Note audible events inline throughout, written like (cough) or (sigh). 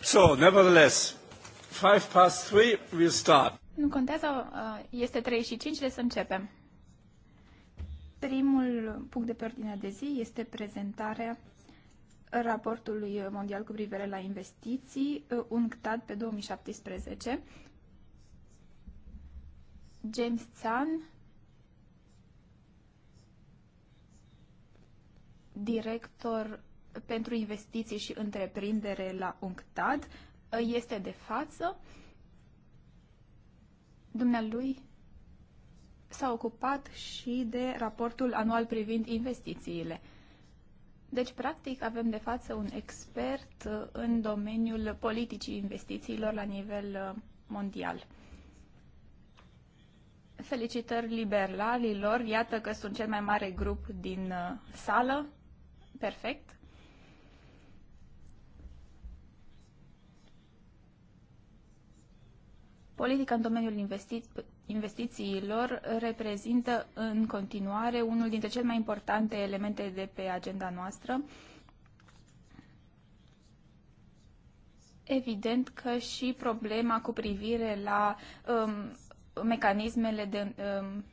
So, nevertheless, five past three, we'll start. Nu contează, uh, este 3 și 5, le să începem. Primul punct de pe ordinea de zi este prezentarea raportului mondial cu privire la investiții, uh, UNCTAD pe 2017. James Tsan, director pentru investiții și întreprindere la UNCTAD este de față. Dumnealui s-a ocupat și de raportul anual privind investițiile. Deci, practic, avem de față un expert uh, în domeniul politicii investițiilor la nivel uh, mondial. Felicitări liberalilor, iată că sunt cel mai mare grup din uh, sală. Perfect. Politica în domeniul investi investițiilor reprezintă în continuare unul dintre cele mai importante elemente de pe agenda noastră. Evident că și problema cu privire la um, mecanismele de um,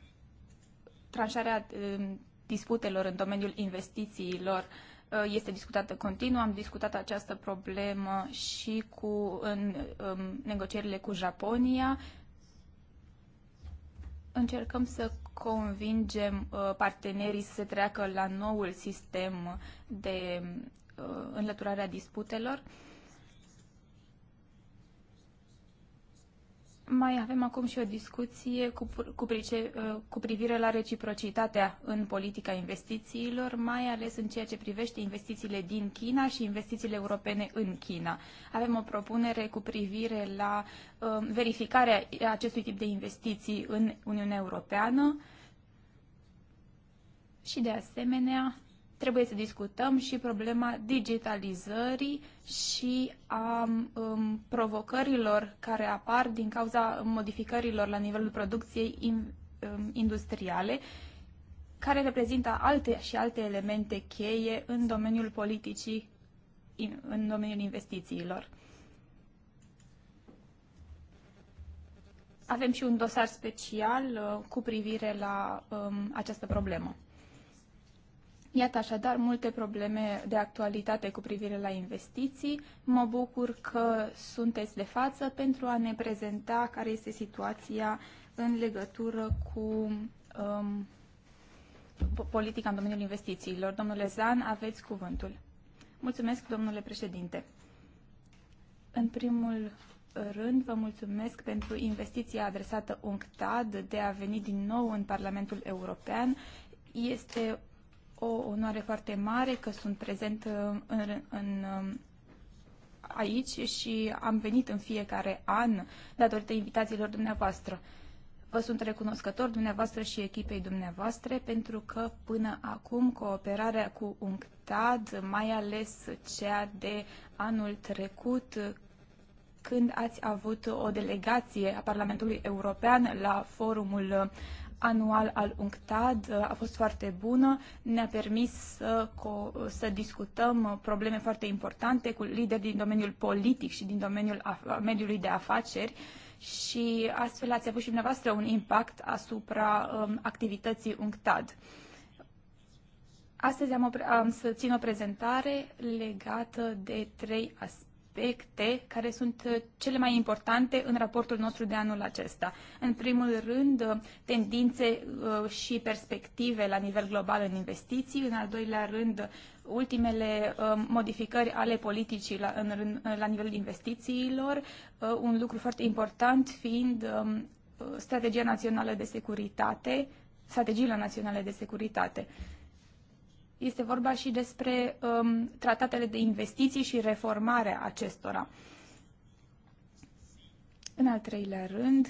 tranșarea um, disputelor în domeniul investițiilor uh, Uh, este discutată continuu. Am discutat această problemă și cu în, în um, negocierile cu Japonia. Încercăm să convingem uh, partenerii să se treacă la noul sistem de uh, înlăturare a disputelor. Mai avem acum și o discuție cu, cu, price, uh, cu privire la reciprocitatea în politica investițiilor, mai ales în ceea ce privește investițiile din China și investițiile europene în China. Avem o propunere cu privire la uh, verificarea acestui tip de investiții în Uniunea Europeană și, de asemenea, trebuie să discutăm și problema digitalizării și a um, provocărilor care apar din cauza modificărilor la nivelul producției in, um, industriale, care reprezintă alte și alte elemente cheie în domeniul politicii, in, în domeniul investițiilor. Avem și un dosar special uh, cu privire la um, această problemă. Iată așadar multe probleme de actualitate cu privire la investiții. Mă bucur că sunteți de față pentru a ne prezenta care este situația în legătură cu um, politica în domeniul investițiilor. Domnule Zan, aveți cuvântul. Mulțumesc, domnule președinte. În primul rând, vă mulțumesc pentru investiția adresată UNCTAD de a veni din nou în Parlamentul European. Este o onoare foarte mare că sunt prezent uh, în, în, um, aici și am venit în fiecare an datorită invitațiilor dumneavoastră. Vă sunt recunoscător dumneavoastră și echipei dumneavoastră pentru că până acum cooperarea cu UNCTAD, mai ales cea de anul trecut, când ați avut o delegație a Parlamentului European la forumul anual al UNCTAD uh, a fost foarte bună, ne-a permis să, să discutăm uh, probleme foarte importante cu lideri din domeniul politic și din domeniul mediului de afaceri și astfel ați avut și dumneavoastră un impact asupra um, activității UNCTAD. Astăzi am, am să țin o prezentare legată de trei aspecte aspecte care sunt uh, cele mai importante în raportul nostru de anul acesta. În primul rând, uh, tendințe uh, și perspective la nivel global în investiții, în al doilea rând, ultimele modificări ale politicii la, în, la nivelul investițiilor, un lucru foarte important fiind um, strategia națională de securitate, strategiile naționale de securitate. Este vorba și despre um, tratatele de investiții și reformarea acestora. În al treilea rând,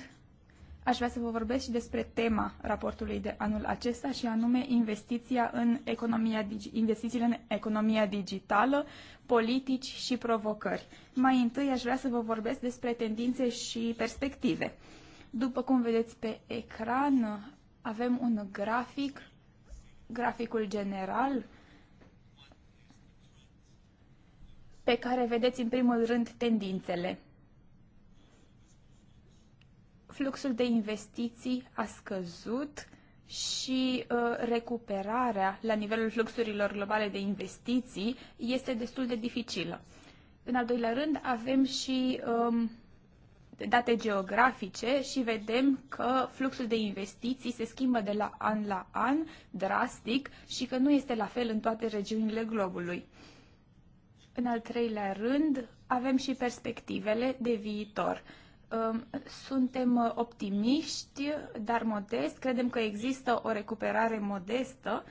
aș vrea să vă vorbesc și despre tema raportului de anul acesta și anume investiția în economia, investițiile în economia digitală, politici și provocări. Mai întâi aș vrea să vă vorbesc despre tendințe și perspective. După cum vedeți pe ecran, avem un grafic graficul general pe care vedeți în primul rând tendințele. Fluxul de investiții a scăzut și uh, recuperarea la nivelul fluxurilor globale de investiții este destul de dificilă. În al doilea rând avem și uh, date geografice și vedem că fluxul de investiții se schimbă de la an la an drastic și că nu este la fel în toate regiunile globului. În al treilea rând, avem și perspectivele de viitor. Um, suntem optimiști, dar modest. Credem că există o recuperare modestă,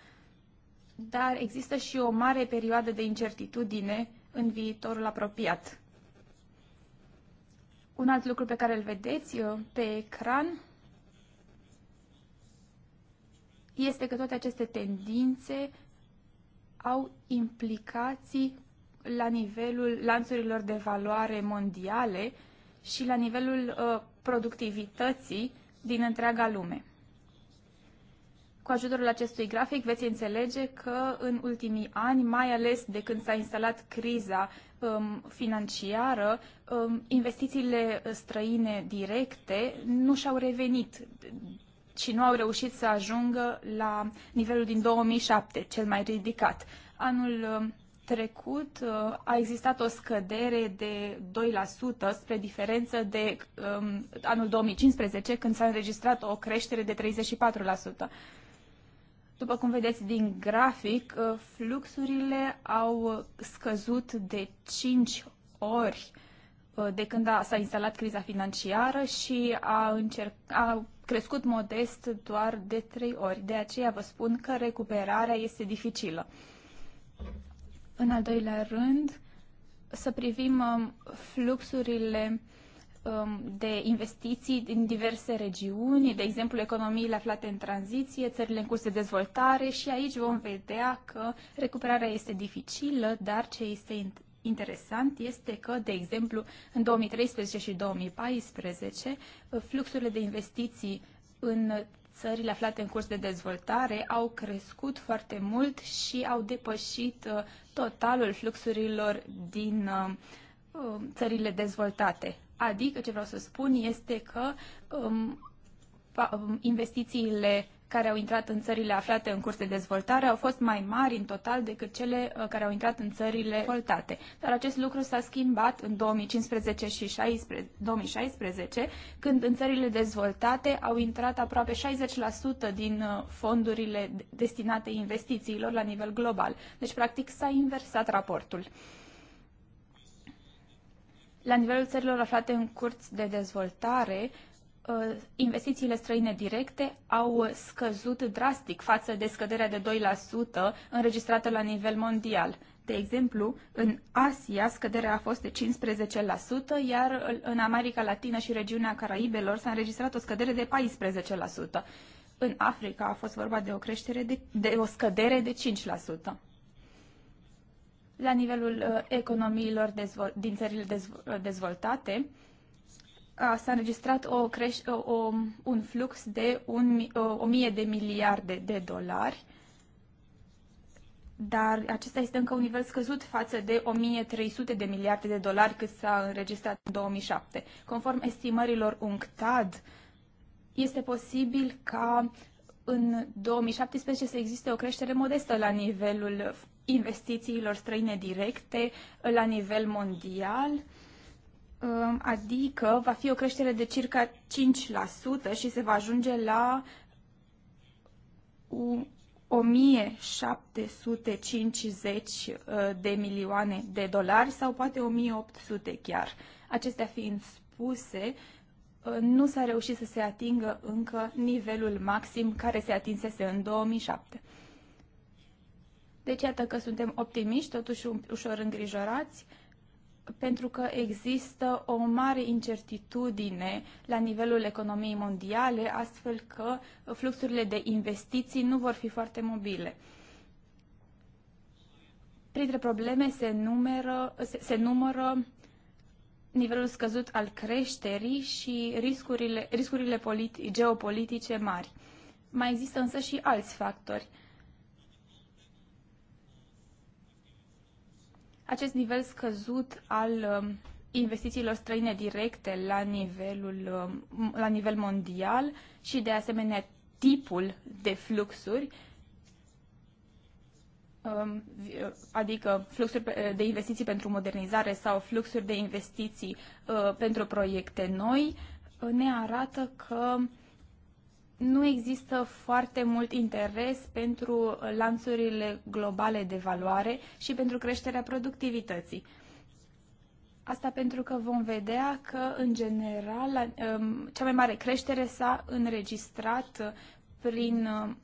dar există și o mare perioadă de incertitudine în viitorul apropiat. Un alt lucru pe care îl vedeți uh, pe ecran este că toate aceste tendințe au implicații la nivelul lanțurilor de valoare mondiale și la nivelul uh, productivității din întreaga lume. Cu ajutorul acestui grafic veți înțelege că în ultimii ani, mai ales de când s-a instalat criza um, financiară, um, investițiile străine directe nu și-au revenit și nu au reușit să ajungă la nivelul din 2007, cel mai ridicat. Anul um, trecut uh, a existat o scădere de 2% spre diferență de um, anul 2015, când s-a înregistrat o creștere de 34%. După cum vedeți din grafic, uh, fluxurile au scăzut de 5 ori uh, de când a, s-a instalat criza financiară și a, încerc, a crescut modest doar de 3 ori. De aceea vă spun că recuperarea este dificilă. În al doilea rând, să privim um, fluxurile uh, Um, de investiții din diverse regiuni, de exemplu economiile aflate în tranziție, țările în curs de dezvoltare și aici vom vedea că recuperarea este dificilă, dar ce este interesant este că, de exemplu, în 2013 și 2014, uh, fluxurile de investiții în țările aflate în curs de dezvoltare au crescut foarte mult și au depășit uh, totalul fluxurilor din uh, țările dezvoltate. Adică, ce vreau să spun este că um, um, investițiile care au intrat în țările aflate în curs de dezvoltare au fost mai mari în total decât cele uh, care au intrat în țările dezvoltate. Dar acest lucru s-a schimbat în 2015 și 16, 2016, când în țările dezvoltate au intrat aproape 60% din uh, fondurile destinate investițiilor la nivel global. Deci, practic, s-a inversat raportul. La nivelul țărilor aflate în curs de dezvoltare, uh, investițiile străine directe au scăzut drastic față de scăderea de 2% înregistrată la nivel mondial. De exemplu, în Asia scăderea a fost de 15%, iar în America Latină și regiunea Caraibelor s-a înregistrat o scădere de 14%. În Africa a fost vorba de o creștere de, de o scădere de 5% la nivelul uh, economiilor din țările uh, dezvoltate, s-a înregistrat o creș- o, un flux de un, o, mie de miliarde de dolari, dar acesta este încă un nivel scăzut față de 1300 de miliarde de dolari cât s-a înregistrat în 2007. Conform estimărilor UNCTAD, este posibil ca în 2017 să existe o creștere modestă la nivelul investițiilor străine directe la nivel mondial, um, adică va fi o creștere de circa 5% și se va ajunge la 1750 uh, de milioane de dolari sau poate 1800 chiar. Acestea fiind spuse, uh, nu s-a reușit să se atingă încă nivelul maxim care se atinsese în 2007. Deci iată că suntem optimiști, totuși ușor îngrijorați, pentru că există o mare incertitudine la nivelul economiei mondiale, astfel că fluxurile de investiții nu vor fi foarte mobile. Printre probleme se, numeră, se, se numără nivelul scăzut al creșterii și riscurile, riscurile politi, geopolitice mari. Mai există însă și alți factori. Uh, acest nivel scăzut al um, investițiilor străine directe la, nivelul, um, la nivel mondial și de asemenea tipul de fluxuri, um, uh, adică fluxuri de investiții pentru modernizare sau fluxuri de investiții uh, pentru proiecte noi, ne arată că nu există foarte mult interes pentru lanțurile globale de valoare și pentru creșterea productivității. Asta pentru că vom vedea că, în general, um, cea mai mare creștere s-a înregistrat prin um,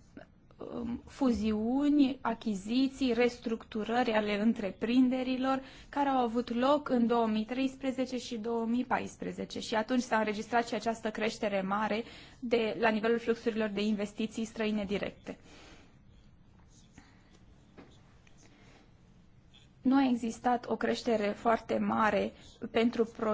Um, fuziuni, achiziții, restructurări ale întreprinderilor care au avut loc în 2013 și 2014 și atunci s-a înregistrat și această creștere mare de, la nivelul fluxurilor de investiții străine directe. nu a existat o creștere foarte mare pentru, pro,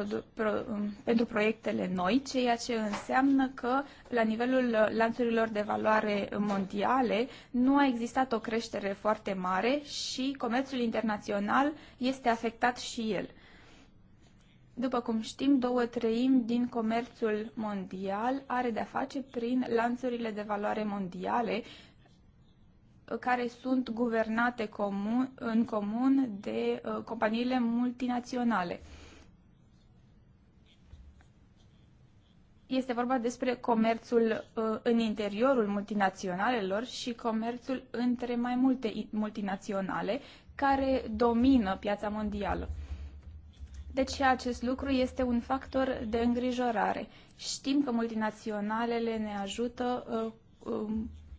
um, pentru proiectele noi, ceea ce înseamnă că la nivelul lanțurilor de valoare mondiale nu a existat o creștere foarte mare și comerțul internațional este afectat și el. După cum știm, două treimi din comerțul mondial are de-a face prin lanțurile de valoare mondiale care sunt guvernate comun, în comun de uh, companiile multinaționale. Este vorba despre comerțul uh, în interiorul multinaționalelor și comerțul între mai multe multinaționale care domină piața mondială. Deci acest lucru este un factor de îngrijorare. Știm că multinaționalele ne ajută uh, um, uh,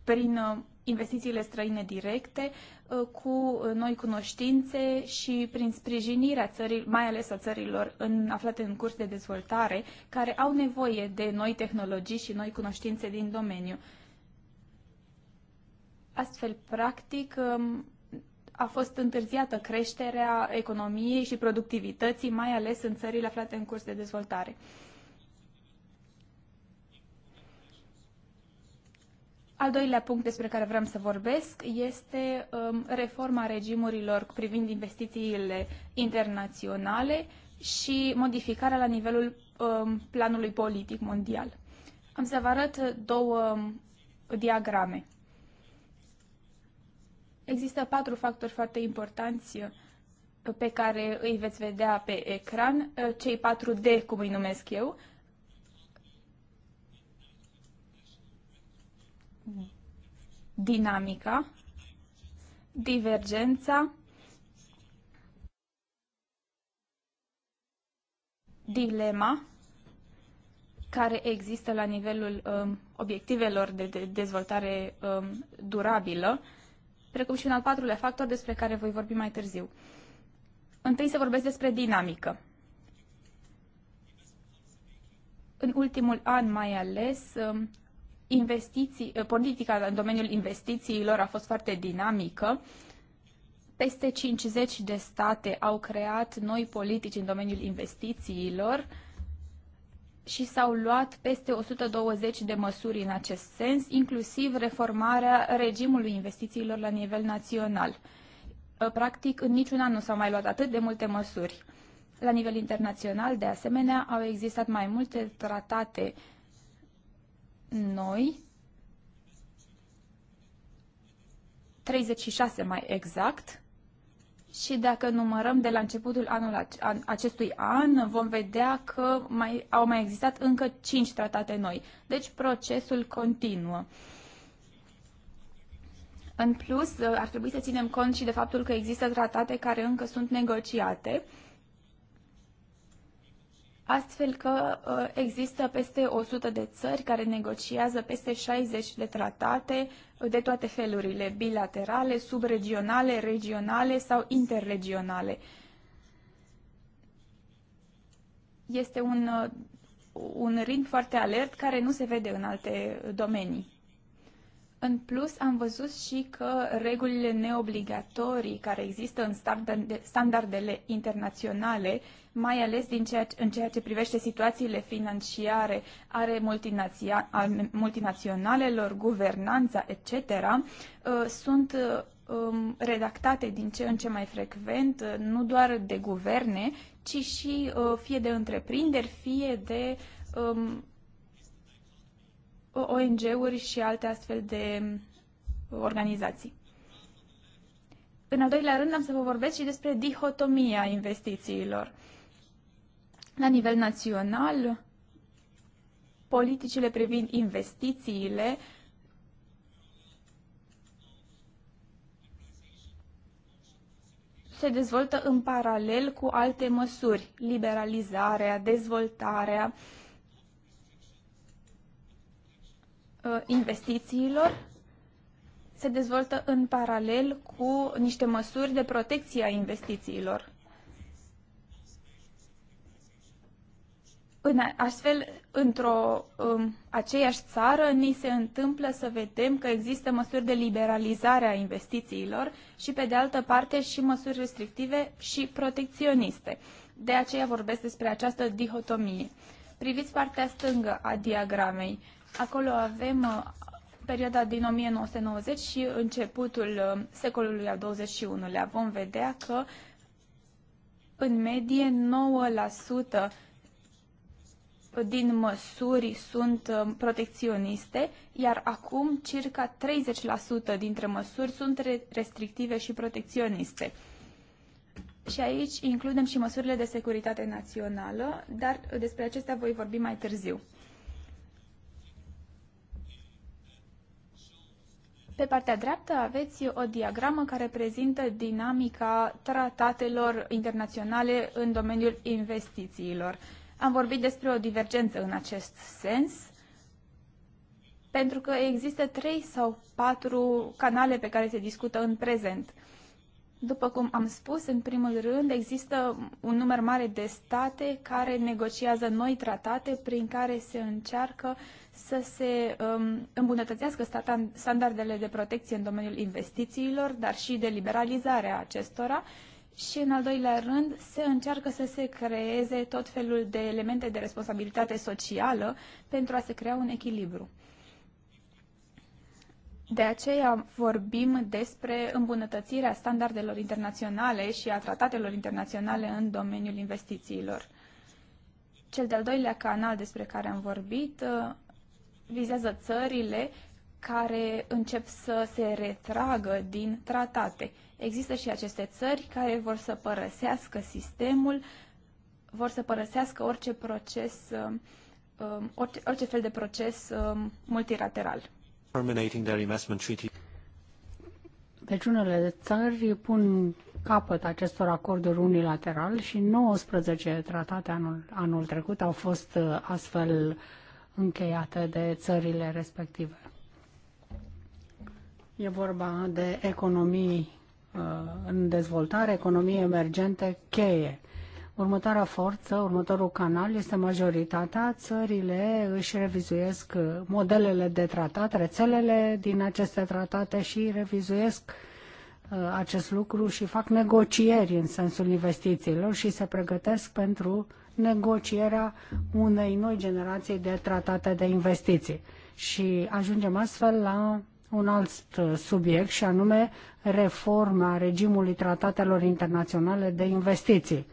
prin investițiile străine directe uh, cu noi cunoștințe și prin sprijinirea țării, mai ales a țărilor în, aflate în curs de dezvoltare, care au nevoie de noi tehnologii și noi cunoștințe din domeniu. Astfel, practic, um, a fost întârziată creșterea economiei și productivității, mai ales în țările aflate în curs de dezvoltare. Al doilea punct despre care vreau să vorbesc este um, reforma regimurilor privind investițiile internaționale și modificarea la nivelul um, planului politic mondial. Am să vă arăt două um, diagrame. Există patru factori foarte importanți uh, pe care îi veți vedea pe ecran, uh, cei patru D, cum îi numesc eu, dinamica, divergența, dilema care există la nivelul um, obiectivelor de, de dezvoltare um, durabilă, precum și un al patrulea factor despre care voi vorbi mai târziu. Întâi se vorbesc despre dinamică. În ultimul an mai ales, um, investiții, eh, politica în domeniul investițiilor a fost foarte dinamică. Peste 50 de state au creat noi politici în domeniul investițiilor și s-au luat peste 120 de măsuri în acest sens, inclusiv reformarea regimului investițiilor la nivel național. Eh, practic, în niciun an nu s-au mai luat atât de multe măsuri. La nivel internațional, de asemenea, au existat mai multe tratate noi, 36 mai exact, și dacă numărăm de la începutul anul acestui an, vom vedea că mai, au mai existat încă 5 tratate noi. Deci procesul continuă. În plus, ar trebui să ținem cont și de faptul că există tratate care încă sunt negociate astfel că uh, există peste 100 de țări care negociază peste 60 de tratate uh, de toate felurile, bilaterale, subregionale, regionale sau interregionale. Este un, uh, un ritm foarte alert care nu se vede în alte domenii. În plus, am văzut și că regulile neobligatorii care există în standardele internaționale, mai ales din ceea, în ceea ce privește situațiile financiare ale multinaționalelor, guvernanța, etc., uh, sunt uh, um, redactate din ce în ce mai frecvent, uh, nu doar de guverne, ci și fie de întreprinderi, fie de um, ONG-uri și alte astfel de um, organizații. În al doilea rând, am să vă vorbesc și despre dihotomia investițiilor. La nivel național, politicile privind investițiile se dezvoltă în paralel cu alte măsuri, liberalizarea, dezvoltarea, uh, Uh, investițiilor se dezvoltă în paralel cu niște măsuri de protecție a investițiilor. În astfel, într-o um, aceeași țară, ni se întâmplă să vedem că există măsuri de liberalizare a investițiilor și, pe de altă parte, și măsuri restrictive și protecționiste. De aceea vorbesc despre această dihotomie. Priviți partea stângă a diagramei. Acolo avem uh, perioada din 1990 și începutul uh, secolului al XXI-lea. Vom vedea că, în medie, 9% din măsuri sunt uh, protecționiste, iar acum circa 30% dintre măsuri sunt restrictive și protecționiste. Și aici includem și măsurile de securitate națională, dar despre acestea voi vorbi mai târziu. Pe partea dreaptă aveți o diagramă care prezintă dinamica tratatelor internaționale în domeniul investițiilor. Am vorbit despre o divergență în acest sens, pentru că există trei sau patru canale pe care se discută în prezent. După cum am spus, în primul rând există un număr mare de state care negociază noi tratate prin care se încearcă uh, să se um, îmbunătățească standardele de protecție în domeniul investițiilor, dar și de liberalizare a acestora și, în al doilea rând, se încearcă să se creeze tot felul de elemente de responsabilitate socială pentru a se crea un echilibru. De aceea vorbim despre îmbunătățirea standardelor internaționale și a tratatelor internaționale în domeniul investițiilor. Cel de-al doilea canal despre care am vorbit uh, vizează țările care încep să se retragă din tratate. Există și aceste țări care vor să părăsească sistemul, vor să părăsească orice proces, um, um, orice, orice fel de proces um, multilateral. Deci unele țări pun capăt acestor acorduri unilaterale și 19 tratate anul, anul trecut au fost uh, astfel uh, încheiate de țările respective. E vorba de economii uh, în dezvoltare, economii emergente cheie. Următoarea forță, următorul canal este majoritatea. Țările își revizuiesc uh, modelele de tratat, rețelele din aceste tratate și revizuiesc uh, acest lucru și fac negocieri în sensul investițiilor și se pregătesc pentru uh, negocierea unei noi generații de tratate de investiții. Și ajungem astfel la un alt subiect și anume reforma regimului tratatelor internaționale de investiții.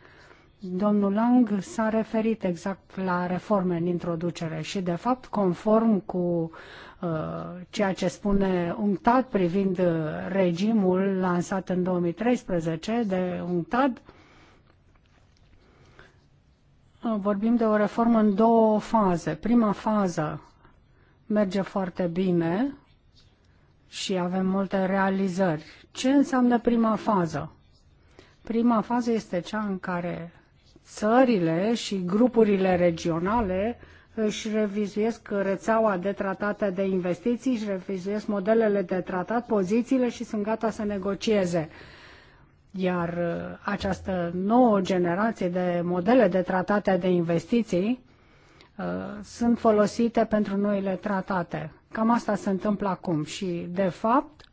Domnul Lang s-a referit exact la reforme în introducere și, de fapt, conform cu uh, ceea ce spune UNCTAD privind uh, regimul lansat în 2013 de UNCTAD, uh, vorbim de o reformă în două faze. Prima fază merge foarte bine și avem multe realizări. Ce înseamnă prima fază? Prima fază este cea în care țările și grupurile regionale își revizuiesc rețeaua de tratate de investiții, își revizuiesc modelele de tratat, pozițiile și sunt gata să negocieze iar uh, această nouă generație de modele de tratate de investiții uh, sunt folosite pentru noile tratate. Cam asta se întâmplă acum și, de fapt,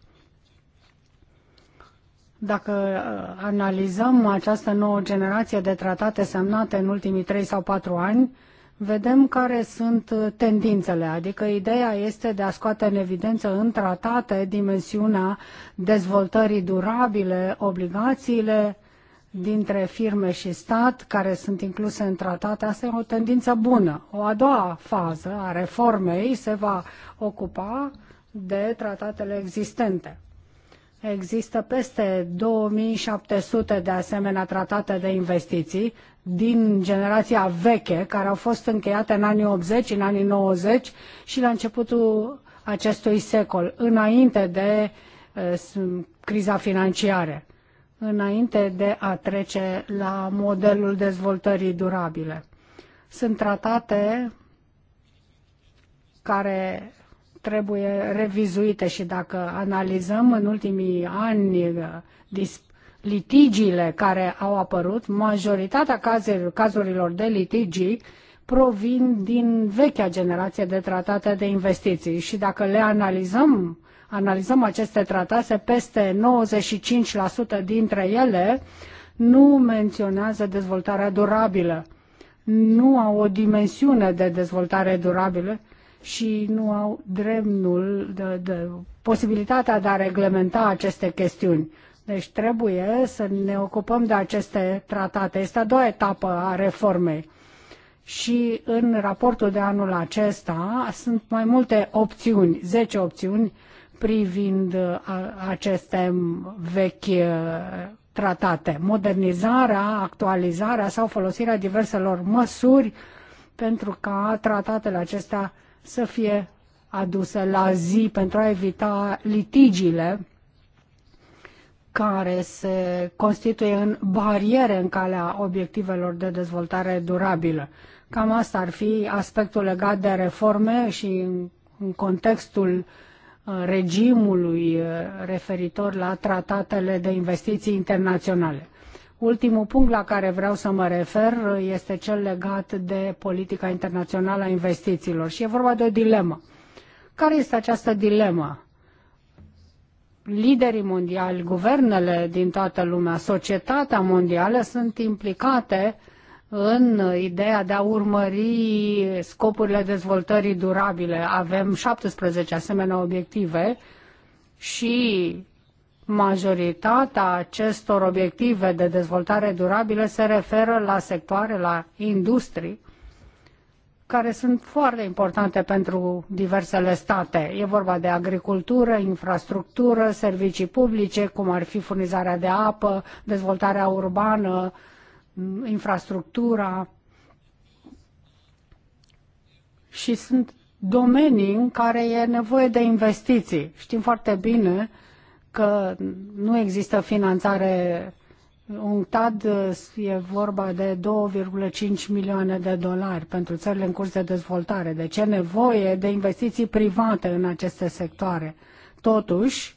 dacă uh, analizăm această nouă generație de tratate semnate în ultimii 3 sau 4 ani, vedem care sunt uh, tendințele, adică ideea este de a scoate în evidență în tratate dimensiunea dezvoltării durabile, obligațiile dintre firme și stat care sunt incluse în tratate. Asta e o tendință bună. O a doua fază a reformei se va ocupa de tratatele existente. Există peste 2700 de asemenea tratate de investiții din generația veche, care au fost încheiate în anii 80, în anii 90 și la începutul acestui secol, înainte de uh, criza financiară, înainte de a trece la modelul dezvoltării durabile. Sunt tratate care trebuie revizuite și dacă analizăm în ultimii ani uh, litigiile care au apărut, majoritatea cazurilor de litigii provin din vechea generație de tratate de investiții și dacă le analizăm, analizăm aceste tratate, peste 95% dintre ele nu menționează dezvoltarea durabilă, nu au o dimensiune de dezvoltare durabilă și nu au dreptul, de, de, posibilitatea de a reglementa aceste chestiuni. Deci trebuie să ne ocupăm de aceste tratate. Este a doua etapă a reformei. Și în raportul de anul acesta sunt mai multe opțiuni, 10 opțiuni privind uh, aceste vechi uh, tratate. Modernizarea, actualizarea sau folosirea diverselor măsuri pentru ca tratatele acestea să fie adusă la zi pentru a evita litigiile care se constituie în bariere în calea obiectivelor de dezvoltare durabilă. Cam asta ar fi aspectul legat de reforme și în contextul uh, regimului uh, referitor la tratatele de investiții internaționale. Ultimul punct la care vreau să mă refer este cel legat de politica internațională a investițiilor și e vorba de o dilemă. Care este această dilemă? Liderii mondiali, guvernele din toată lumea, societatea mondială sunt implicate în ideea de a urmări scopurile dezvoltării durabile. Avem 17 asemenea obiective și majoritatea acestor obiective de dezvoltare durabilă se referă la sectoare, la industrii, care sunt foarte importante pentru diversele state. E vorba de agricultură, infrastructură, servicii publice, cum ar fi furnizarea de apă, dezvoltarea urbană, infrastructura. Și sunt domenii în care e nevoie de investiții. Știm foarte bine că nu există finanțare TAD e vorba de 2,5 milioane de dolari pentru țările în curs de dezvoltare. Deci ce nevoie de investiții private în aceste sectoare. Totuși,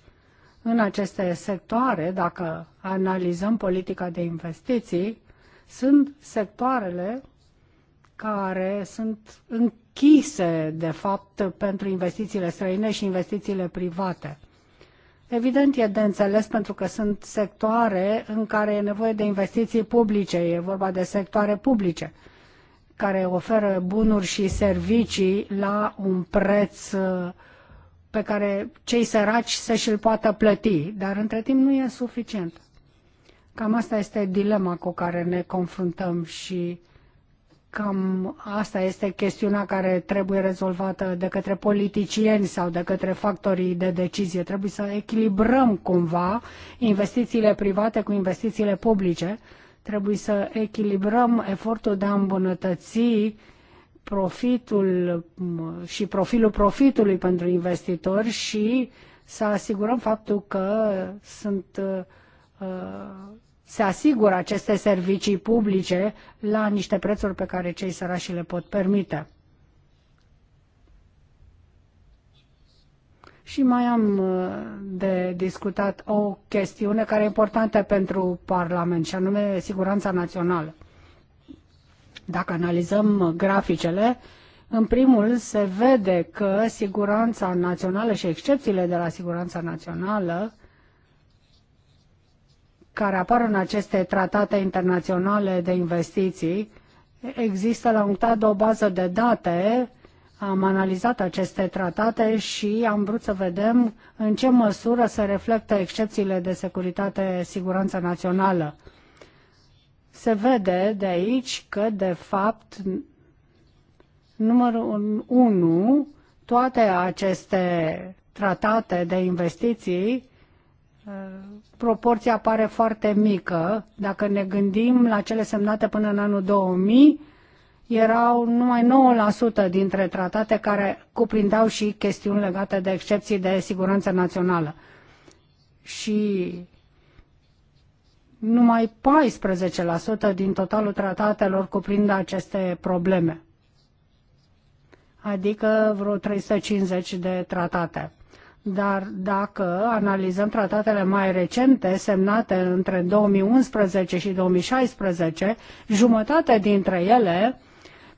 în aceste sectoare, dacă analizăm politica de investiții, sunt sectoarele care sunt închise, de fapt, pentru investițiile străine și investițiile private Evident e de înțeles pentru că sunt sectoare în care e nevoie de investiții publice, e vorba de sectoare publice care oferă bunuri și servicii la un preț uh, pe care cei săraci să și-l poată plăti, dar între timp nu e suficient. Cam asta este dilema cu care ne confruntăm și Cam asta este chestiunea care trebuie rezolvată de către politicieni sau de către factorii de decizie. Trebuie să echilibrăm cumva investițiile private cu investițiile publice. Trebuie să echilibrăm efortul de a îmbunătăți profitul și profilul profitului pentru investitori și să asigurăm faptul că sunt uh, se asigură aceste servicii publice la niște prețuri pe care cei sărași le pot permite. Și mai am uh, de discutat o chestiune care e importantă pentru Parlament, și anume siguranța națională. Dacă analizăm graficele, în primul se vede că siguranța națională și excepțiile de la siguranța națională care apar în aceste tratate internaționale de investiții, există la un dat o bază de date, am analizat aceste tratate și am vrut să vedem în ce măsură se reflectă excepțiile de securitate, siguranță națională. Se vede de aici că, de fapt, numărul 1, toate aceste tratate de investiții proporția pare foarte mică. Dacă ne gândim la cele semnate până în anul 2000, erau numai 9% dintre tratate care cuprindeau și chestiuni legate de excepții de siguranță națională. Și numai 14% din totalul tratatelor cuprind aceste probleme, adică vreo 350 de tratate. Dar dacă analizăm tratatele mai recente semnate între 2011 și 2016, jumătate dintre ele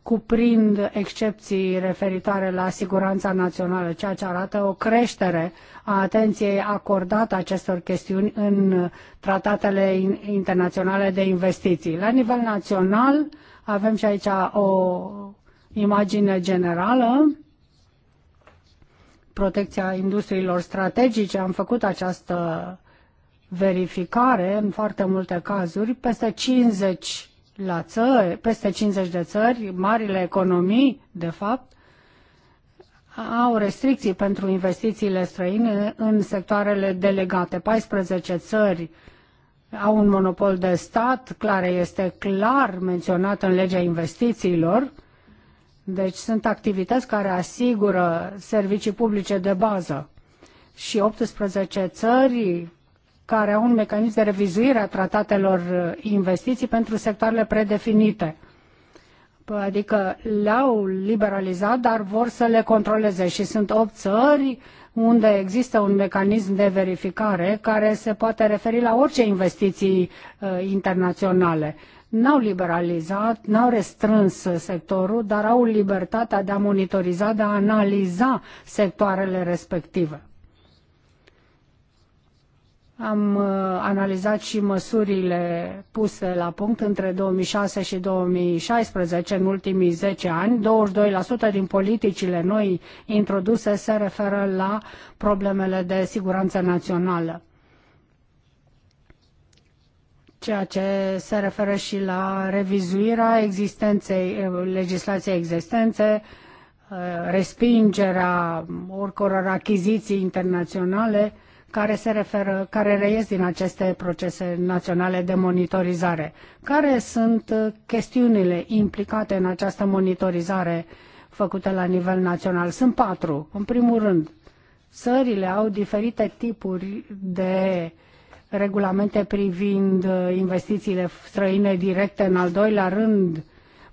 cuprind excepții referitoare la siguranța națională, ceea ce arată o creștere a atenției acordată acestor chestiuni în tratatele internaționale de investiții. La nivel național avem și aici o imagine generală protecția industriilor strategice, am făcut această verificare în foarte multe cazuri, peste 50 la țări, peste 50 de țări, marile economii, de fapt, au restricții pentru investițiile străine în sectoarele delegate. 14 țări au un monopol de stat, care este clar menționat în legea investițiilor, deci sunt activități care asigură servicii publice de bază și 18 țări care au un mecanism de revizuire a tratatelor uh, investiții pentru sectoarele predefinite. Adică le-au liberalizat, dar vor să le controleze și sunt 8 țări unde există un mecanism de verificare care se poate referi la orice investiții uh, internaționale n-au liberalizat, n-au restrâns sectorul, dar au libertatea de a monitoriza, de a analiza sectoarele respective. Am uh, analizat și măsurile puse la punct între 2006 și 2016, în ultimii 10 ani. 22% din politicile noi introduse se referă la problemele de siguranță națională ceea ce se referă și la revizuirea existenței, eh, legislației existențe, eh, respingerea oricăror achiziții internaționale care se referă, care reies din aceste procese naționale de monitorizare. Care sunt eh, chestiunile implicate în această monitorizare făcută la nivel național? Sunt patru. În primul rând, țările au diferite tipuri de uh, regulamente privind uh, investițiile străine directe, în al doilea rând,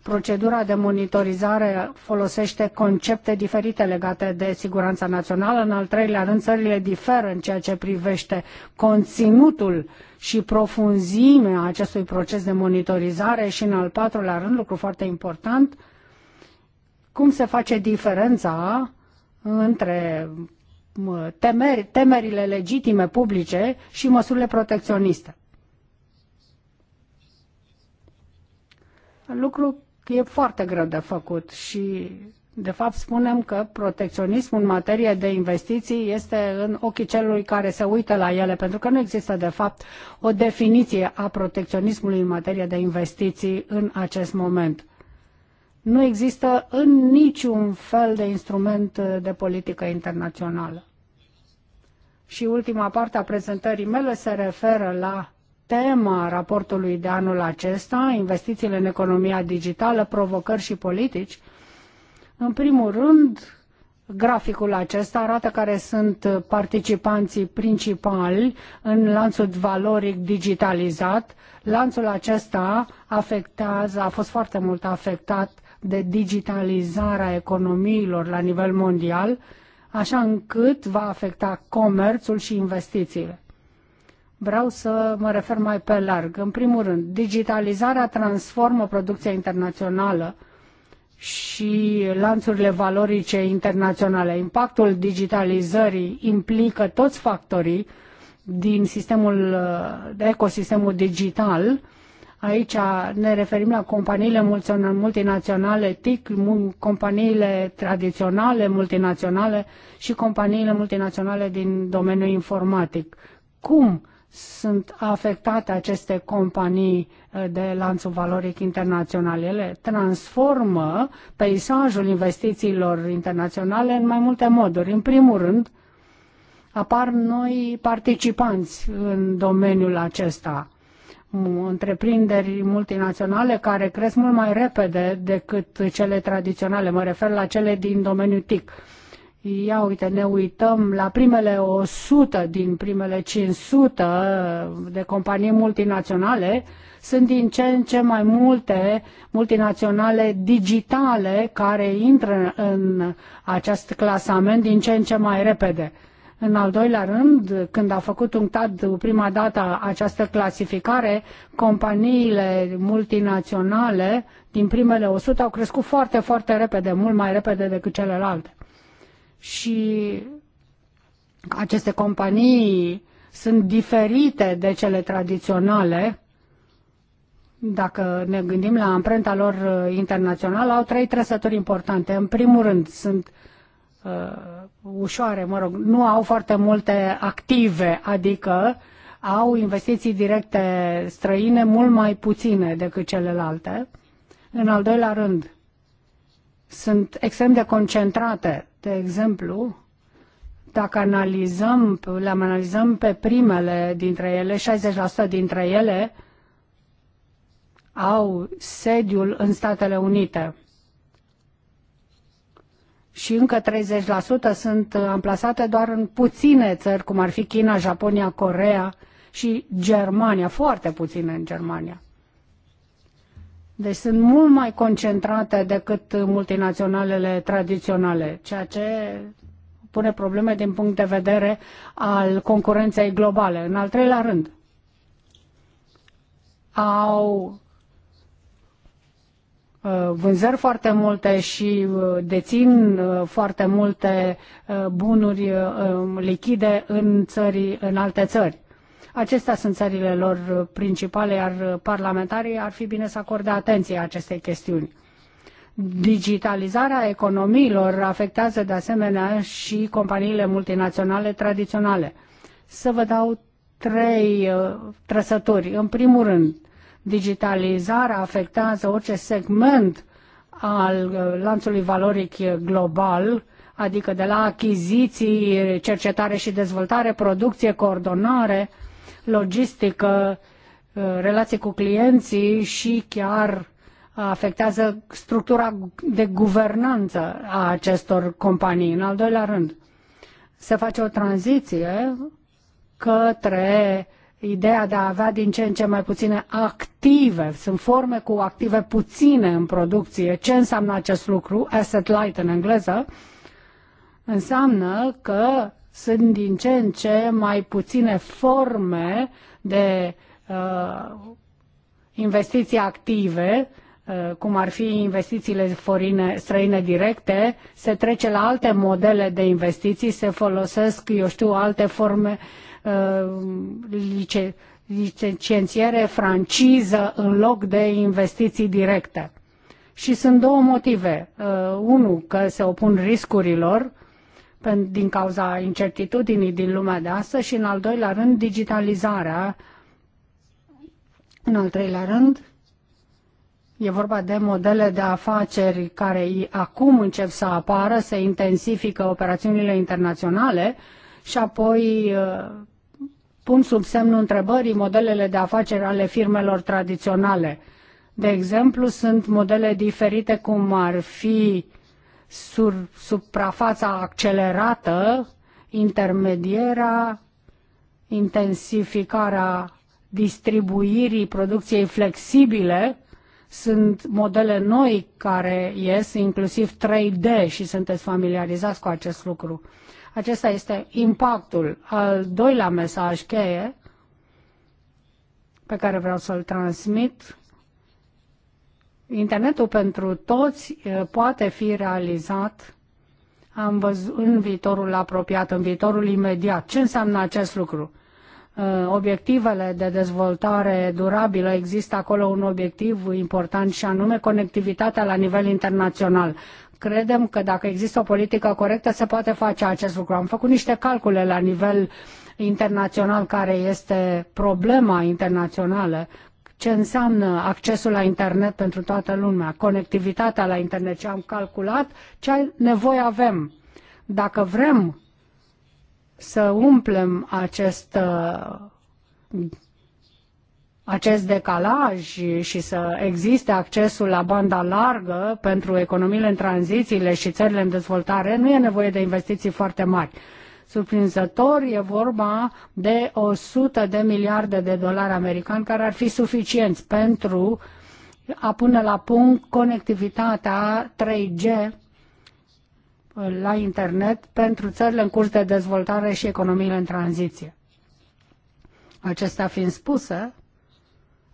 procedura de monitorizare folosește concepte diferite legate de siguranța națională, în al treilea rând, țările diferă în ceea ce privește conținutul și profunzimea acestui proces de monitorizare și, în al patrulea rând, lucru foarte important, cum se face diferența între temeri, temerile legitime publice și măsurile protecționiste. Lucru e foarte greu de făcut și de fapt, spunem că protecționismul în materie de investiții este în ochii celui care se uită la ele, pentru că nu există, de fapt, o definiție a protecționismului în materie de investiții în acest moment. Nu există în niciun fel de instrument de politică internațională și ultima parte a prezentării mele se referă la tema raportului de anul acesta, investițiile în economia digitală, provocări și politici. În primul rând, graficul acesta arată care sunt participanții principali în lanțul valoric digitalizat. Lanțul acesta afectează, a fost foarte mult afectat de digitalizarea economiilor la nivel mondial așa încât va afecta comerțul și investițiile. Vreau să mă refer mai pe larg. În primul rând, digitalizarea transformă producția internațională și lanțurile valorice internaționale. Impactul digitalizării implică toți factorii din sistemul, ecosistemul digital, Aici ne referim la companiile multinaționale TIC, companiile tradiționale multinaționale și companiile multinaționale din domeniul informatic. Cum sunt afectate aceste companii uh, de lanțul valoric internațional. Ele transformă peisajul investițiilor internaționale în mai multe moduri. În primul rând, apar noi participanți în domeniul acesta întreprinderi multinaționale care cresc mult mai repede decât cele tradiționale. Mă refer la cele din domeniul TIC. Ia uite, ne uităm la primele 100 din primele 500 uh, de companii multinaționale, sunt din ce în ce mai multe multinaționale digitale care intră în acest clasament din ce în ce mai repede. În al doilea rând, când a făcut UNCTAD prima dată această clasificare, companiile multinaționale din primele 100 au crescut foarte, foarte repede, mult mai repede decât celelalte. Și aceste companii sunt diferite de cele tradiționale, dacă ne gândim la amprenta lor internațională, au trei trăsături importante. În primul rând, sunt uh, Uh, ușoare, mă rog, nu au foarte multe active, adică au investiții directe străine mult mai puține decât celelalte. În al doilea rând, sunt extrem de concentrate. De exemplu, dacă analizăm, le analizăm pe primele dintre ele, 60% dintre ele au sediul în Statele Unite și încă 30% sunt uh, amplasate doar în puține țări, cum ar fi China, Japonia, Corea și Germania, foarte puține în Germania. Deci sunt mult mai concentrate decât uh, multinaționalele tradiționale, ceea ce pune probleme din punct de vedere al concurenței globale. În al treilea rând, au Uh, vânzări foarte multe și uh, dețin uh, foarte multe bunuri um, lichide în, țări, în alte țări. Acestea sunt țările lor principale, iar parlamentarii ar fi bine să acorde atenție acestei chestiuni. Digitalizarea economiilor afectează de asemenea și companiile multinaționale tradiționale. Să vă dau trei trăsături. În primul rând, Digitalizarea afectează orice segment al uh, lanțului valoric global, adică de la achiziții, cercetare și dezvoltare, producție, coordonare, logistică, uh, relații cu clienții și chiar afectează structura de guvernanță a acestor companii. În al doilea rând, se face o tranziție către ideea de a avea din ce în ce mai puține active, sunt forme cu active puține în producție. Ce înseamnă acest lucru? Asset light în engleză. Înseamnă că sunt din ce în ce mai puține forme de uh, investiții active, uh, cum ar fi investițiile forine, străine directe, se trece la alte modele de investiții, se folosesc, eu știu, alte forme uh, Uh, lice, licențiere, franciză în loc de investiții directe. Și sunt două motive. Uh, Unul, că se opun riscurilor din cauza incertitudinii din lumea de astăzi și, în al doilea rând, digitalizarea. În al treilea rând, E vorba de modele de afaceri care acum încep să apară, se intensifică operațiunile internaționale și apoi uh, pun sub semnul întrebării modelele de afaceri ale firmelor tradiționale. De exemplu, sunt modele diferite cum ar fi sur, suprafața accelerată, intermediera, intensificarea distribuirii producției flexibile, sunt modele noi care ies, inclusiv 3D și sunteți familiarizați cu acest lucru. Acesta este impactul. Al doilea mesaj cheie pe care vreau să-l transmit. Internetul pentru toți poate fi realizat am văzut în viitorul apropiat, în viitorul imediat. Ce înseamnă acest lucru? Obiectivele de dezvoltare durabilă există acolo un obiectiv important și anume conectivitatea la nivel internațional. Credem că dacă există o politică corectă se poate face acest lucru. Am făcut niște calcule la nivel internațional care este problema internațională, ce înseamnă accesul la internet pentru toată lumea, conectivitatea la internet, ce am calculat, ce nevoie avem. Dacă vrem să umplem acest uh, acest decalaj și să existe accesul la banda largă pentru economiile în tranzițiile și țările în dezvoltare, nu e nevoie de investiții foarte mari. Surprinzător, e vorba de 100 de miliarde de dolari americani care ar fi suficienți pentru a pune la punct conectivitatea 3G la internet pentru țările în curs de dezvoltare și economiile în tranziție. Acestea fiind spuse,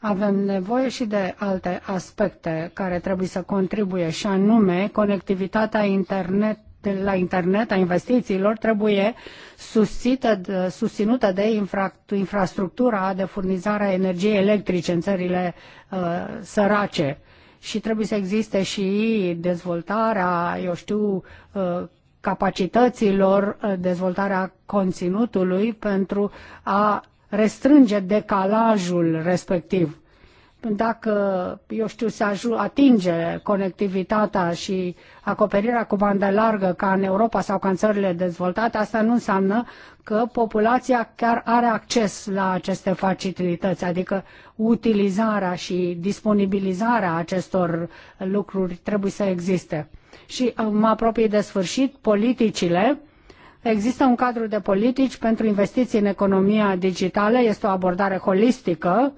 avem nevoie și de alte aspecte care trebuie să contribuie, și anume conectivitatea internet la internet a investițiilor trebuie susțită, susținută de infra, infrastructura de furnizare a energiei electrice în țările uh, sărace și trebuie să existe și dezvoltarea, eu știu, uh, capacităților, uh, dezvoltarea conținutului pentru a restrânge decalajul respectiv. Dacă, eu știu, se atinge conectivitatea și acoperirea cu bandă largă ca în Europa sau ca în țările dezvoltate, asta nu înseamnă că populația chiar are acces la aceste facilități, adică utilizarea și disponibilizarea acestor lucruri trebuie să existe. Și uh, mă apropii de sfârșit, politicile uh, Există un cadru de politici pentru investiții în economia digitală, este o abordare holistică.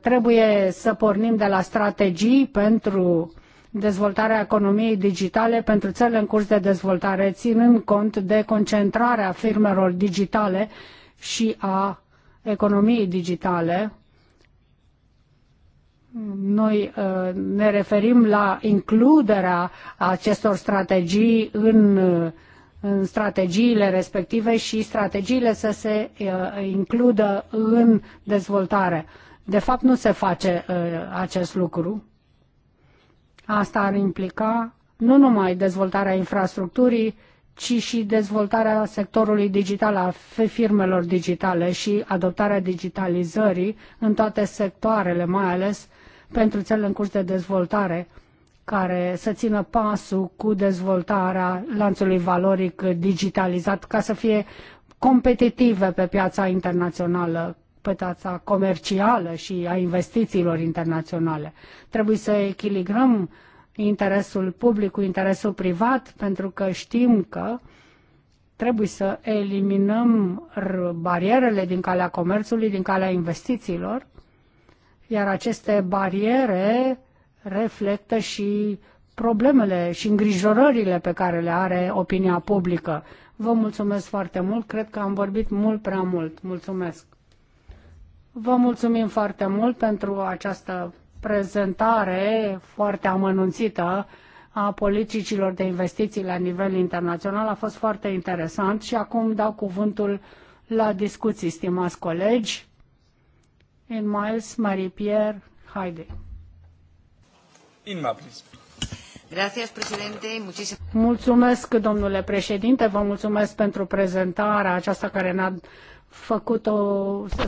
Trebuie să pornim de la strategii pentru dezvoltarea economiei digitale pentru țările în curs de dezvoltare, ținând cont de concentrarea firmelor digitale și a economiei digitale. Noi uh, ne referim la includerea acestor strategii în uh, în strategiile respective și strategiile să se uh, includă în dezvoltare. De fapt, nu se face uh, acest lucru. Asta ar implica nu numai dezvoltarea infrastructurii, ci și dezvoltarea sectorului digital a firmelor digitale și adoptarea digitalizării în toate sectoarele, mai ales pentru cele în curs de dezvoltare, care să țină pasul cu dezvoltarea lanțului valoric digitalizat ca să fie competitive pe piața internațională, pe piața comercială și a investițiilor internaționale. Trebuie să echilibrăm interesul public cu interesul privat, pentru că știm că trebuie să eliminăm barierele din calea comerțului, din calea investițiilor, iar aceste bariere reflectă și problemele și îngrijorările pe care le are opinia publică. Vă mulțumesc foarte mult, cred că am vorbit mult prea mult. Mulțumesc! Vă mulțumim foarte mult pentru această prezentare foarte amănunțită a politicilor de investiții la nivel internațional. A fost foarte interesant și acum dau cuvântul la discuții, stimați colegi. In Miles, Marie-Pierre, Heide mulțumesc, domnule președinte, vă mulțumesc pentru prezentarea aceasta care ne-a făcut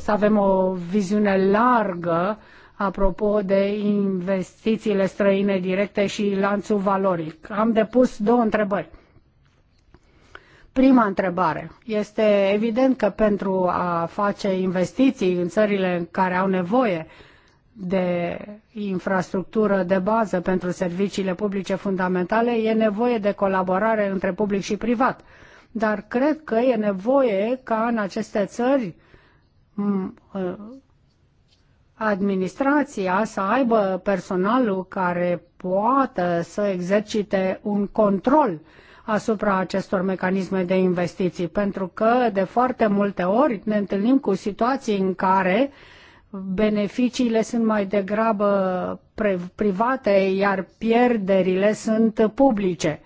să avem o viziune largă apropo de investițiile străine directe și lanțul valoric. Am depus două întrebări. Prima întrebare. Este evident că pentru a face investiții în țările care au nevoie uh, de infrastructură de bază pentru serviciile publice fundamentale, e nevoie de colaborare între public și privat. Dar cred că e nevoie ca în aceste țări uh, administrația să aibă personalul care poată să exercite un control asupra acestor mecanisme de investiții, pentru că de foarte multe ori ne întâlnim cu situații în care uh, beneficiile sunt mai degrabă private, iar pierderile sunt publice.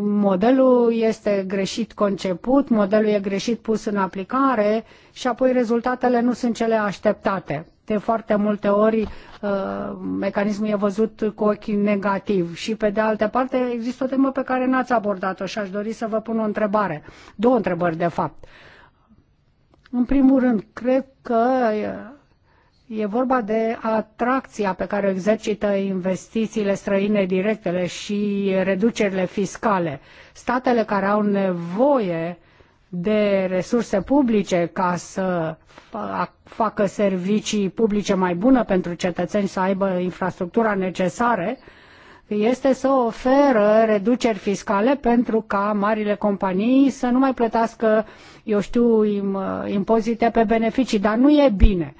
Modelul este greșit conceput, modelul e greșit pus în aplicare și apoi rezultatele nu sunt cele așteptate. De foarte multe ori uh, mecanismul e văzut cu ochii negativ și pe de altă parte există o temă pe care n-ați abordat-o și aș dori să vă pun o întrebare, două întrebări de fapt. În primul rând, cred că E vorba de atracția pe care o exercită investițiile străine directele și reducerile fiscale. Statele care au nevoie de resurse publice ca să facă servicii publice mai bune pentru cetățeni, să aibă infrastructura necesară, uh, este să oferă reduceri fiscale pentru ca marile companii să nu mai plătească, eu știu, impozite pe beneficii, dar nu e bine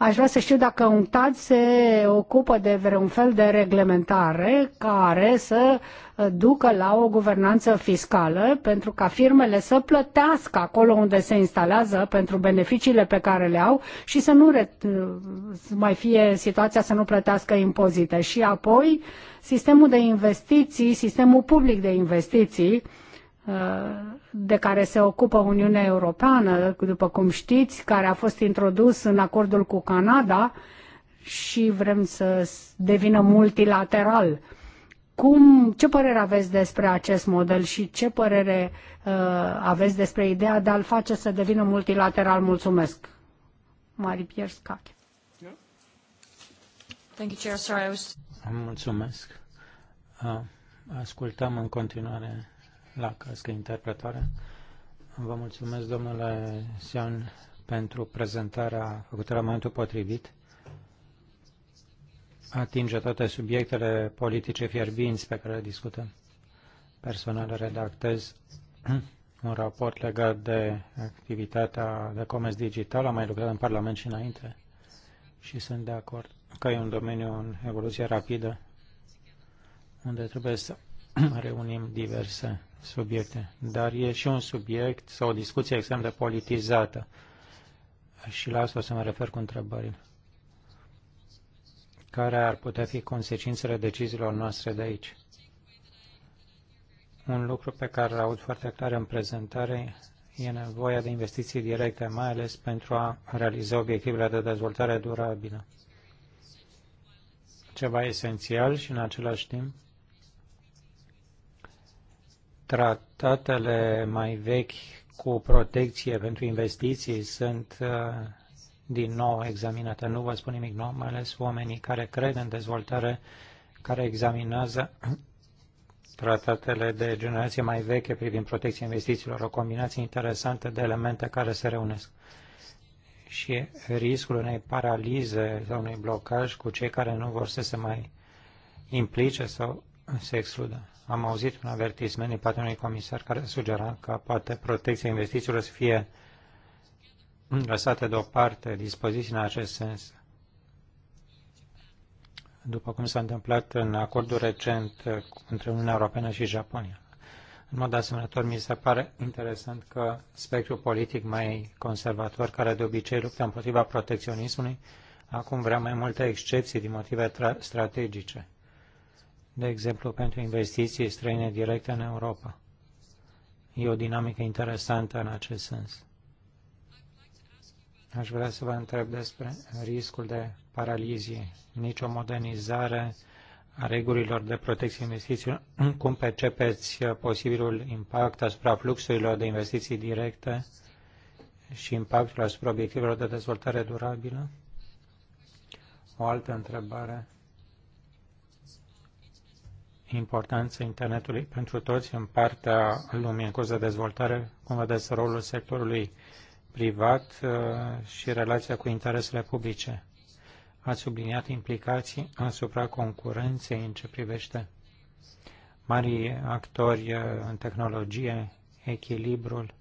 Aș vrea să știu dacă un UNCTAD se ocupă de vreun fel de reglementare care să ducă la o guvernanță fiscală pentru ca firmele să plătească acolo unde se instalează pentru beneficiile pe care le au și să nu mai fie situația să nu plătească impozite. Și apoi sistemul de investiții, sistemul public de investiții, de care se ocupă Uniunea Europeană, după cum știți, care a fost introdus în acordul cu Canada și vrem să devină multilateral. Cum, ce părere aveți despre acest model și ce părere uh, aveți despre ideea de a-l face să devină multilateral? Mulțumesc. Mari Pierre Scache. Thank you, Chair. Sorry, I was... Mulțumesc. Ascultam în continuare la cască interpretare. Vă mulțumesc, domnule Sion, pentru prezentarea făcută la momentul potrivit. Atinge toate subiectele politice fierbinți pe care le discutăm. Personal redactez (clears throat) un raport legat de activitatea de comerț digital. Am mai lucrat în Parlament și înainte și sunt de acord că e un domeniu în evoluție rapidă unde trebuie să (clears throat) reunim diverse subiecte, dar e și un subiect sau o discuție extrem de politizată. Și la asta o să mă refer cu întrebările. Care ar putea fi consecințele deciziilor noastre de aici? Un lucru pe care îl aud foarte clar în prezentare e nevoia de investiții directe, mai ales pentru a realiza obiectivele de dezvoltare durabilă. Ceva esențial și în același timp Tratatele mai vechi cu protecție pentru investiții sunt uh, din nou examinate. Nu vă spun nimic nou, mai ales oamenii care cred în dezvoltare, care examinează (clears throat) tratatele de generație mai veche privind protecția investițiilor, o combinație interesantă de elemente care se reunesc. Și riscul unei paralize sau unui blocaj cu cei care nu vor să se mai implice sau se excludă am auzit un avertisment din partea unui comisar care sugera că poate protecția investițiilor să fie lăsată deoparte, dispoziții în acest sens. După cum s-a întâmplat în acordul recent între Uniunea Europeană și Japonia. În mod asemănător, mi se pare interesant că spectrul politic mai conservator, care de obicei luptă împotriva protecționismului, acum vrea mai multe excepții din motive strategice de exemplu pentru investiții străine directe în Europa. E o dinamică interesantă în acest sens. Aș vrea să vă întreb despre riscul de paralizie. Nici o modernizare a regulilor de protecție investițiilor. (clears throat) Cum percepeți uh, posibilul impact asupra fluxurilor de investiții directe și impactul asupra obiectivelor de dezvoltare durabilă? O altă întrebare importanța internetului pentru toți în partea lumii în curs de dezvoltare, cum vedeți rolul sectorului privat uh, și relația cu interesele publice. Ați subliniat implicații asupra concurenței în ce privește mari actori uh, în tehnologie, echilibrul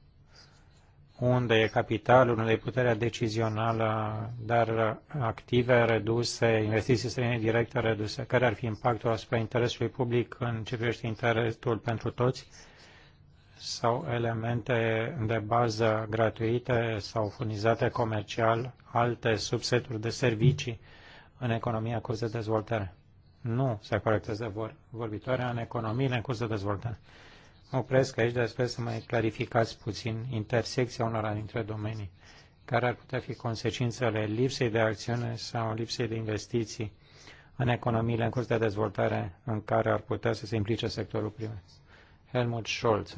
unde e capitalul, unde e puterea decizională, dar active reduse, investiții străine directe reduse. Care ar fi impactul asupra interesului public în ce privește interesul pentru toți? sau elemente de bază gratuite sau furnizate comercial, alte subseturi de servicii în economia cu de dezvoltare. Nu se corectează vor, vorbitoarea în economiile în curs de dezvoltare opresc aici, dar sper să mai clarificați puțin intersecția unora dintre domenii, care ar putea fi consecințele lipsei de acțiune sau lipsei de investiții în economiile în curs de dezvoltare în care ar putea să se implice sectorul privat. Helmut Scholz.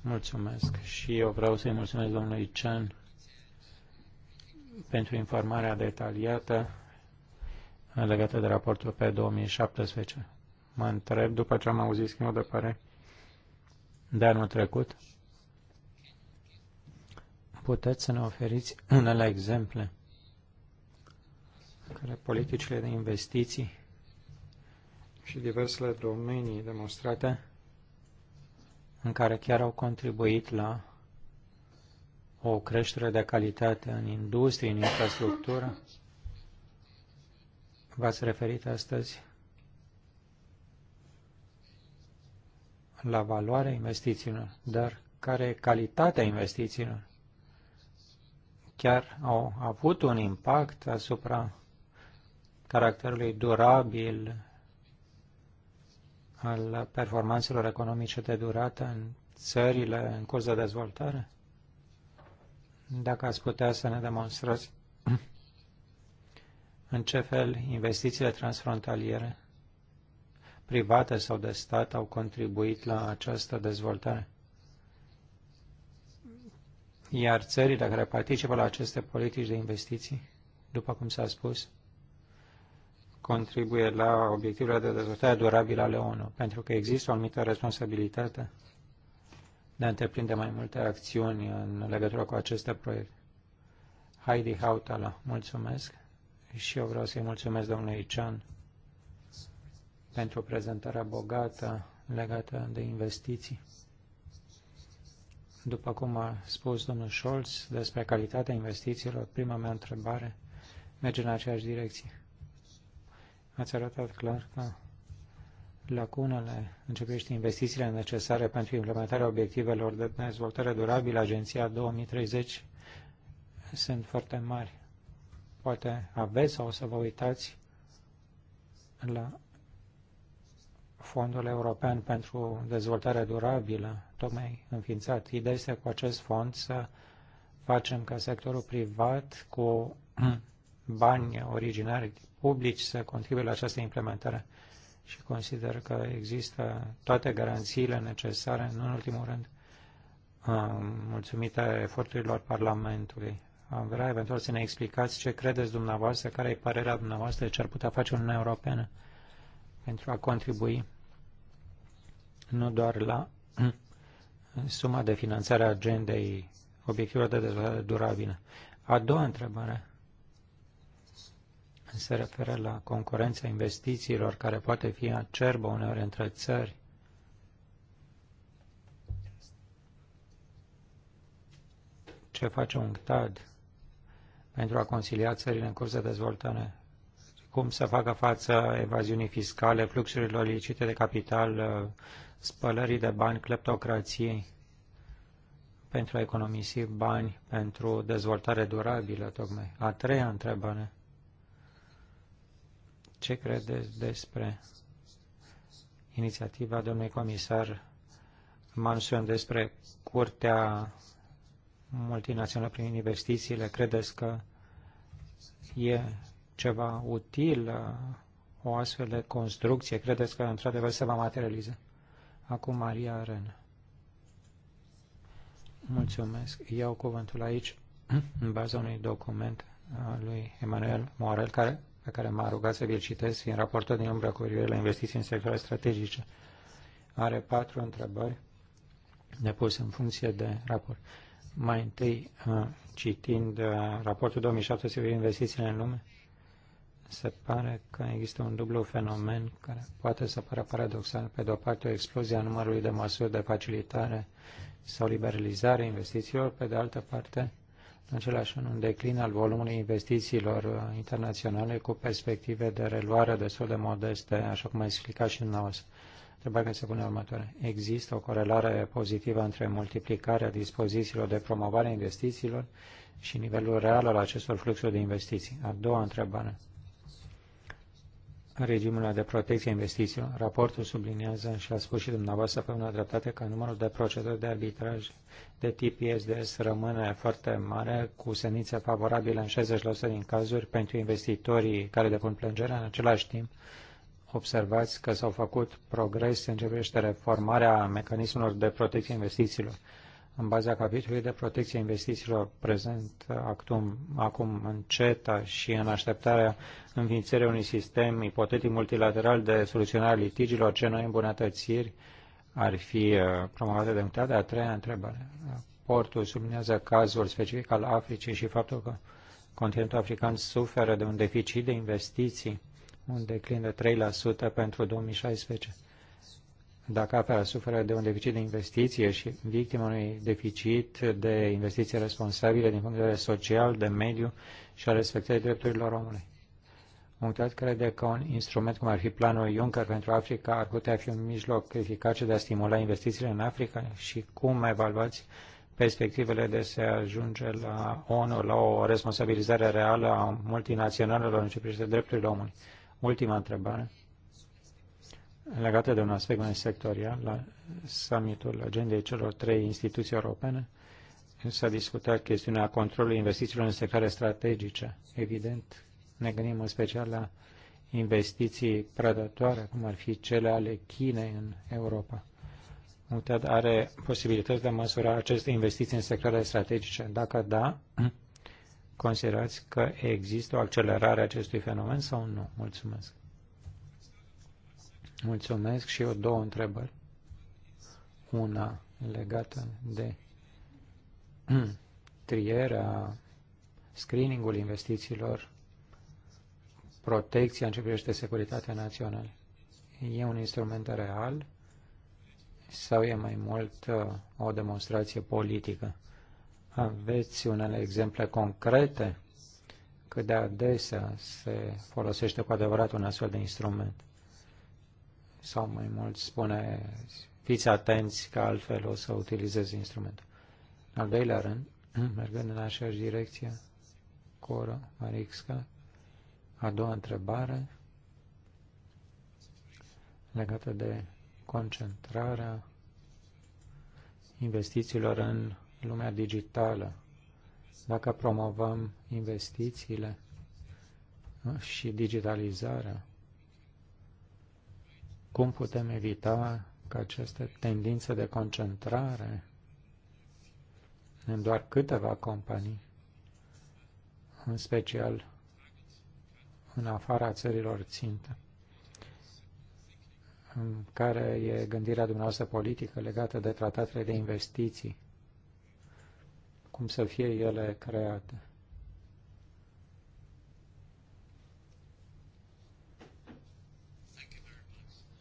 Mulțumesc și eu vreau să-i mulțumesc domnului Chen pentru informarea detaliată legată de raportul pe 2017 mă întreb după ce am auzit schimbul de părere de anul trecut. Puteți să ne oferiți unele exemple în care politicile de investiții și diversele domenii demonstrate în care chiar au contribuit la o creștere de calitate în industrie, în infrastructură. V-ați referit astăzi la valoarea investițiilor, dar care e calitatea investițiilor. Chiar au avut un impact asupra caracterului durabil al performanțelor economice de durată în țările în curs de dezvoltare? Dacă ați putea să ne demonstrați în ce fel investițiile transfrontaliere private sau de stat au contribuit la această dezvoltare. Iar țările care participă la aceste politici de investiții, după cum s-a spus, contribuie la obiectivele de dezvoltare durabilă ale ONU, pentru că există o anumită responsabilitate de a întreprinde mai multe acțiuni în legătură cu aceste proiecte. Heidi Hautala, mulțumesc și eu vreau să-i mulțumesc domnului Chan pentru prezentarea bogată legată de investiții. După cum a spus domnul Scholz despre calitatea investițiilor, prima mea întrebare merge în aceeași direcție. Ați arătat clar că lacunele în ce privește investițiile necesare pentru implementarea obiectivelor de dezvoltare durabilă Agenția 2030 sunt foarte mari. Poate aveți sau o să vă uitați la Fondul European pentru Dezvoltare Durabilă, tocmai înființat. Ideea este cu acest fond să facem ca sectorul privat cu (clears throat) bani originari publici să contribuie la această implementare și consider că există toate garanțiile necesare, nu în ultimul rând, mulțumită eforturilor Parlamentului. Am vrea eventual să ne explicați ce credeți dumneavoastră, care e părerea dumneavoastră, ce ar putea face Uniunea Europeană pentru a contribui nu doar la (clears throat) suma de finanțare a agendei obiectivelor de dezvoltare durabilă. A doua întrebare se referă la concurența investițiilor care poate fi acerbă uneori între țări. Ce face un TAD pentru a concilia țările în curs de dezvoltare? cum să facă față evaziunii fiscale, fluxurilor ilicite de capital, uh, spălării de bani, cleptocrației, pentru a economisi bani pentru dezvoltare durabilă, tocmai. A treia întrebare. Ce credeți despre inițiativa domnului comisar Mansion despre Curtea Multinațională prin Investițiile? Credeți că e ceva util o astfel de construcție? Credeți că într-adevăr se va materializa? Acum Maria Arena. Mulțumesc. Iau cuvântul aici (clears throat) în baza unui document al lui Emanuel Morel, care, pe care m-a rugat să vi-l citesc în raportul din umbră cu privire la investiții în sectoare strategice. Are patru întrebări depuse în funcție de raport. Mai întâi, uh, citind uh, raportul 2007 privind investițiile în lume, se pare că există un dublu fenomen care poate să pară paradoxal. Pe de o parte, o explozie a numărului de măsuri de facilitare sau liberalizare investițiilor, pe de altă parte, în același an, un declin al volumului investițiilor uh, internaționale cu perspective de reluare destul de modeste, așa cum a explicat și dumneavoastră. Trebuie care se pune următoare. Există o corelare pozitivă între multiplicarea dispozițiilor de promovare a investițiilor și nivelul real al acestor fluxuri de investiții? A doua întrebare regimului de protecție a investițiilor. Raportul subliniază și a spus și dumneavoastră pe una dreptate că numărul de proceduri de arbitraj de tip ISDS rămâne foarte mare, cu semințe favorabile în 60% din cazuri pentru investitorii care depun plângerea. În același timp, observați că s-au făcut progrese în ce privește reformarea mecanismelor de protecție a investițiilor în baza capitolului de protecție investițiilor prezent actum, acum în CETA și în așteptarea înființării unui sistem ipotetic multilateral de soluționare a litigilor, ce noi îmbunătățiri ar fi uh, promovate de unitate? A treia întrebare. Portul sublinează cazul specific al Africii și faptul că continentul african suferă de un deficit de investiții, un declin de 3% pentru 2016 dacă apa suferă de un deficit de investiție și victima unui deficit de investiție responsabile din punct de vedere social, de mediu și a respectării drepturilor omului. Munctat crede că un instrument cum ar fi planul Juncker pentru Africa ar putea fi un mijloc eficace de a stimula investițiile în Africa și cum evaluați perspectivele de a se ajunge la ONU, la o responsabilizare reală a multinaționalelor în ce privește drepturile omului. Ultima întrebare legate de un aspect mai sectorial, la summitul agendei celor trei instituții europene, s-a discutat chestiunea controlului investițiilor în sectoare strategice. Evident, ne gândim în special la investiții prădătoare, cum ar fi cele ale Chinei în Europa. UTED are posibilități de a măsura aceste investiții în sectoare strategice. Dacă da, (clears throat) considerați că există o accelerare a acestui fenomen sau nu? Mulțumesc. Mulțumesc și eu două întrebări. Una legată de (clears throat) trierea, screeningul investițiilor, protecția în ce privește securitatea națională. E un instrument real sau e mai mult uh, o demonstrație politică? Aveți unele exemple concrete cât de adesea se folosește cu adevărat un astfel de instrument? sau mai mult spune fiți atenți că altfel o să utilizezi instrumentul. În al doilea rând, (clears throat) mergând în aceeași direcție, coră, marixcă, a doua întrebare legată de concentrarea investițiilor în lumea digitală. Dacă promovăm investițiile și digitalizarea, cum putem evita că aceste tendințe de concentrare în doar câteva companii, în special în afara țărilor țintă, în care e gândirea dumneavoastră politică legată de tratatele de investiții, cum să fie ele create.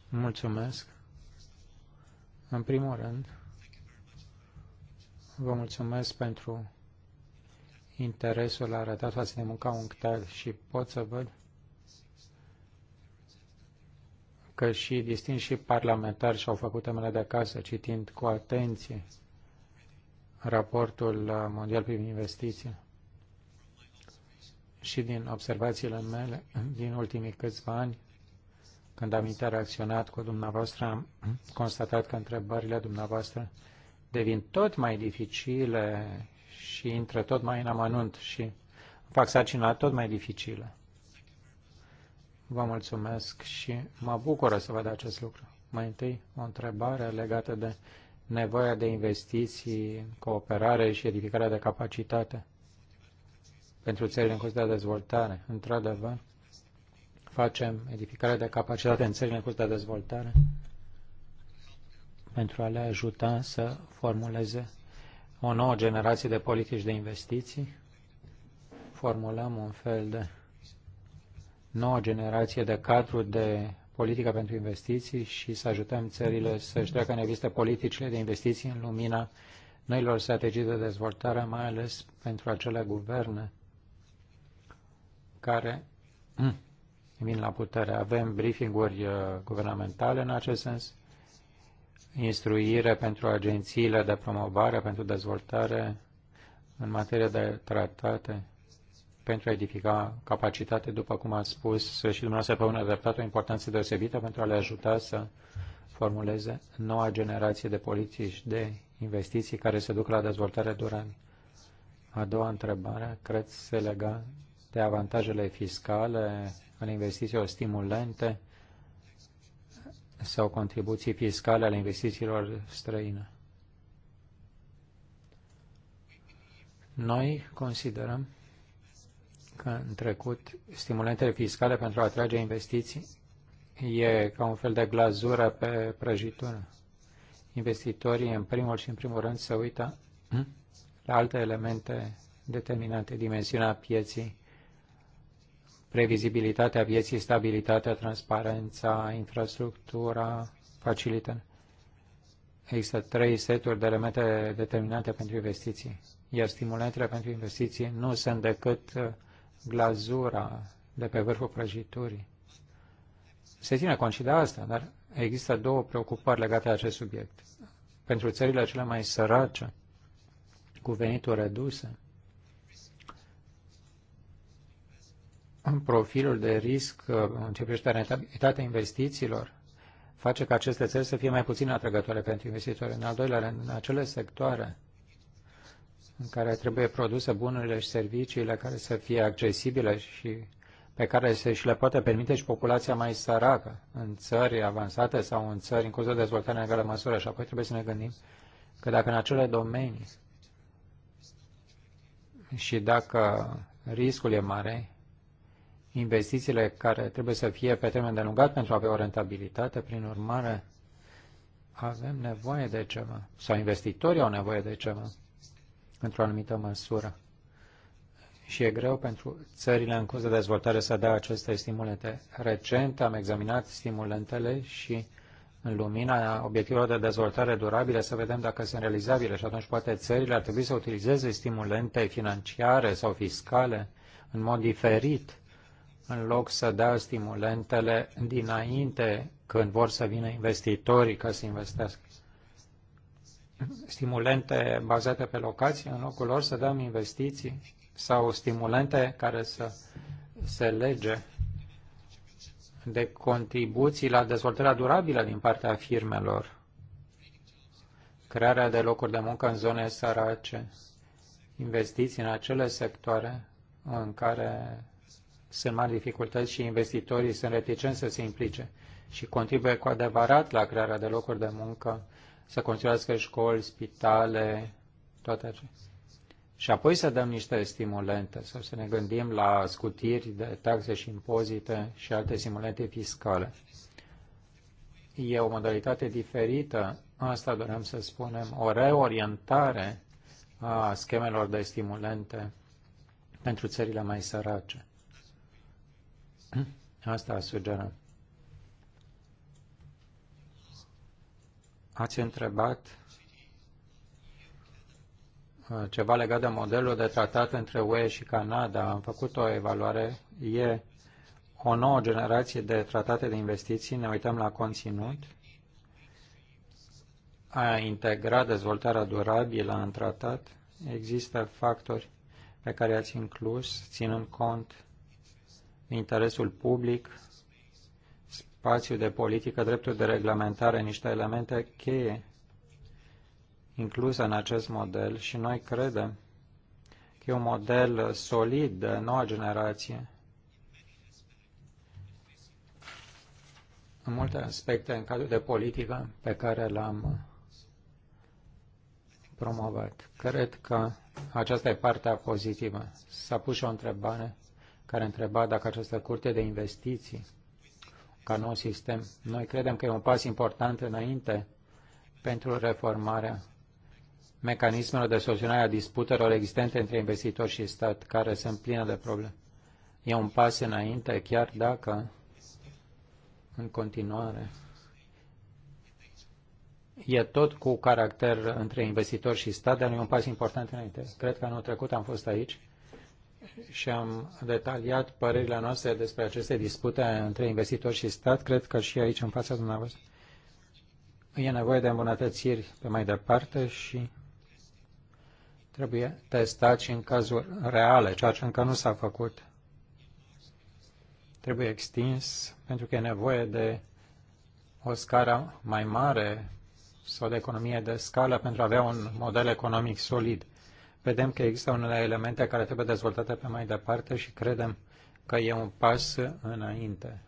Mulțumesc. În primul rând, vă mulțumesc pentru interesul arătat față de munca UNCTAD și pot să văd că și distinși parlamentari și-au făcut temele de acasă, citind cu atenție raportul mondial privind investiții. Și din observațiile mele din ultimii câțiva ani, când am interacționat cu dumneavoastră, am constatat că întrebările dumneavoastră devin tot mai dificile și intră tot mai în amănunt și fac sarcina tot mai dificilă. Vă mulțumesc și mă bucură să văd acest lucru. Mai întâi, o întrebare legată de nevoia de investiții, cooperare și edificarea de capacitate pentru țările în curs de dezvoltare. Într-adevăr, facem edificarea de capacitate în țările în curs de dezvoltare pentru a le ajuta să formuleze o nouă generație de politici de investiții. Formulăm un fel de nouă generație de cadru de politică pentru investiții și să ajutăm țările să-și treacă în revistă politicile de investiții în lumina noilor strategii de dezvoltare, mai ales pentru acele guverne care vin la putere. Avem briefinguri uh, guvernamentale în acest sens, instruire pentru agențiile de promovare, pentru dezvoltare în materie de tratate, pentru a edifica capacitate, după cum a spus și dumneavoastră pe una dreptate, o importanță deosebită pentru a le ajuta să formuleze noua generație de politici de investiții care se duc la dezvoltare durabilă. A doua întrebare, cred, se lega de avantajele fiscale în investițiilor stimulente sau contribuții fiscale ale investițiilor străine. Noi considerăm că în trecut stimulentele fiscale pentru a atrage investiții e ca un fel de glazură pe prăjitură. Investitorii, în primul și în primul rând, se uită la alte elemente determinante, dimensiunea pieții, previzibilitatea vieții, stabilitatea, transparența, infrastructura, facilită. Există trei seturi de elemente determinante pentru investiții, iar stimulentele pentru investiții nu sunt decât uh, glazura de pe vârful prăjiturii. Se ține cont și de asta, dar există două preocupări legate de acest subiect. Pentru țările cele mai sărace, cu venituri reduse, profilul de risc uh, în ce privește rentabilitatea investițiilor face ca aceste țări să fie mai puțin atrăgătoare pentru investitori. În al doilea rând, în acele sectoare în care trebuie produse bunurile și serviciile care să fie accesibile și pe care se și le poate permite și populația mai săracă în țări avansate sau în țări în curs de dezvoltare în egală măsură. Și apoi trebuie să ne gândim că dacă în acele domenii și dacă riscul e mare, investițiile care trebuie să fie pe termen de lungat pentru a avea o rentabilitate, prin urmare, avem nevoie de ceva, sau investitorii au nevoie de ceva, într-o anumită măsură. Și e greu pentru țările în curs de dezvoltare să dea aceste stimulente. Recent am examinat stimulentele și în lumina obiectivelor de dezvoltare durabile să vedem dacă sunt realizabile și atunci poate țările ar trebui să utilizeze stimulente financiare sau fiscale în mod diferit în loc să dea stimulentele dinainte când vor să vină investitorii ca să investească. Stimulente bazate pe locație, în locul lor să dăm investiții sau stimulente care să se lege de contribuții la dezvoltarea durabilă din partea firmelor, crearea de locuri de muncă în zone sărace, investiții în acele sectoare în care sunt mari dificultăți și investitorii sunt reticenți să se implice și contribuie cu adevărat la crearea de locuri de muncă, să construiască școli, spitale, toate acestea. Și apoi să dăm niște stimulente sau să ne gândim la scutiri de taxe și impozite și alte stimulente fiscale. E o modalitate diferită, asta doream să spunem, o reorientare a schemelor de stimulente pentru țările mai sărace. Hm? Asta sugerat. Ați întrebat uh, ceva legat de modelul de tratat între UE și Canada. Am făcut o evaluare. E o nouă generație de tratate de investiții. Ne uităm la conținut. A integrat dezvoltarea durabilă în tratat. Există factori pe care i-ați inclus, ținând cont interesul public, spațiu de politică, dreptul de reglementare, niște elemente cheie incluse în acest model și noi credem că e un model solid de noua generație. În multe aspecte, în cadrul de politică pe care l-am promovat. Cred că aceasta e partea pozitivă. S-a pus și o întrebare care întreba dacă această curte de investiții, ca nou sistem, noi credem că e un pas important înainte pentru reformarea mecanismelor de soluționare a disputelor existente între investitori și stat, care sunt pline de probleme. E un pas înainte, chiar dacă, în continuare, e tot cu caracter între investitor și stat, dar nu e un pas important înainte. Cred că anul trecut am fost aici și am detaliat părerile noastre despre aceste dispute între investitor și stat. Cred că și aici, în fața dumneavoastră, e nevoie de îmbunătățiri pe mai departe și trebuie testat și în cazuri reale, ceea ce încă nu s-a făcut. Trebuie extins pentru că e nevoie de o scară mai mare sau de economie de scală pentru a avea un model economic solid. Vedem că există unele elemente care trebuie dezvoltate pe mai departe și credem că e un pas înainte.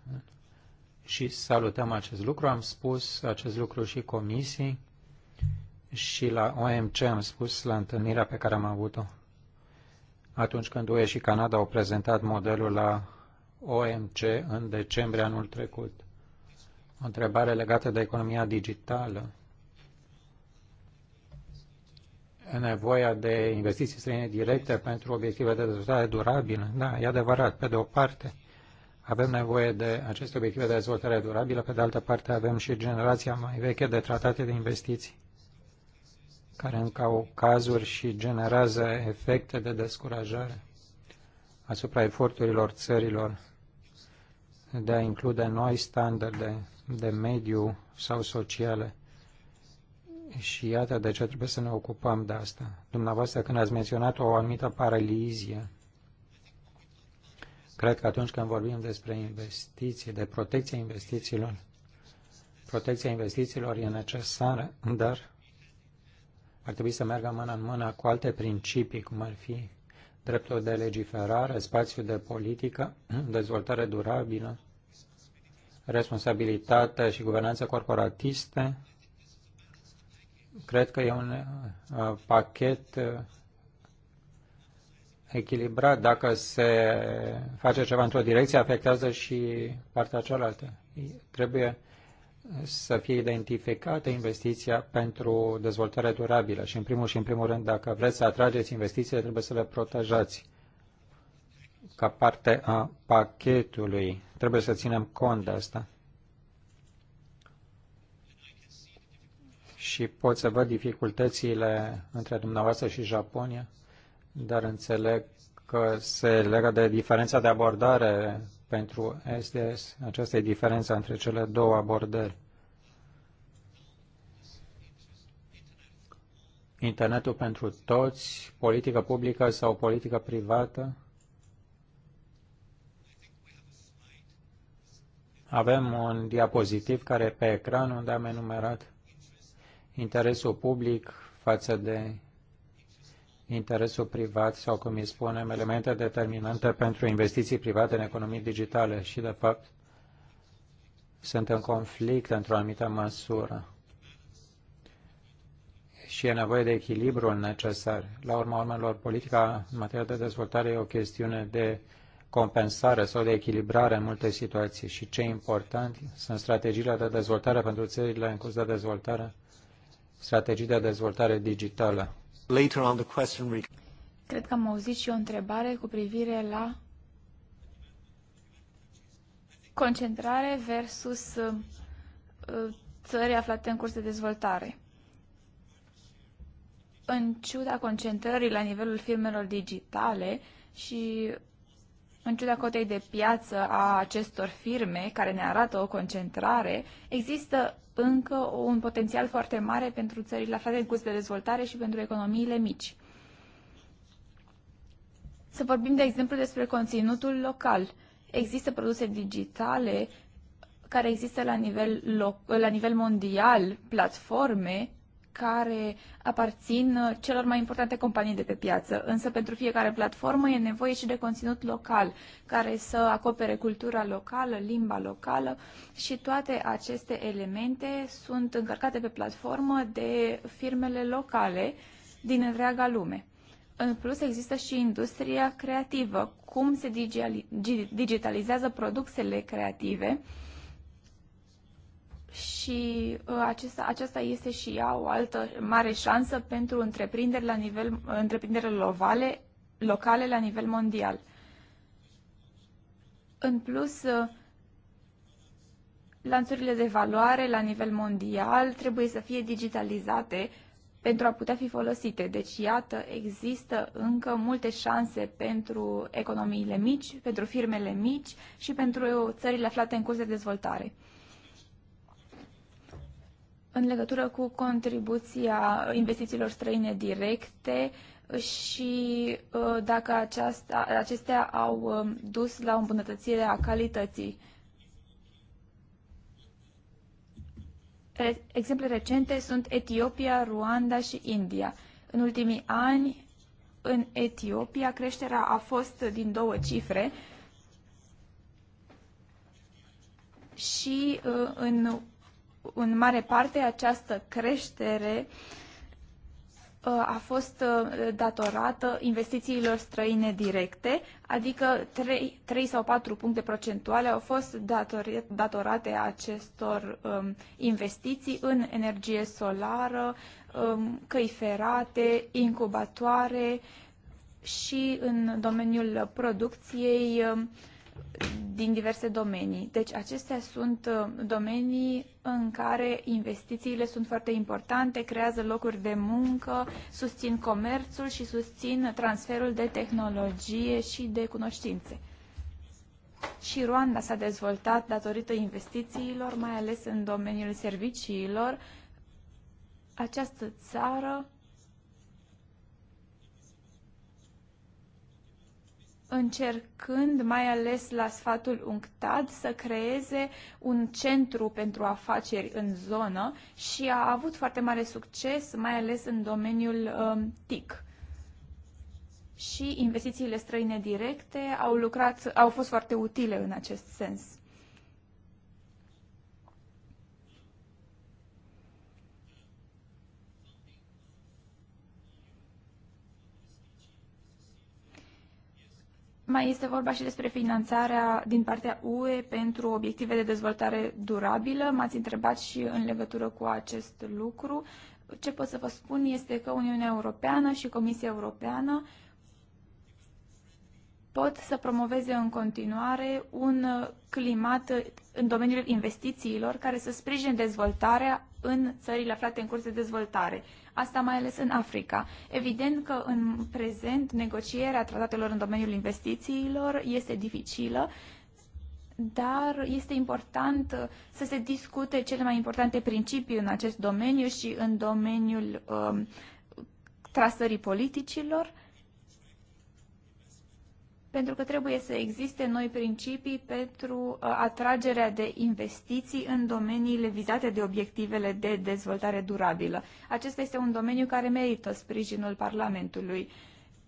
Și salutăm acest lucru. Am spus acest lucru și comisii și la OMC am spus la întâlnirea pe care am avut-o atunci când UE și Canada au prezentat modelul la OMC în decembrie anul trecut. O întrebare legată de economia digitală nevoia de investiții străine directe pentru obiective de dezvoltare durabilă. Da, e adevărat. Pe de o parte, avem nevoie de aceste obiective de dezvoltare durabilă, pe de altă parte avem și generația mai veche de tratate de investiții, care încă au cazuri și generează efecte de descurajare asupra eforturilor țărilor de a include noi standarde de mediu sau sociale și iată de ce trebuie să ne ocupăm de asta. Dumneavoastră, când ați menționat o anumită paralizie, cred că atunci când vorbim despre investiții, de protecția investițiilor, protecția investițiilor e necesară, dar ar trebui să meargă mână în mână cu alte principii, cum ar fi dreptul de legiferare, spațiu de politică, (clears throat) dezvoltare durabilă, responsabilitate și guvernanță corporatiste, Cred că e un uh, pachet uh, echilibrat. Dacă se face ceva într-o direcție, afectează și partea cealaltă. Trebuie să fie identificată investiția pentru dezvoltare durabilă și în primul și în primul rând, dacă vreți să atrageți investițiile, trebuie să le protejați ca parte a pachetului. Trebuie să ținem cont de asta. și pot să văd dificultățile între dumneavoastră și Japonia, dar înțeleg că se legă de diferența de abordare pentru SDS. Aceasta e diferența între cele două abordări. Internetul pentru toți, politică publică sau politică privată. Avem un diapozitiv care pe ecran unde am enumerat interesul public față de interesul privat sau, cum îi spunem, elemente determinante pentru investiții private în economii digitale și, de fapt, sunt în conflict într-o anumită măsură și e nevoie de echilibrul necesar. La urma urmelor, politica în materie de dezvoltare e o chestiune de compensare sau de echilibrare în multe situații și ce important sunt strategiile de dezvoltare pentru țările în curs de dezvoltare strategii de dezvoltare digitală. Later on the question... Cred că am auzit și o întrebare cu privire la concentrare versus uh, țări aflate în curs de dezvoltare. În ciuda concentrării la nivelul firmelor digitale și în ciuda cotei de piață a acestor firme care ne arată o concentrare, există încă un potențial foarte mare pentru țările aflate în curs de dezvoltare și pentru economiile mici. Să vorbim, de exemplu, despre conținutul local. Există produse digitale care există la nivel, loc, la nivel mondial, platforme care aparțin uh, celor mai importante companii de pe piață. Însă pentru fiecare platformă e nevoie și de conținut local, care să acopere cultura locală, limba locală și toate aceste elemente sunt încărcate pe platformă de firmele locale din întreaga lume. În plus, există și industria creativă, cum se digitalizează produsele creative, și uh, aceasta aceasta este și ea o altă mare șansă pentru întreprinderi la nivel, întreprinderile locale, locale la nivel mondial. În plus, uh, lanțurile de valoare la nivel mondial trebuie să fie digitalizate pentru a putea fi folosite. Deci, iată, există încă multe șanse pentru economiile mici, pentru firmele mici și pentru țările aflate în curs de dezvoltare în legătură cu contribuția investițiilor străine directe și uh, dacă aceasta, acestea au um, dus la o îmbunătățire a calității. Exemple recente sunt Etiopia, Ruanda și India. În ultimii ani, în Etiopia, creșterea a fost din două cifre și uh, în în mare parte această creștere uh, a fost uh, datorată investițiilor străine directe, adică 3, 3 sau 4 puncte procentuale au fost datorate acestor um, investiții în energie solară, um, căi ferate, incubatoare și în domeniul producției um, din diverse domenii. Deci acestea sunt uh, domenii în care investițiile sunt foarte importante, creează locuri de muncă, susțin comerțul și susțin transferul de tehnologie și de cunoștințe. Și Rwanda s-a dezvoltat datorită investițiilor, mai ales în domeniul serviciilor. Această țară încercând, mai ales la sfatul UNCTAD, să creeze un centru pentru afaceri în zonă și a avut foarte mare succes, mai ales în domeniul um, TIC. Și investițiile străine directe au, lucrat, au fost foarte utile în acest sens. Mai este vorba și despre finanțarea din partea UE pentru obiective de dezvoltare durabilă. M-ați întrebat și în legătură cu acest lucru. Ce pot să vă spun este că Uniunea Europeană și Comisia Europeană pot să promoveze în continuare un climat în domeniul investițiilor care să sprijine dezvoltarea în țările aflate în curs de dezvoltare asta mai ales în Africa. Evident că în prezent negocierea tratatelor în domeniul investițiilor este dificilă, dar este important uh, să se discute cele mai importante principii în acest domeniu și în domeniul um, trasării politicilor. Uh, pentru că trebuie să existe noi principii pentru uh, atragerea de investiții în domeniile vizate de obiectivele de dezvoltare durabilă. Acesta este un domeniu care merită sprijinul Parlamentului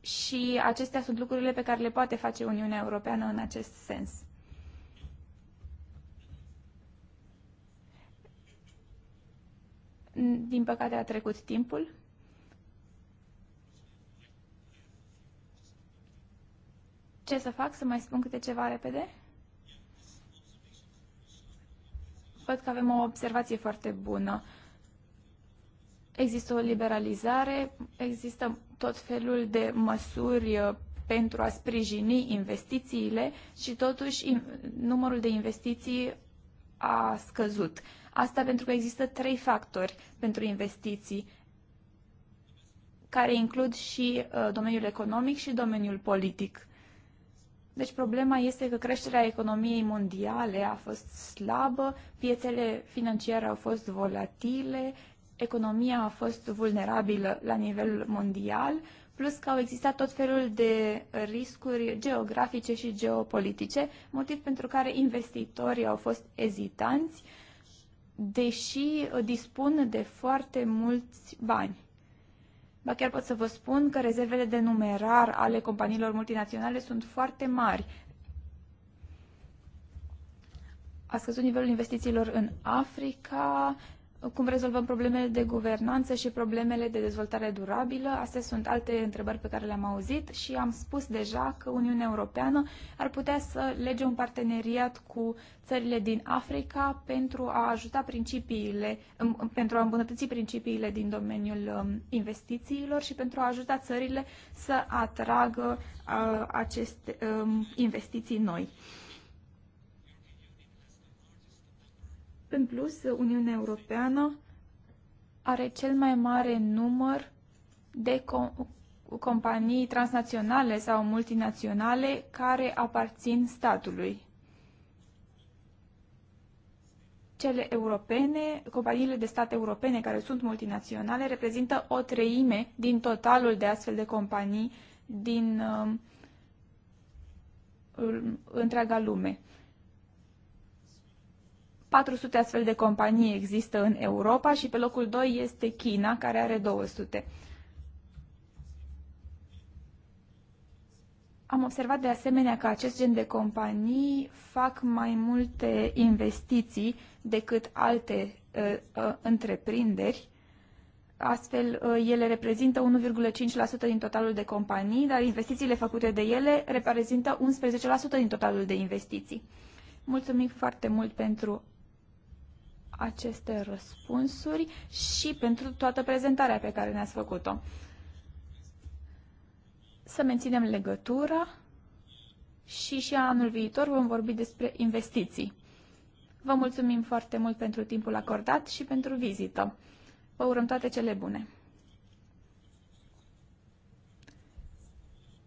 și acestea sunt lucrurile pe care le poate face Uniunea Europeană în acest sens. Din păcate a trecut timpul. Ce să fac? Să mai spun câte ceva repede? Văd că avem o observație foarte bună. Există o liberalizare, există tot felul de măsuri uh, pentru a sprijini investițiile și totuși numărul de investiții a scăzut. Asta pentru că există trei factori pentru investiții care includ și uh, domeniul economic și domeniul politic. Deci problema este că creșterea economiei mondiale a fost slabă, piețele financiare au fost volatile, economia a fost vulnerabilă la nivel mondial, plus că au existat tot felul de riscuri geografice și geopolitice, motiv pentru care investitorii au fost ezitanți, deși dispun de foarte mulți bani. Ba chiar pot să vă spun că rezervele de numerar ale companiilor multinaționale sunt foarte mari. A scăzut nivelul investițiilor în Africa, cum rezolvăm problemele de guvernanță și problemele de dezvoltare durabilă. Astea sunt alte întrebări pe care le-am auzit și am spus deja că Uniunea Europeană ar putea să lege un parteneriat cu țările din Africa pentru a ajuta principiile, pentru a îmbunătăți principiile din domeniul um, investițiilor și pentru a ajuta țările să atragă uh, aceste um, investiții noi. În plus, Uniunea Europeană are cel mai mare număr de com companii transnaționale sau multinaționale care aparțin statului. Cele europene, companiile de stat europene care sunt multinaționale, reprezintă o treime din totalul de astfel de companii din uh, întreaga lume. 400 astfel de companii există în Europa și pe locul 2 este China, care are 200. Am observat de asemenea că acest gen de companii fac mai multe investiții decât alte uh, uh, întreprinderi. Astfel, uh, ele reprezintă 1,5% din totalul de companii, dar investițiile făcute de ele reprezintă 11% din totalul de investiții. Mulțumim foarte mult pentru aceste răspunsuri și pentru toată prezentarea pe care ne-ați făcut-o. Să menținem legătura și și anul viitor vom vorbi despre investiții. Vă mulțumim foarte mult pentru timpul acordat și pentru vizită. Vă urăm toate cele bune!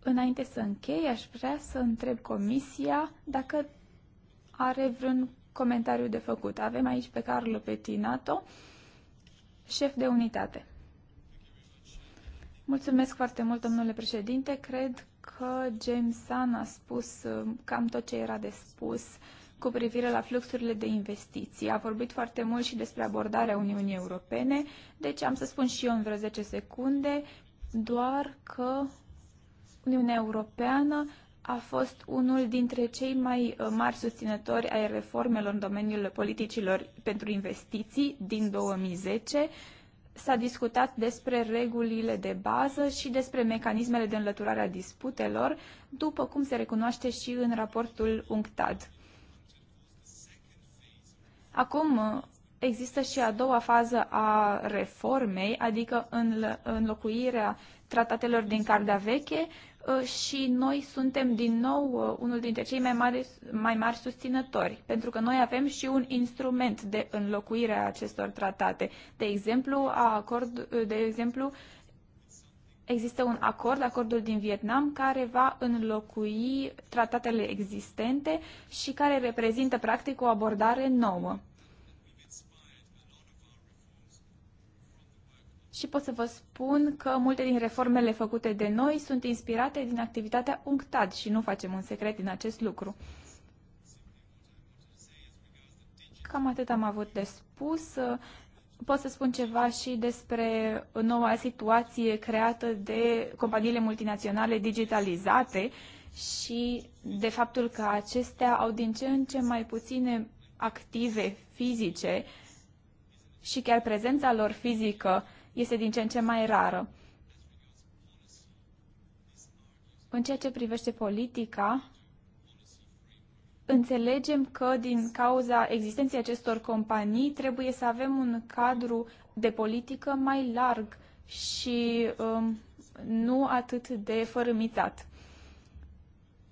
Înainte să închei, aș vrea să întreb Comisia dacă are vreun comentariu de făcut. Avem aici pe Carlo Petinato, șef de unitate. Mulțumesc foarte mult, domnule președinte. Cred că James Sun a spus uh, cam tot ce era de spus cu privire la fluxurile de investiții. A vorbit foarte mult și despre abordarea Uniunii Europene, deci am să spun și eu în vreo 10 secunde, doar că Uniunea Europeană a fost unul dintre cei mai uh, mari susținători ai reformelor în domeniul politicilor pentru investiții din 2010. S-a discutat despre regulile de bază și despre mecanismele de înlăturare a disputelor, după cum se recunoaște și în raportul UNCTAD. Acum uh, există și a doua fază a reformei, adică înlocuirea tratatelor din Cardea Veche Uh, și noi suntem din nou uh, unul dintre cei mai mari, mai mari susținători, pentru că noi avem și un instrument de înlocuire a acestor tratate. De exemplu, a acord, uh, de exemplu există un acord, acordul din Vietnam, care va înlocui tratatele existente și care reprezintă practic o abordare nouă. și pot să vă spun că multe din reformele făcute de noi sunt inspirate din activitatea UNCTAD și nu facem un secret din acest lucru. Cam atât am avut de spus. Pot să spun ceva și despre noua situație creată de companiile multinaționale digitalizate și de faptul că acestea au din ce în ce mai puține active fizice și chiar prezența lor fizică este din ce în ce mai rară. În ceea ce privește politica, înțelegem că din cauza existenței acestor companii trebuie să avem un cadru de politică mai larg și um, nu atât de fărâmițat.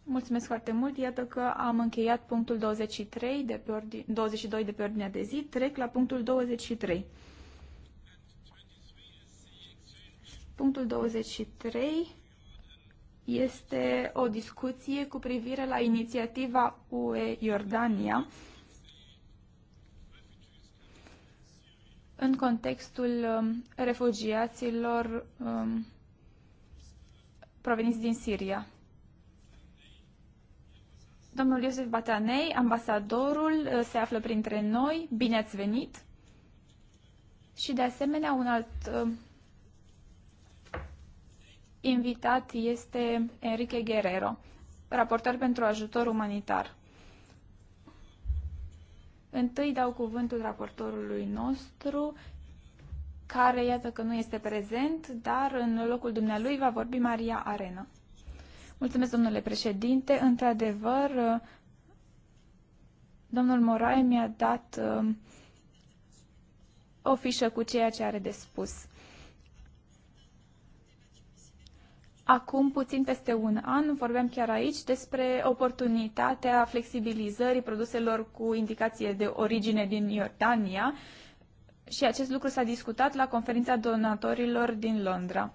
Mulțumesc foarte mult. Iată că am încheiat punctul 23 de pe ordine, 22 de pe ordinea de zi. Trec la punctul 23. Punctul 23 este o discuție cu privire la inițiativa UE Iordania în contextul um, refugiaților um, proveniți din Siria. Domnul Iosef Batanei, ambasadorul, uh, se află printre noi. Bine ați venit! Și de asemenea, un alt um, invitat este Enrique Guerrero, raportor pentru ajutor umanitar. Întâi dau cuvântul raportorului nostru, care iată că nu este prezent, dar în locul dumnealui va vorbi Maria Arena. Mulțumesc, domnule președinte. Într-adevăr, domnul Morai mi-a dat uh, o fișă cu ceea ce are de spus. Acum, puțin peste un an, vorbeam chiar aici despre oportunitatea flexibilizării produselor cu indicație de origine din Iordania și acest lucru s-a discutat la conferința donatorilor din Londra.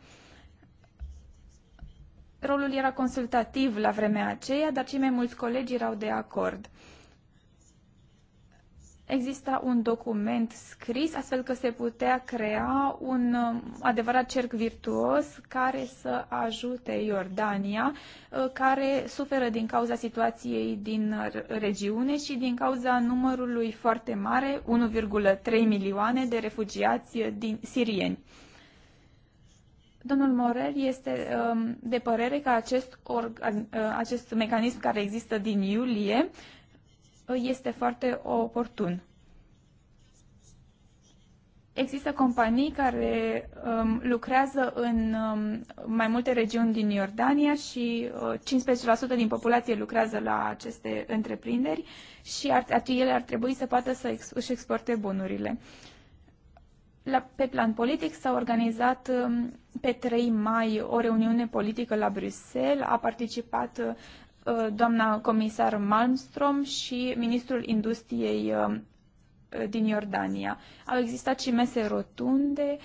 Rolul era consultativ la vremea aceea, dar cei mai mulți colegi erau de acord exista un document scris, astfel că se putea crea un um, adevărat cerc virtuos care să ajute Iordania, uh, care suferă din cauza situației din regiune și din cauza numărului foarte mare, 1,3 milioane de refugiați din sirieni. Domnul Morel este um, de părere că acest, uh, acest mecanism care există din iulie este foarte oportun. Există companii care um, lucrează în um, mai multe regiuni din Iordania și uh, 15% din populație lucrează la aceste întreprinderi și ar, ele ar trebui să poată să ex, își exporte bunurile. La, pe plan politic s-a organizat um, pe 3 mai o reuniune politică la Bruxelles, a participat uh, Uh, doamna comisar Malmström și ministrul industriei uh, din Iordania. Au existat și mese rotunde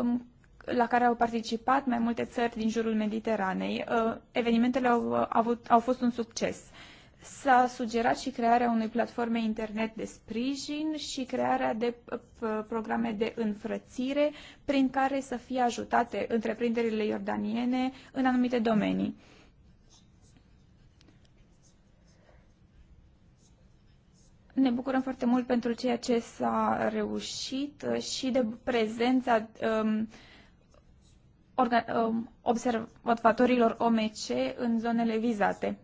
um, la care au participat mai multe țări din jurul Mediteranei. Uh, evenimentele au, avut, au fost un succes. S-a sugerat și crearea unei platforme internet de sprijin și crearea de programe de înfrățire prin care să fie ajutate întreprinderile iordaniene în anumite domenii. Ne bucurăm foarte mult pentru ceea ce s-a reușit și de prezența um, um, observatorilor OMC în zonele vizate.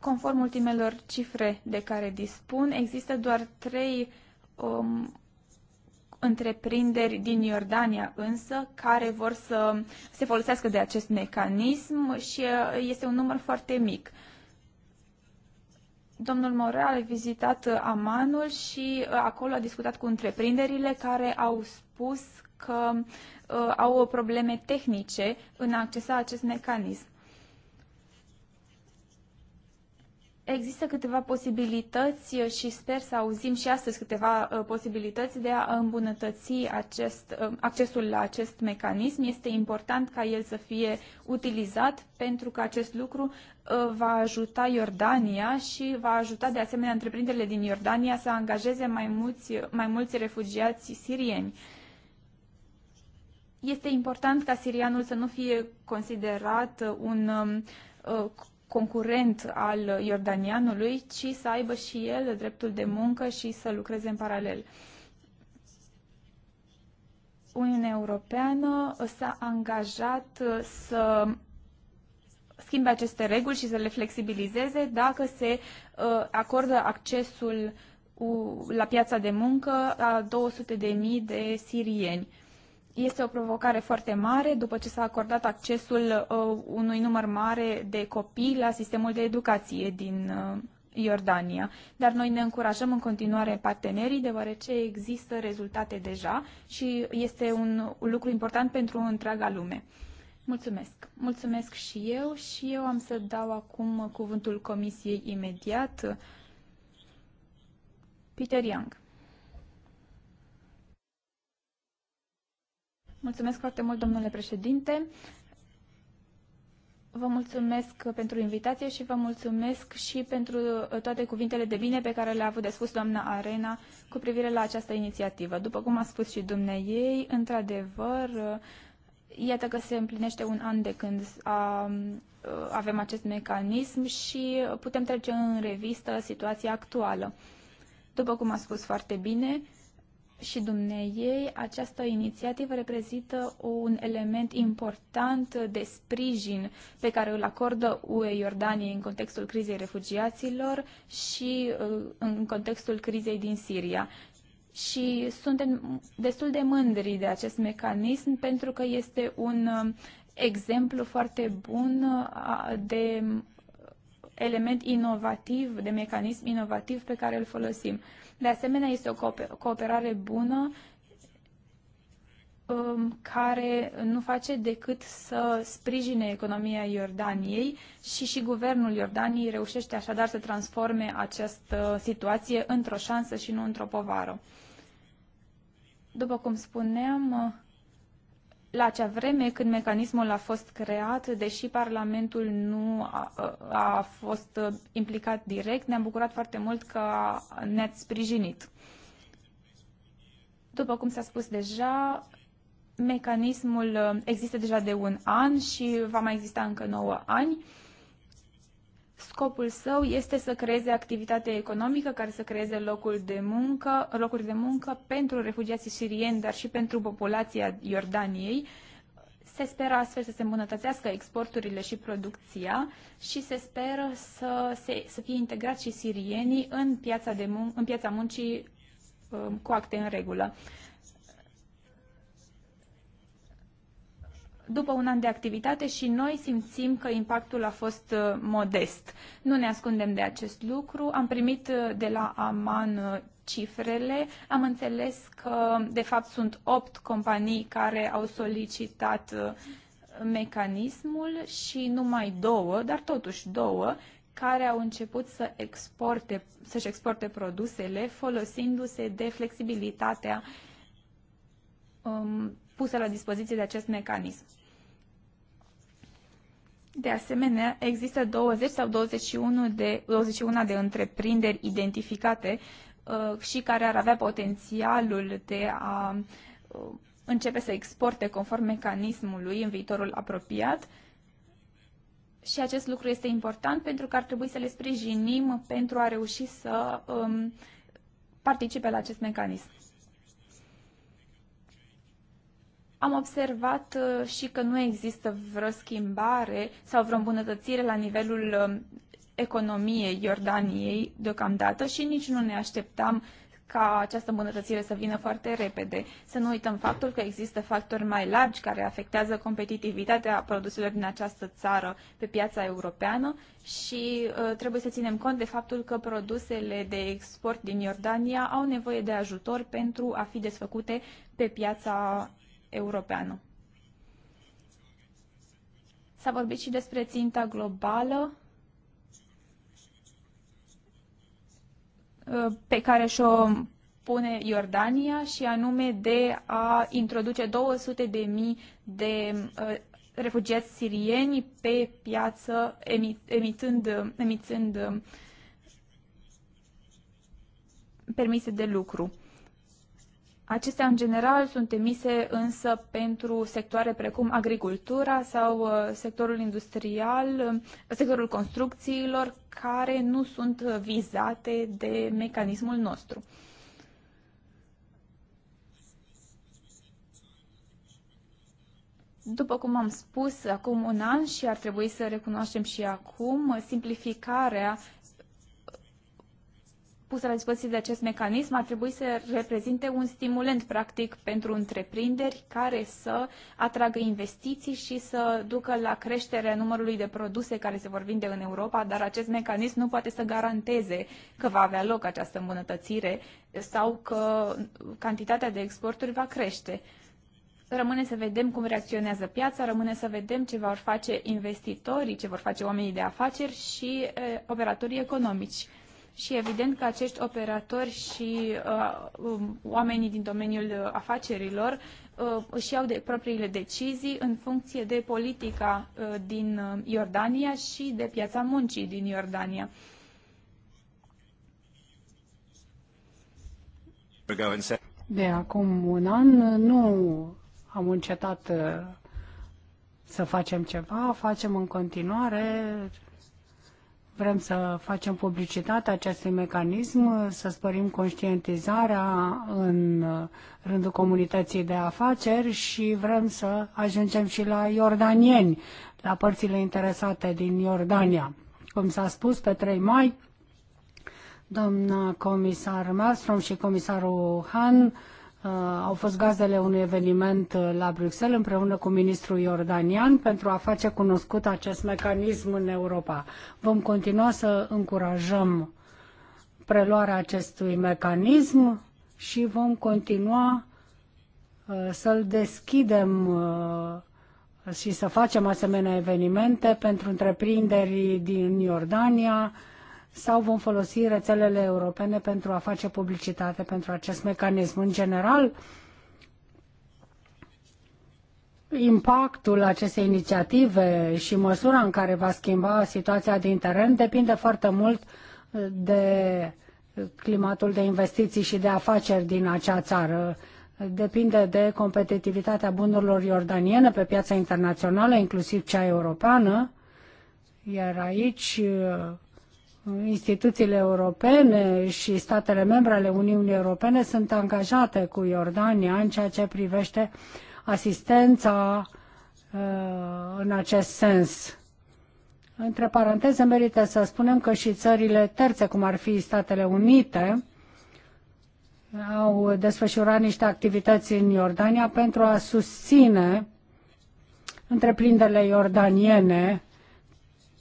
Conform ultimelor cifre de care dispun, există doar trei um, întreprinderi din Iordania însă care vor să se folosească de acest mecanism și uh, este un număr foarte mic. Uh, Domnul Morel a vizitat uh, Amanul și uh, acolo a discutat cu întreprinderile care au spus că uh, au probleme tehnice în a accesa acest mecanism. Există câteva posibilități uh, și sper să auzim și astăzi câteva uh, posibilități de a îmbunătăți acest, uh, accesul la acest mecanism. Este important ca el să fie utilizat pentru că acest lucru va ajuta Iordania și va ajuta de asemenea întreprinderile din Iordania să angajeze mai mulți, mai mulți refugiați sirieni. Este important ca sirianul să nu fie considerat un um, concurent al iordanianului, ci să aibă și el dreptul de muncă și să lucreze în paralel. Uniunea Europeană s-a angajat să schimbe aceste reguli și să le flexibilizeze dacă se uh, acordă accesul la piața de muncă a 200.000 de sirieni. Este o provocare foarte mare după ce s-a acordat accesul uh, unui număr mare de copii la sistemul de educație din uh, Iordania. Dar noi ne încurajăm în continuare partenerii, deoarece există rezultate deja și este un, un lucru important pentru întreaga lume. Mulțumesc. Mulțumesc și eu și eu am să dau acum cuvântul comisiei imediat. Peter Young. Mulțumesc foarte mult, domnule președinte. Vă mulțumesc pentru invitație și vă mulțumesc și pentru uh, toate cuvintele de bine pe care le-a avut de spus doamna Arena cu privire la această inițiativă. După cum a spus și dumneiei, într-adevăr, uh, iată că se împlinește un an de când a, uh, avem acest mecanism și putem trece în revistă situația actuală. După cum a spus foarte bine, și dumneiei, această inițiativă reprezintă un element important de sprijin pe care îl acordă UE Iordaniei în contextul crizei refugiaților și uh, în contextul crizei din Siria. Și suntem destul de mândri de acest mecanism pentru că este un um, exemplu foarte bun uh, de element inovativ, de mecanism inovativ pe care îl folosim. De asemenea, este o cooperare bună um, care nu face decât să sprijine economia Iordaniei și și guvernul Iordaniei reușește așadar să transforme această situație într-o șansă și nu într-o povară. După cum spuneam, la acea vreme când mecanismul a fost creat, deși Parlamentul nu a, a fost implicat direct, ne-am bucurat foarte mult că ne-ați sprijinit. După cum s-a spus deja, mecanismul există deja de un an și va mai exista încă 9 ani. Scopul său este să creeze activitate economică care să creeze locul de muncă, locuri de muncă pentru refugiații sirieni, dar și pentru populația Iordaniei. Se speră astfel să se îmbunătățească exporturile și producția și se speră să, se, să fie integrați și sirienii în piața, de mun- în piața muncii um, cu acte în regulă. după un an de activitate și noi simțim că impactul a fost uh, modest. Nu ne ascundem de acest lucru. Am primit uh, de la Aman uh, cifrele. Am înțeles că, de fapt, sunt opt companii care au solicitat mecanismul și numai două, dar totuși două, care au început să exporte, să-și exporte produsele folosindu-se de flexibilitatea um, pusă la dispoziție de acest mecanism. De asemenea, există 20 sau 21 de, 21 de întreprinderi identificate uh, și care ar avea potențialul de a uh, începe să exporte conform mecanismului în viitorul apropiat. Și acest lucru este important pentru că ar trebui să le sprijinim pentru a reuși să um, participe la acest mecanism. Am observat uh, și că nu există vreo schimbare sau vreo îmbunătățire la nivelul um, economiei Iordaniei deocamdată și nici nu ne așteptam ca această îmbunătățire să vină foarte repede. Să nu uităm faptul că există factori mai largi care afectează competitivitatea produselor din această țară pe piața europeană și uh, trebuie să ținem cont de faptul că produsele de export din Iordania au nevoie de ajutor pentru a fi desfăcute pe piața europeană. S-a vorbit și despre ținta globală uh, pe care și-o pune Iordania și anume de a introduce 200.000 de uh, refugiați sirieni pe piață, emițând, emițând uh, permise de lucru. Acestea, în general, sunt emise însă pentru sectoare precum agricultura sau uh, sectorul industrial, uh, sectorul construcțiilor, care nu sunt vizate de mecanismul nostru. După cum am spus acum un an și ar trebui să recunoaștem și acum, simplificarea pusă la dispoziție de acest mecanism ar trebui să reprezinte un stimulent, practic, pentru întreprinderi care să atragă investiții și să ducă la creșterea numărului de produse care se vor vinde în Europa, dar acest mecanism nu poate să garanteze că va avea loc această îmbunătățire sau că cantitatea de exporturi va crește. Rămâne să vedem cum reacționează piața, rămâne să vedem ce vor face investitorii, ce vor face oamenii de afaceri și e, eh, operatorii economici și evident că acești operatori și uh, um, oamenii din domeniul afacerilor uh, își iau de propriile decizii în funcție de politica uh, din uh, Iordania și de piața muncii din Iordania. De acum un an nu am încetat uh, să facem ceva, facem în continuare Vrem să facem publicitatea acestui mecanism, să spărim conștientizarea în rândul comunității de afaceri și vrem să ajungem și la iordanieni, la părțile interesate din Iordania. Cum s-a spus, pe 3 mai, doamna comisar Malmström și comisarul Han Uh, au fost gazele unui eveniment uh, la Bruxelles împreună cu ministrul iordanian pentru a face cunoscut acest mecanism în Europa. Vom continua să încurajăm preluarea acestui mecanism și vom continua uh, să-l deschidem și să facem asemenea evenimente pentru întreprinderi din Iordania, sau vom folosi rețelele europene pentru a face publicitate pentru acest mecanism? În general, impactul acestei inițiative și măsura în care va schimba situația din teren depinde foarte mult de climatul de investiții și de afaceri din acea țară. Depinde de competitivitatea bunurilor iordaniene pe piața internațională, inclusiv cea europeană, iar aici instituțiile europene și statele membre ale Uniunii Europene sunt angajate cu Iordania în ceea ce privește asistența uh, în acest sens. Între paranteze merită să spunem că și țările terțe, cum ar fi Statele Unite, au desfășurat niște activități în Iordania pentru a susține întreprinderile iordaniene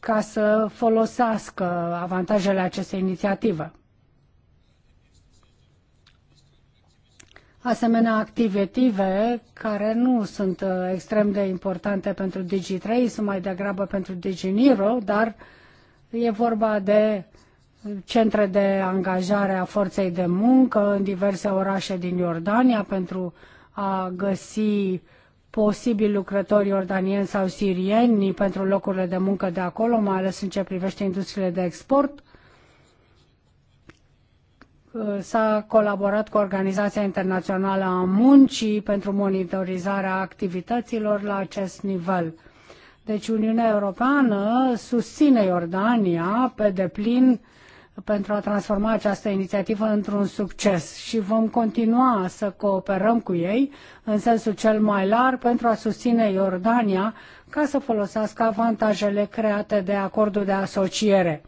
ca să folosească avantajele acestei inițiative. Asemenea, activative care nu sunt uh, extrem de importante pentru dg 3 sunt mai degrabă pentru DigiNiro, dar e vorba de centre de angajare a forței de muncă în diverse orașe din Iordania pentru a găsi posibil lucrători iordanieni sau sirieni pentru locurile de muncă de acolo, mai ales în ce privește industriile de export. S-a colaborat cu Organizația Internațională a Muncii pentru monitorizarea activităților la acest nivel. Deci Uniunea Europeană susține Iordania pe deplin pentru a transforma această inițiativă într-un succes și vom continua să cooperăm cu ei în sensul cel mai larg pentru a susține Iordania ca să folosească avantajele create de acordul de asociere.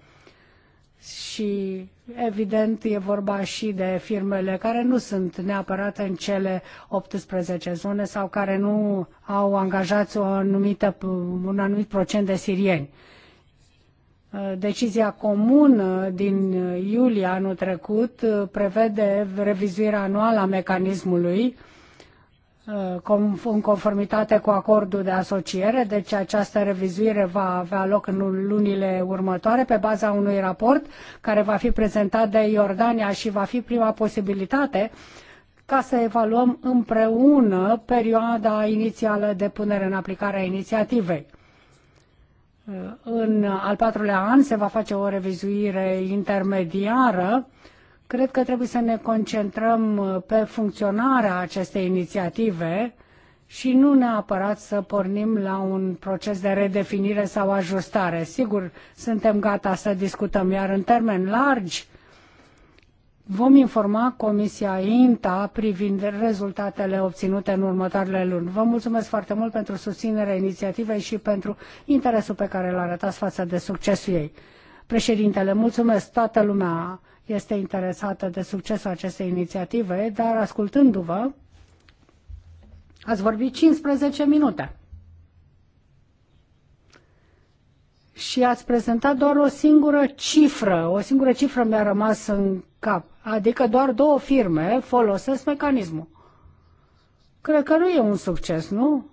Și evident e vorba și de firmele care nu sunt neapărat în cele 18 zone sau care nu au angajați o anumită, un anumit procent de sirieni. Uh, decizia comună din iulie anul trecut uh, prevede revizuirea anuală a mecanismului uh, în conformitate cu acordul de asociere, deci această revizuire va avea loc în lunile următoare pe baza unui raport care va fi prezentat de Iordania și va fi prima posibilitate ca să evaluăm împreună perioada inițială de punere în aplicare a inițiativei. În al patrulea an se va face o revizuire intermediară. Cred că trebuie să ne concentrăm pe funcționarea acestei inițiative și nu neapărat să pornim la un proces de redefinire sau ajustare. Sigur, suntem gata să discutăm, iar în termen largi, Vom informa Comisia INTA privind rezultatele obținute în următoarele luni. Vă mulțumesc foarte mult pentru susținerea inițiativei și pentru interesul pe care l-a arătat față de succesul ei. Președintele, mulțumesc, toată lumea este interesată de succesul acestei inițiative, dar ascultându-vă, ați vorbit 15 minute. și ați prezentat doar o singură cifră, o singură cifră mi-a rămas în cap, adică doar două firme folosesc mecanismul. Cred că nu e un succes, nu?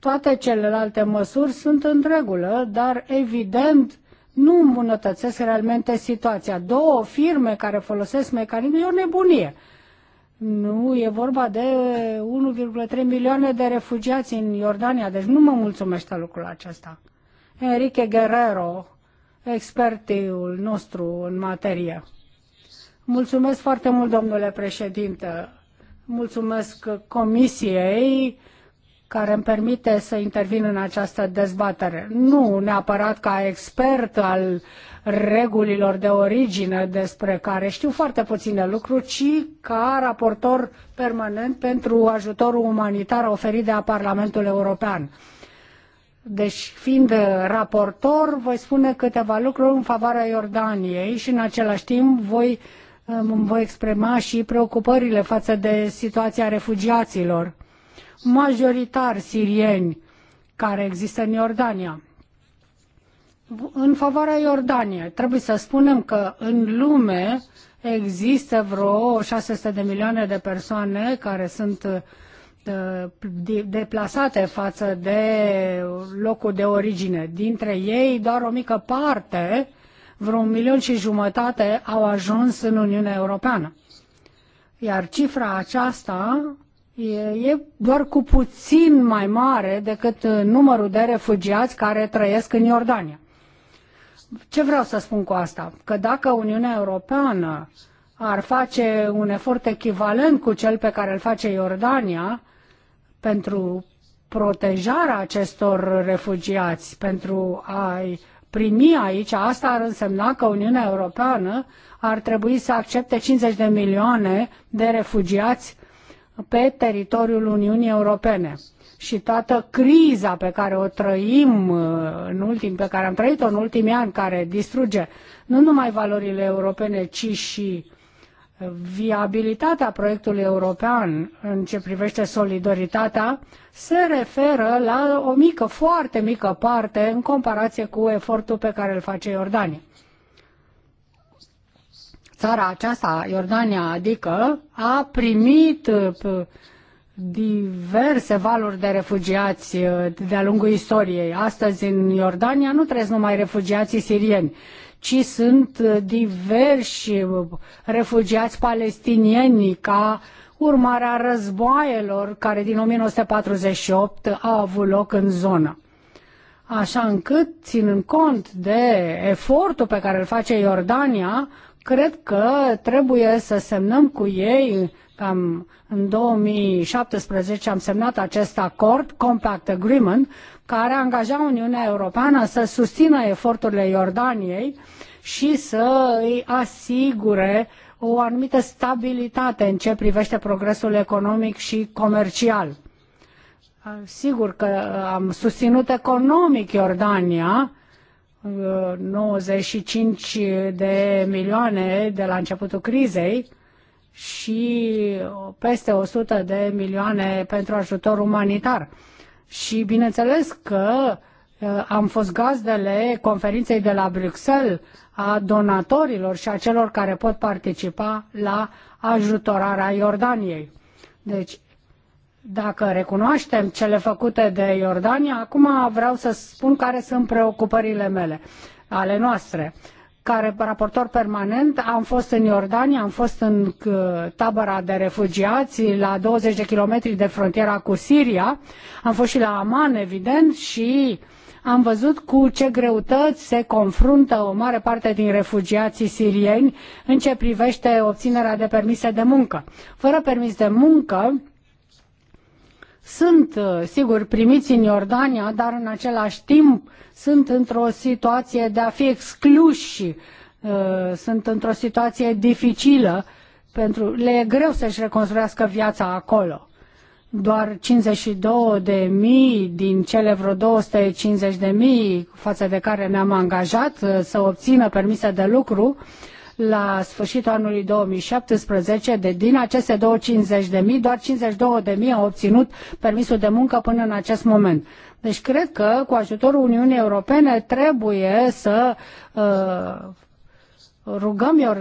Toate celelalte măsuri sunt în regulă, dar evident nu îmbunătățesc realmente situația. Două firme care folosesc mecanismul e o nebunie. Nu, e vorba de 1,3 milioane de refugiați în Iordania, deci nu mă mulțumește lucrul acesta. Enrique Guerrero, expertul nostru în materie. Mulțumesc foarte mult, domnule președinte. Mulțumesc comisiei care îmi permite să intervin în această dezbatere. Nu neapărat ca expert al regulilor de origine despre care știu foarte puține lucruri, ci ca raportor permanent pentru ajutorul umanitar oferit de Parlamentul European. Deci, fiind raportor, voi spune câteva lucruri în favoarea Iordaniei și în același timp voi, um, voi exprima și preocupările față de situația refugiaților, majoritar sirieni, care există în Iordania. În favoarea Iordaniei, trebuie să spunem că în lume există vreo 600 de milioane de persoane care sunt deplasate față de locul de origine. Dintre ei, doar o mică parte, vreo un milion și jumătate, au ajuns în Uniunea Europeană. Iar cifra aceasta e doar cu puțin mai mare decât numărul de refugiați care trăiesc în Iordania. Ce vreau să spun cu asta? Că dacă Uniunea Europeană ar face un efort echivalent cu cel pe care îl face Iordania, pentru protejarea acestor refugiați, pentru a-i primi aici, asta ar însemna că Uniunea Europeană ar trebui să accepte 50 de milioane de refugiați pe teritoriul Uniunii Europene. Și toată criza pe care o trăim uh, în ultim, pe care am trăit-o în ultimii ani, care distruge nu numai valorile europene, ci și viabilitatea proiectului european în ce privește solidaritatea se referă la o mică, foarte mică parte în comparație cu efortul pe care îl face Iordania. Țara aceasta, Iordania, adică, a primit uh, diverse valuri de refugiați uh, de-a lungul istoriei. Astăzi, în Iordania, nu trăiesc numai refugiații sirieni, ci sunt uh, diversi uh, refugiați palestinieni ca urmare a războaielor care din 1948 au avut loc în zonă. Așa încât, ținând cont de efortul pe care îl face Iordania, cred că trebuie să semnăm cu ei cam în 2017 am semnat acest acord, Compact Agreement, care angaja Uniunea Europeană să susțină eforturile Iordaniei și să îi asigure o anumită stabilitate în ce privește progresul economic și comercial. Sigur că am susținut economic Iordania, 95 uh, de milioane de la începutul crizei, și peste 100 de milioane pentru ajutor umanitar. Și bineînțeles că eh, am fost gazdele conferinței de la Bruxelles a donatorilor și a celor care pot participa la ajutorarea Iordaniei. Deci, dacă recunoaștem cele făcute de Iordania, acum vreau să spun care sunt preocupările mele, ale noastre care raportor permanent, am fost în Iordania, am fost în uh, tabăra de refugiați la 20 de kilometri de frontiera cu Siria, am fost și la Aman, evident, și am văzut cu ce greutăți se confruntă o mare parte din refugiații sirieni în ce privește obținerea de permise de muncă. Fără permis de muncă, sunt, uh, sigur, primiți în Iordania, dar în același timp sunt într-o situație de a fi excluși, uh, sunt într-o situație dificilă, pentru le e greu să-și reconstruiască viața acolo. Doar 52 de mii din cele vreo 250 de mii față de care ne-am angajat uh, să obțină permise de lucru, uh, la sfârșitul anului 2017, de din aceste 250.000, doar 52 de mii au obținut permisul de muncă până în acest moment. Deci cred că cu ajutorul Uniunii Europene trebuie să uh, rugăm uh,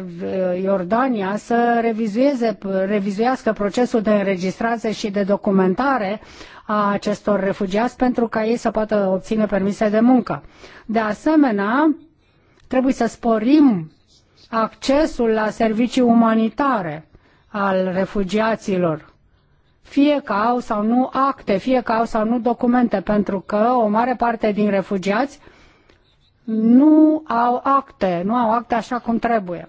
Iordania să revizuieze, revizuiască procesul de înregistrare și de documentare a acestor refugiați pentru ca ei să poată obține permise de muncă. De asemenea, trebuie să sporim accesul la servicii umanitare al refugiaților, fie că au sau nu acte, fie că au sau nu documente, pentru că o mare parte din refugiați nu au acte, nu au acte așa cum trebuie.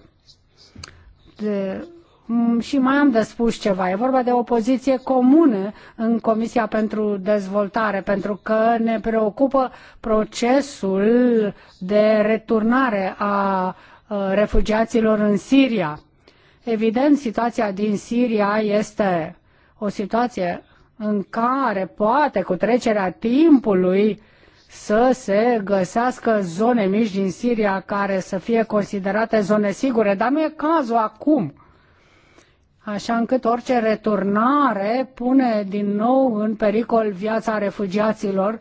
De, mm, și mai am de spus ceva. E vorba de o poziție comună în Comisia pentru Dezvoltare, pentru că ne preocupă procesul de returnare a Uh, refugiaților în Siria. Evident, situația din Siria este o situație în care poate cu trecerea timpului să se găsească zone mici din Siria care să fie considerate zone sigure, dar nu e cazul acum. Așa încât orice returnare pune din nou în pericol viața refugiaților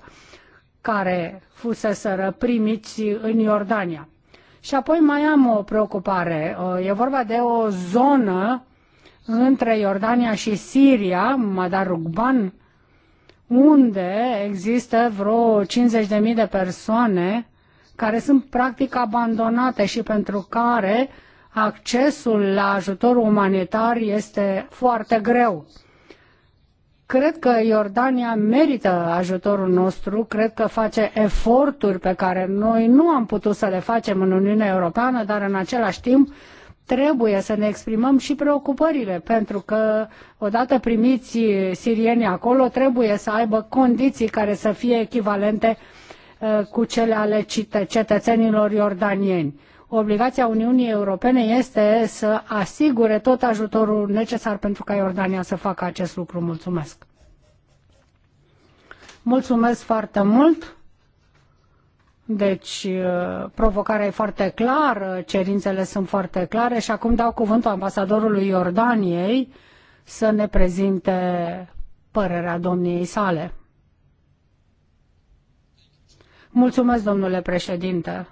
care fuseseră primiți în Iordania. Și apoi mai am o preocupare. Uh, e vorba de o zonă între Iordania și Siria, Madar Rugban, unde există vreo 50.000 de persoane care sunt practic abandonate și pentru care accesul la ajutor umanitar este foarte greu. Cred că Iordania merită ajutorul nostru, cred că face eforturi pe care noi nu am putut să le facem în Uniunea Europeană, dar în același timp trebuie să ne exprimăm și preocupările, pentru că odată primiți sirienii acolo, trebuie să aibă condiții care să fie echivalente uh, cu cele ale cetățenilor iordanieni Obligația Uniunii Europene este să asigure tot ajutorul necesar pentru ca Iordania să facă acest lucru. Mulțumesc! Mulțumesc foarte mult! Deci, uh, provocarea e foarte clară, cerințele sunt foarte clare și acum dau cuvântul ambasadorului Iordaniei să ne prezinte părerea domniei sale. Mulțumesc, domnule președinte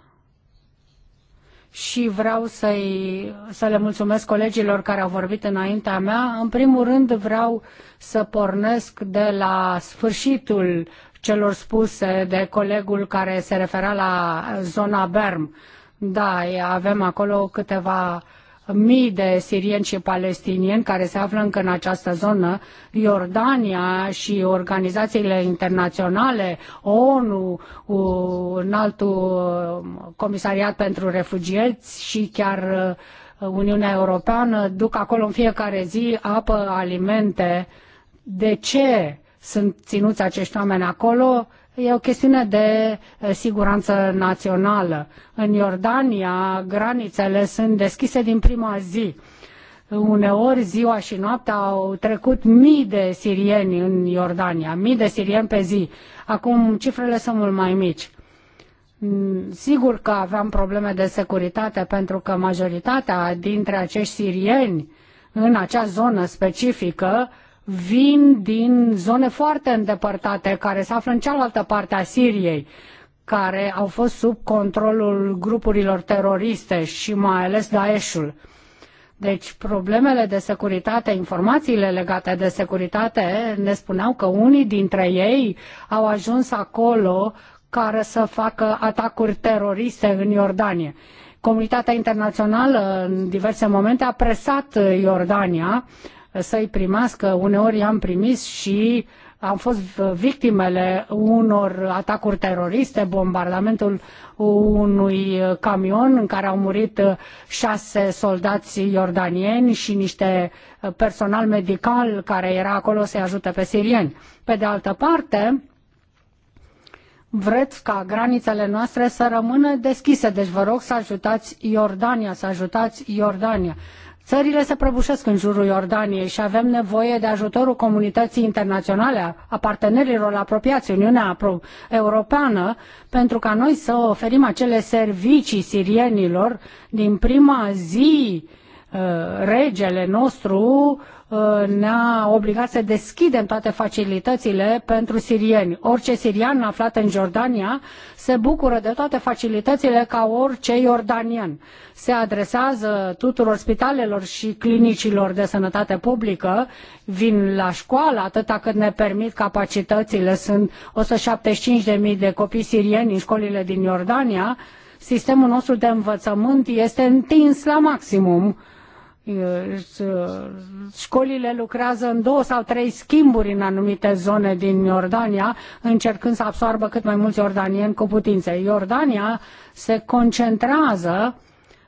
și vreau să-i, să le mulțumesc colegilor care au vorbit înaintea mea. În primul rând vreau să pornesc de la sfârșitul celor spuse de colegul care se refera la zona Berm. Da, avem acolo câteva uh, mii de sirieni și palestinieni care se află încă în această zonă, Iordania și organizațiile internaționale, ONU, un uh, comisariat pentru refugiați și chiar uh, Uniunea Europeană duc acolo în fiecare zi apă, alimente. De ce sunt ținuți acești oameni acolo? E o chestiune de eh, siguranță națională. În Iordania, granițele sunt deschise din prima zi. Uneori, ziua și noaptea, au trecut mii de sirieni în Iordania, mii de sirieni pe zi. Acum cifrele sunt mult mai mici. Mm, sigur că aveam probleme de securitate pentru că majoritatea dintre acești sirieni în acea zonă specifică vin din zone foarte îndepărtate care se află în cealaltă parte a Siriei, care au fost sub controlul grupurilor teroriste și mai ales Daeshul. Deci problemele de securitate, informațiile legate de securitate ne spuneau că unii dintre ei au ajuns acolo care să facă atacuri teroriste în Iordanie. Comunitatea internațională în diverse momente a presat Iordania să-i primească. Uneori am primis și am fost victimele unor atacuri teroriste, bombardamentul unui camion în care au murit șase soldați iordanieni și niște personal medical care era acolo să-i ajute pe sirieni. Pe de altă parte, vreți ca granițele noastre să rămână deschise, deci vă rog să ajutați Iordania, să ajutați Iordania. Țările se prăbușesc în jurul Iordaniei și avem nevoie de ajutorul comunității internaționale, a partenerilor apropiați, Uniunea Europeană, pentru ca noi să oferim acele servicii sirienilor din prima zi uh, regele nostru Uh, ne-a obligat să deschidem toate facilitățile pentru sirieni. Orice sirian aflat în Jordania se bucură de toate facilitățile ca orice iordanian. Se adresează tuturor spitalelor și clinicilor de sănătate publică, vin la școală atâta cât ne permit capacitățile. Sunt 175.000 de copii sirieni în școlile din Iordania. Sistemul nostru de învățământ este întins la maximum Școlile lucrează în două sau trei schimburi în anumite zone din Iordania, încercând să absorbă cât mai mulți iordanieni cu putință. Iordania se concentrează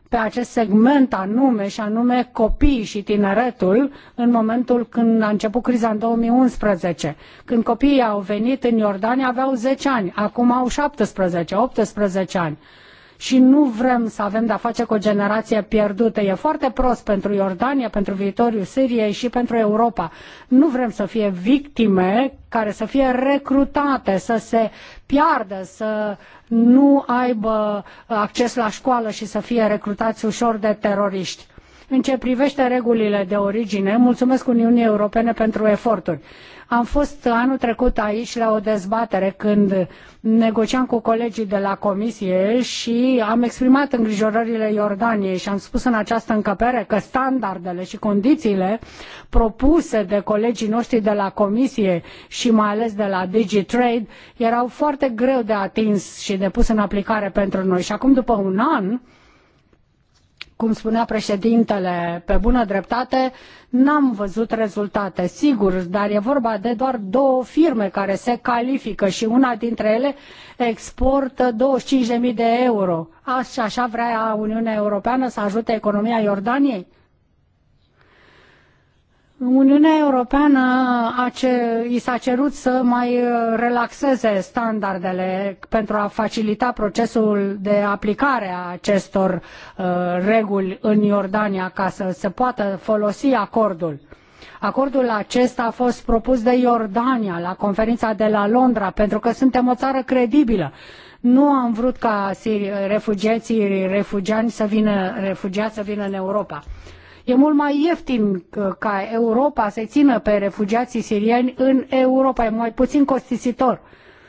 pe acest segment anume și anume copiii și tineretul în momentul când a început criza în 2011. Când copiii au venit în Iordania aveau 10 ani, acum au 17, 18 ani și nu vrem să avem de-a face cu o generație pierdută. E foarte prost pentru Iordania, pentru viitorul Siriei și pentru Europa. Nu vrem să fie victime care să fie recrutate, să se piardă, să nu aibă acces la școală și să fie recrutați ușor de teroriști. În ce privește regulile de origine, mulțumesc Uniunii Europene pentru eforturi. Am fost anul trecut aici la o dezbatere când negociam cu colegii de la comisie și am exprimat îngrijorările Iordaniei și am spus în această încăpere că standardele și condițiile propuse de colegii noștri de la comisie și mai ales de la DigiTrade erau foarte greu de atins și de pus în aplicare pentru noi. Și acum, după un an, cum spunea președintele, pe bună dreptate, n-am văzut rezultate, sigur, dar e vorba de doar două firme care se califică și una dintre ele exportă 25.000 de euro. Așa, așa vrea Uniunea Europeană să ajute economia Iordaniei? Uniunea Europeană a ce, i s-a cerut să mai uh, relaxeze standardele pentru a facilita procesul de aplicare a acestor uh, reguli în Iordania ca să se poată folosi acordul. Acordul acesta a fost propus de Iordania la conferința de la Londra pentru că suntem o țară credibilă. Nu am vrut ca refugiații, refugiani să vină, refugiați să vină în Europa E mult mai ieftin ca Europa să țină pe refugiații sirieni în Europa, e mai puțin costisitor.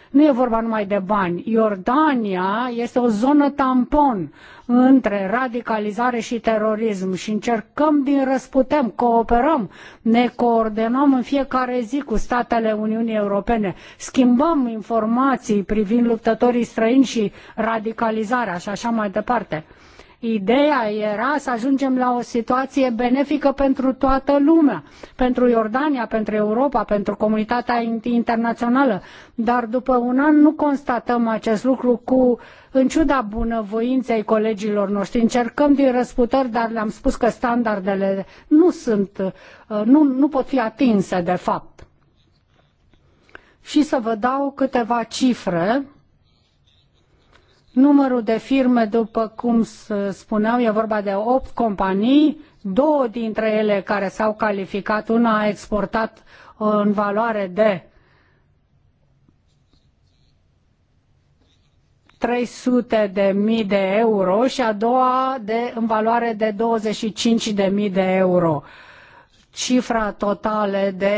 Nu e vorba numai de bani. Iordania este o zonă tampon între radicalizare și terorism și încercăm din răsputem, cooperăm, ne coordonăm în fiecare zi cu statele Uniunii Europene, schimbăm informații privind luptătorii străini și radicalizarea și așa mai departe. Ideea era să ajungem la o situație benefică pentru toată lumea, pentru Iordania, pentru Europa, pentru comunitatea internațională. Dar după un an nu constatăm acest lucru cu, în ciuda bunăvoinței colegilor noștri. Încercăm din răsputări, dar le-am spus că standardele nu sunt, uh, nu, nu pot fi atinse de fapt. Și să vă dau câteva cifre Numărul de firme, după cum spuneam, e vorba de 8 companii, două dintre ele care s-au calificat, una a exportat în valoare de 300 de mii de euro și a doua de, în valoare de 25 de mii de euro. Cifra totală de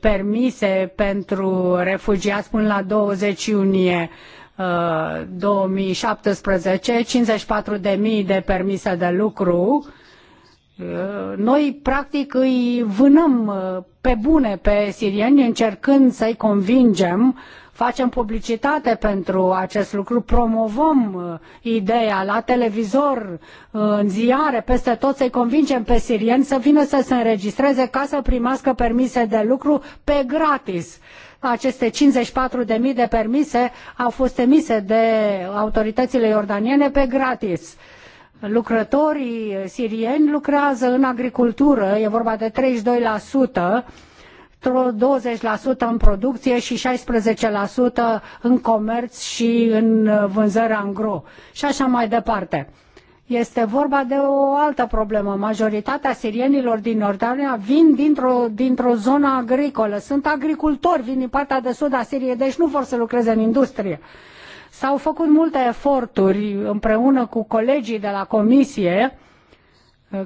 permise pentru refugiați până la 20 iunie 2017, 54.000 de permise de lucru. Uh, noi, practic, îi vânăm uh, pe bune pe sirieni, încercând să-i convingem, facem publicitate pentru acest lucru, promovăm uh, ideea la televizor, în ziare, peste tot, să-i convingem pe sirieni să vină să se înregistreze ca să primească permise de lucru pe gratis aceste 54.000 de permise au fost emise de autoritățile iordaniene pe gratis. Lucrătorii sirieni lucrează în agricultură, e vorba de 32%, 20% în producție și 16% în comerț și în uh, vânzări angro și așa mai departe. Este vorba de o altă problemă. Majoritatea sirienilor din Nordania vin dintr-o, dintr-o zonă agricolă, sunt agricultori, vin din partea de sud a Siriei, deci nu vor să lucreze în industrie. S-au făcut multe eforturi împreună cu colegii de la comisie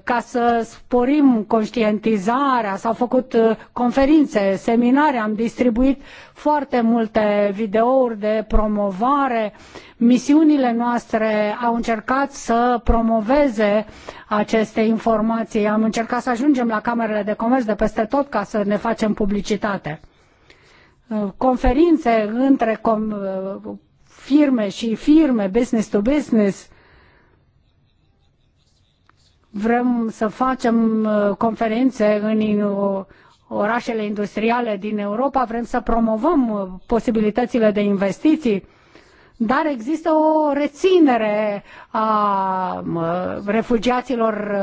ca să sporim conștientizarea, s-au făcut uh, conferințe, seminare, am distribuit foarte multe videouri de promovare. Misiunile noastre au încercat să promoveze aceste informații. Am încercat să ajungem la camerele de comerț de peste tot ca să ne facem publicitate. Uh, conferințe între uh, firme și firme, business to business, Vrem să facem uh, conferințe în orașele industriale din Europa, vrem să promovăm uh, posibilitățile de investiții, dar există o reținere a uh, refugiaților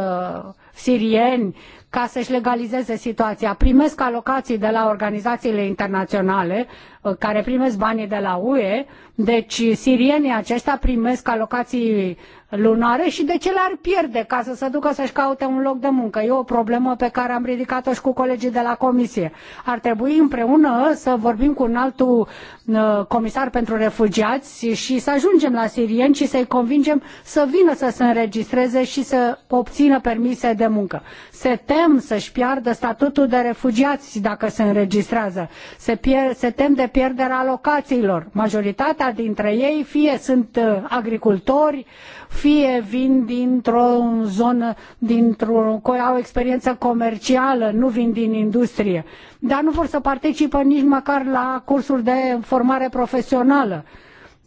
sirieni ca să-și legalizeze situația. Primesc alocații de la organizațiile internaționale, Uh, care primesc banii de la UE, deci sirienii aceștia primesc alocații lunare și de ce le-ar pierde ca să se ducă să-și caute un loc de muncă? E o problemă pe care am ridicat-o și cu colegii de la Comisie. Ar trebui împreună să vorbim cu un altul uh, comisar pentru refugiați și să ajungem la sirieni și să-i convingem să vină să se înregistreze și să obțină permise de muncă. Se tem să-și piardă statutul de refugiați dacă se înregistrează. Se, pier- se tem de pierderea locațiilor. Majoritatea dintre ei fie sunt uh, agricultori, fie vin dintr-o zonă, dintr-o, au experiență comercială, nu vin din industrie, dar nu vor să participă nici măcar la cursuri de formare profesională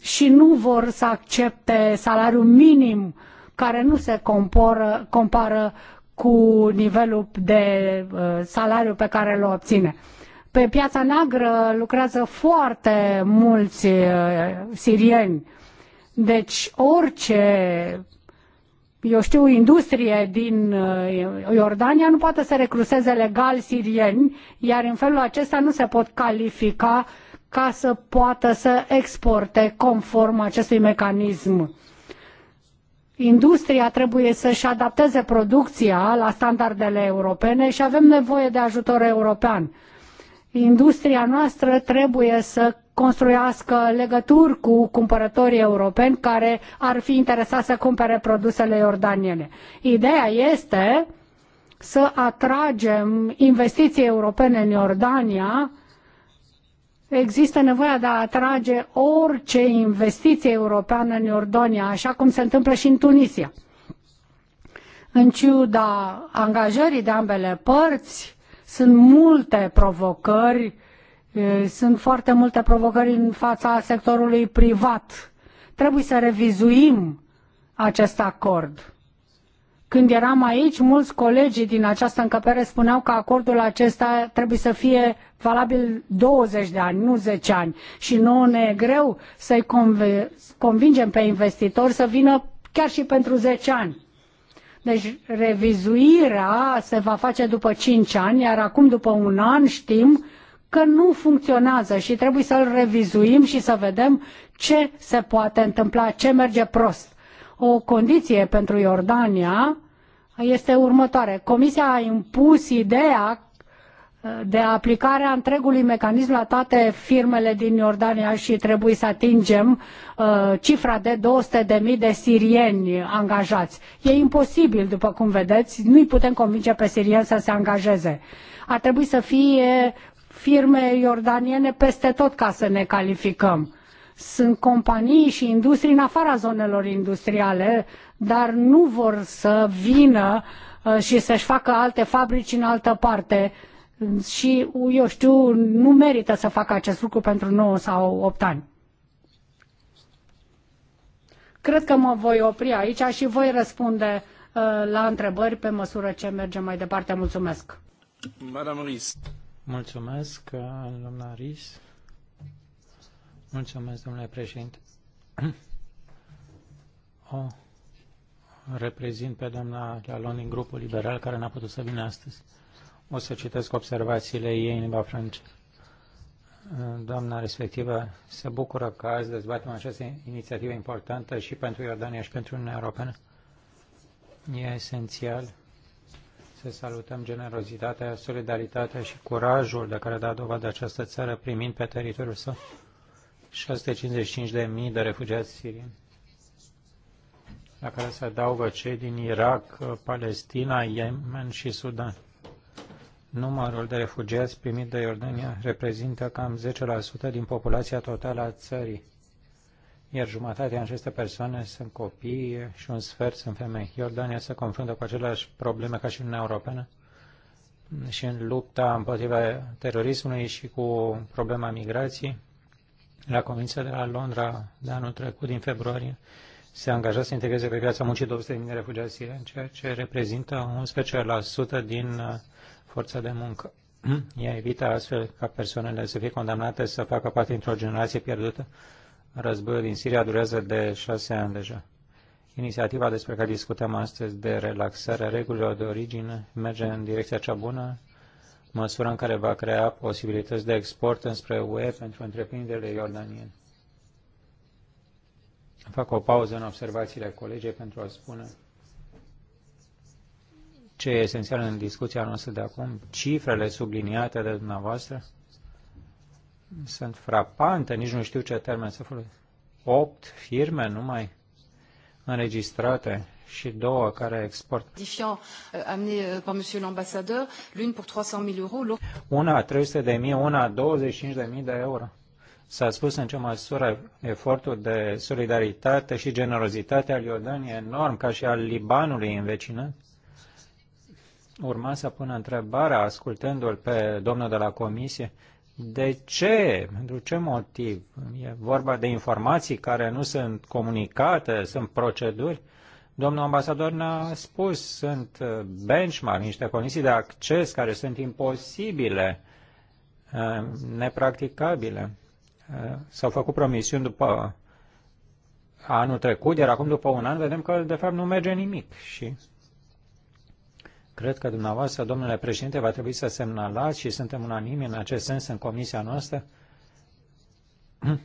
și nu vor să accepte salariul minim care nu se comporă, compară cu nivelul de uh, salariu pe care îl obține. Pe piața neagră lucrează foarte mulți uh, sirieni. Deci orice, eu știu, industrie din uh, Iordania nu poate să recruseze legal sirieni, iar în felul acesta nu se pot califica ca să poată să exporte conform acestui mecanism. Industria trebuie să-și adapteze producția la standardele europene și avem nevoie de ajutor european Industria noastră trebuie să construiască legături cu cumpărătorii europeni care ar fi interesați să cumpere produsele iordaniene. Ideea este să atragem investiții europene în Iordania, există nevoia de a atrage orice investiție europeană în Iordania, așa cum se întâmplă și în Tunisia. În ciuda angajării de ambele părți, sunt multe provocări, sunt foarte multe provocări în fața sectorului privat. Trebuie să revizuim acest acord. Când eram aici, mulți colegi din această încăpere spuneau că acordul acesta trebuie să fie valabil 20 de ani, nu 10 ani. Și nouă ne e greu să-i convingem pe investitori să vină chiar și pentru 10 ani. Deci revizuirea se va face după 5 ani, iar acum după un an știm că nu funcționează și trebuie să-l revizuim și să vedem ce se poate întâmpla, ce merge prost. O condiție pentru Iordania este următoare. Comisia a impus ideea de aplicare a întregului mecanism la toate firmele din Iordania și trebuie să atingem uh, cifra de 200.000 de, de sirieni angajați. E imposibil, după cum vedeți, nu-i putem convinge pe sirieni să se angajeze. Ar trebui să fie firme iordaniene peste tot ca să ne calificăm. Sunt companii și industrii în afara zonelor industriale, dar nu vor să vină uh, și să-și facă alte fabrici în altă parte și, eu știu, nu merită să facă acest lucru pentru 9 sau 8 ani. Cred că mă voi opri aici și voi răspunde uh, la întrebări pe măsură ce mergem mai departe. Mulțumesc! Madame Ries. Mulțumesc, uh, doamna Ries. Mulțumesc, domnule președinte. (clears throat) O reprezint pe doamna Lalon din grupul liberal care n-a putut să vină astăzi. O să citesc observațiile ei în limba franceză. Doamna respectivă se bucură că azi dezbatem această inițiativă importantă și pentru Iordania și pentru Uniunea Europeană. E esențial să salutăm generozitatea, solidaritatea și curajul de care a dat dovadă această țară primind pe teritoriul său 655.000 de refugiați sirieni, la care se adaugă cei din Irak, Palestina, Yemen și Sudan. Numărul de refugiați primit de Iordania reprezintă cam 10% din populația totală a țării, iar jumătatea din aceste persoane sunt copii și un sfert sunt femei. Iordania se confruntă cu aceleași probleme ca și Uniunea Europeană și în lupta împotriva terorismului și cu problema migrației. La Convenția de la Londra de anul trecut, din februarie, se angaja să integreze pe piața muncii 200.000 de refugiați sirieni, ceea ce reprezintă 11% din uh, forța de muncă. Ea evită astfel ca persoanele să fie condamnate să facă parte într o generație pierdută. Războiul din Siria durează de șase ani deja. Inițiativa despre care discutăm astăzi de relaxarea regulilor de origine merge în direcția cea bună, măsură în care va crea posibilități de export înspre UE pentru întreprinderile iordaniene. Fac o pauză în observațiile colegii pentru a spune ce e esențial în discuția noastră de acum, cifrele subliniate de dumneavoastră sunt frapante, nici nu știu ce termen să folosesc. Opt firme numai înregistrate și două care exportă. Euh, euh, una 300 de mii, una 25 de mii de euro. S-a spus în ce măsură efortul de solidaritate și generozitate al Iordaniei enorm, ca și al Libanului învecinat urma să pună întrebarea, ascultându-l pe domnul de la comisie, de ce? Pentru ce motiv? E vorba de informații care nu sunt comunicate, sunt proceduri. Domnul ambasador ne-a spus, sunt benchmark, niște condiții de acces care sunt imposibile, nepracticabile. S-au făcut promisiuni după anul trecut, iar acum după un an vedem că de fapt nu merge nimic și Cred că dumneavoastră, domnule președinte, va trebui să semnalați și suntem unanimi în acest sens în comisia noastră. (clears throat)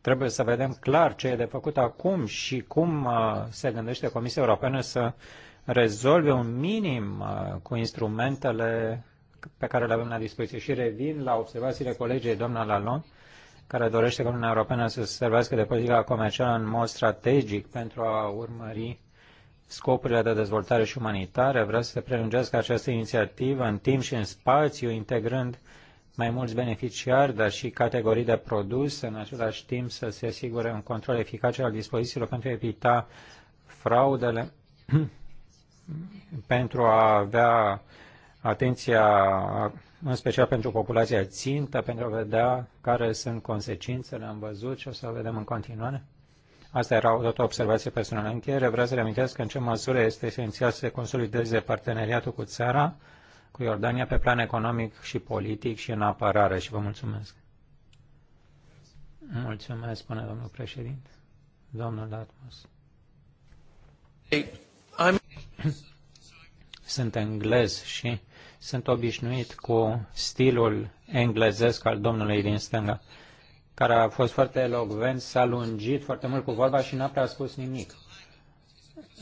Trebuie să vedem clar ce e de făcut acum și cum uh, se gândește Comisia Europeană să rezolve un minim uh, cu instrumentele pe care le avem la dispoziție. Și revin la observațiile colegii doamna Lalon, care dorește ca Uniunea Europeană să se servească de politica comercială în mod strategic pentru a urmări scopurile de dezvoltare și umanitare, vrea să se prelungească această inițiativă în timp și în spațiu, integrând mai mulți beneficiari, dar și categorii de produse, în același timp să se asigure un control eficace al dispozițiilor pentru a evita fraudele, (clears throat) pentru a avea atenția, în special pentru populația țintă, pentru a vedea care sunt consecințele, am văzut și o să vedem în continuare. Asta era o observație personală. În încheiere, vreau să reamintesc în ce măsură este esențial să se consolideze parteneriatul cu țara, cu Iordania, pe plan economic și politic și în apărare. Și vă mulțumesc. Mulțumesc, spune domnul președinte. Domnul Atmos. Sunt englez și sunt obișnuit cu stilul englezesc al domnului din stânga care a fost foarte elogvent, s-a lungit foarte mult cu vorba și n-a prea spus nimic.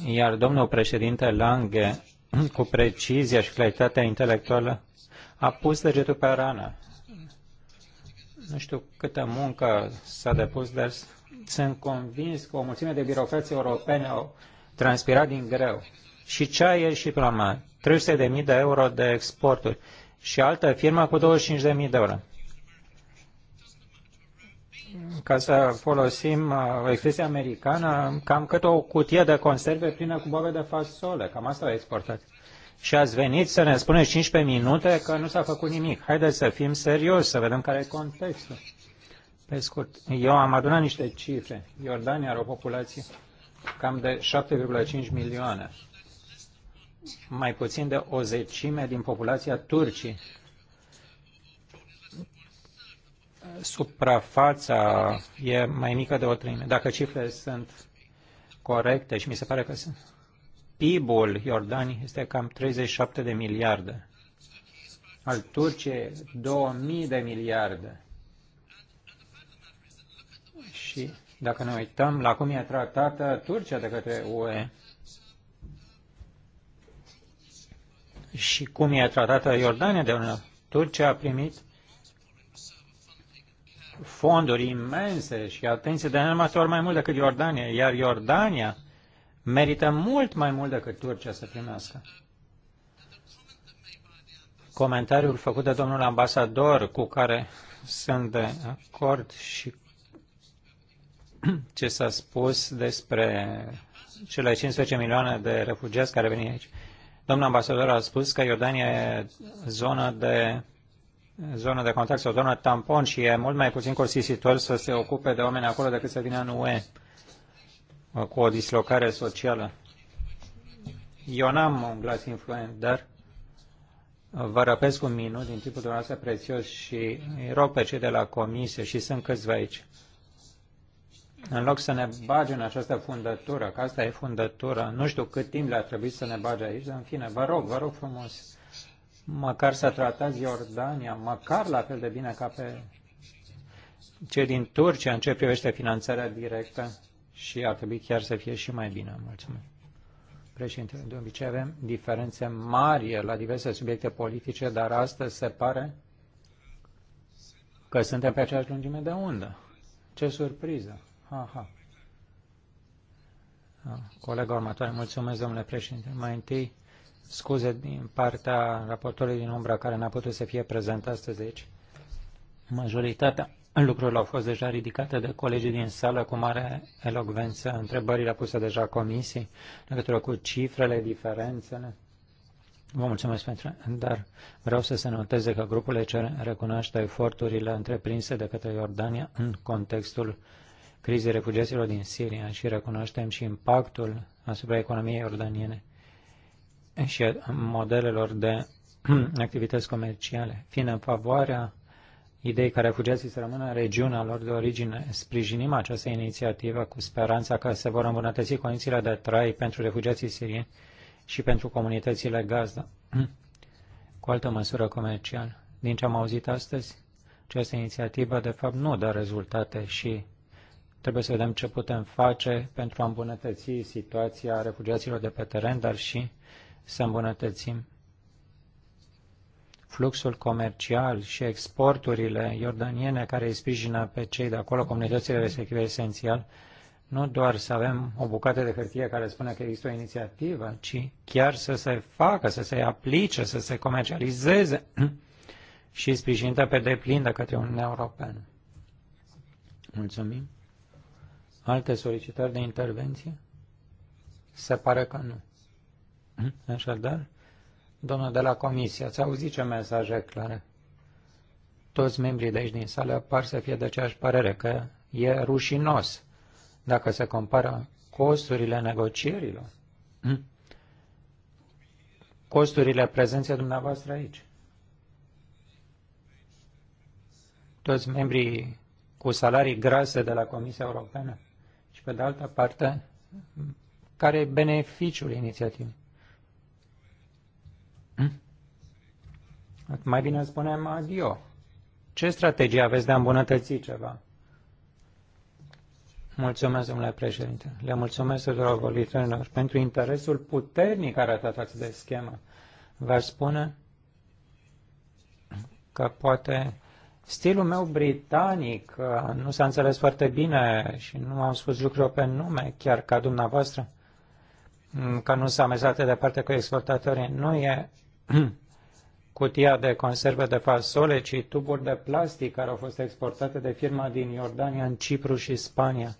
Iar domnul președinte Lange, (clears throat) cu precizia și claritatea intelectuală, a pus degetul pe rană. Nu știu câtă muncă s-a depus, dar sunt convins că o mulțime de birocrații europene au transpirat din greu. Și ce a ieșit până la 300.000 de euro de exporturi și altă firmă cu 25.000 de euro ca să folosim uh, o expresie americană, cam cât o cutie de conserve plină cu boabe de fasole. Cam asta a exportat. Și ați venit să ne spuneți 15 minute că nu s-a făcut nimic. Haideți să fim serioși, să vedem care e contextul. Pe scurt, eu am adunat niște cifre. Iordania are o populație cam de 7,5 milioane. Mai puțin de o zecime din populația Turcii suprafața e mai mică de o treime. Dacă cifrele sunt corecte și mi se pare că sunt. PIB-ul Iordanii este cam 37 de miliarde. Al Turciei 2000 de miliarde. Și dacă ne uităm la cum e tratată Turcia de către UE și cum e tratată Iordania de Uniune, Turcia a primit fonduri imense și atenție de animație ori mai mult decât Iordania, iar Iordania merită mult mai mult decât Turcia să primească. Comentariul făcut de domnul ambasador cu care sunt de acord și ce s-a spus despre cele 15 milioane de refugiați care veni aici. Domnul ambasador a spus că Iordania e zonă de zonă de contact sau zonă tampon și e mult mai puțin costisitor să se ocupe de oameni acolo decât să vină în UE uh, cu o dislocare socială. Eu n-am un glas influent, dar uh, vă răpesc un minut din timpul dumneavoastră prețios și îi rog pe cei de la comisie și sunt câțiva aici. În loc să ne bage în această fundătură, că asta e fundătură, nu știu cât timp le-a trebuit să ne bage aici, dar în fine, vă rog, vă rog frumos, măcar să tratați Iordania, măcar la fel de bine ca pe cei din Turcia în ce privește finanțarea directă și ar trebui chiar să fie și mai bine. Mulțumesc. Președinte, de obicei avem diferențe mari la diverse subiecte politice, dar astăzi se pare că suntem pe aceeași lungime de undă. Ce surpriză! Aha. Colega următoare, mulțumesc, domnule președinte. Mai întâi, scuze din partea raportorului din umbra care n-a putut să fie prezent astăzi aici. Majoritatea lucrurilor au fost deja ridicate de colegii din sală cu mare elogvență, întrebările puse deja comisii, în legătură cu cifrele, diferențele. Vă mulțumesc pentru, dar vreau să se noteze că grupul ECR recunoaște eforturile întreprinse de către Iordania în contextul crizei refugiaților din Siria și recunoaștem și impactul asupra economiei iordaniene și modelelor de (clears throat) activități comerciale, fiind în favoarea idei care refugiații să rămână în regiunea lor de origine. Sprijinim această inițiativă cu speranța că se vor îmbunătăți condițiile de trai pentru refugiații sirieni și pentru comunitățile gazdă. (clears throat) Cu altă măsură comercială. Din ce am auzit astăzi, această inițiativă de fapt nu dă rezultate și trebuie să vedem ce putem face pentru a îmbunătăți situația refugiaților de pe teren, dar și să îmbunătățim fluxul comercial și exporturile iordaniene care îi sprijină pe cei de acolo, comunitățile respective esențial, nu doar să avem o bucată de hârtie care spune că există o inițiativă, ci chiar să se facă, să se aplice, să se comercializeze (clears throat) și sprijinită pe deplin de către Uniunea Europeană. Mulțumim. Alte solicitări de intervenție? Se pare că nu. Mhm. Așadar, domnul de la comisie, ați auzit ce mesaje clare? Toți membrii de aici din sală par să fie de aceeași părere, că e rușinos dacă se compară costurile negocierilor, mhm. costurile prezenței dumneavoastră aici. Toți membrii cu salarii grase de la Comisia Europeană și, pe de altă parte, care e beneficiul inițiativei. Mai bine spunem adio. Ce strategie aveți de a îmbunătăți ceva? Mulțumesc, domnule președinte. Le mulțumesc tuturor vorbitorilor pentru interesul puternic arătat față de schemă. V-aș spune că poate stilul meu britanic uh, nu s-a înțeles foarte bine și nu am spus lucruri pe nume, chiar ca dumneavoastră, mm, că nu s-a mesat de departe cu exportatorii. Nu e (clears throat) cutia de conserve de fasole, ci tuburi de plastic care au fost exportate de firma din Iordania în Cipru și Spania,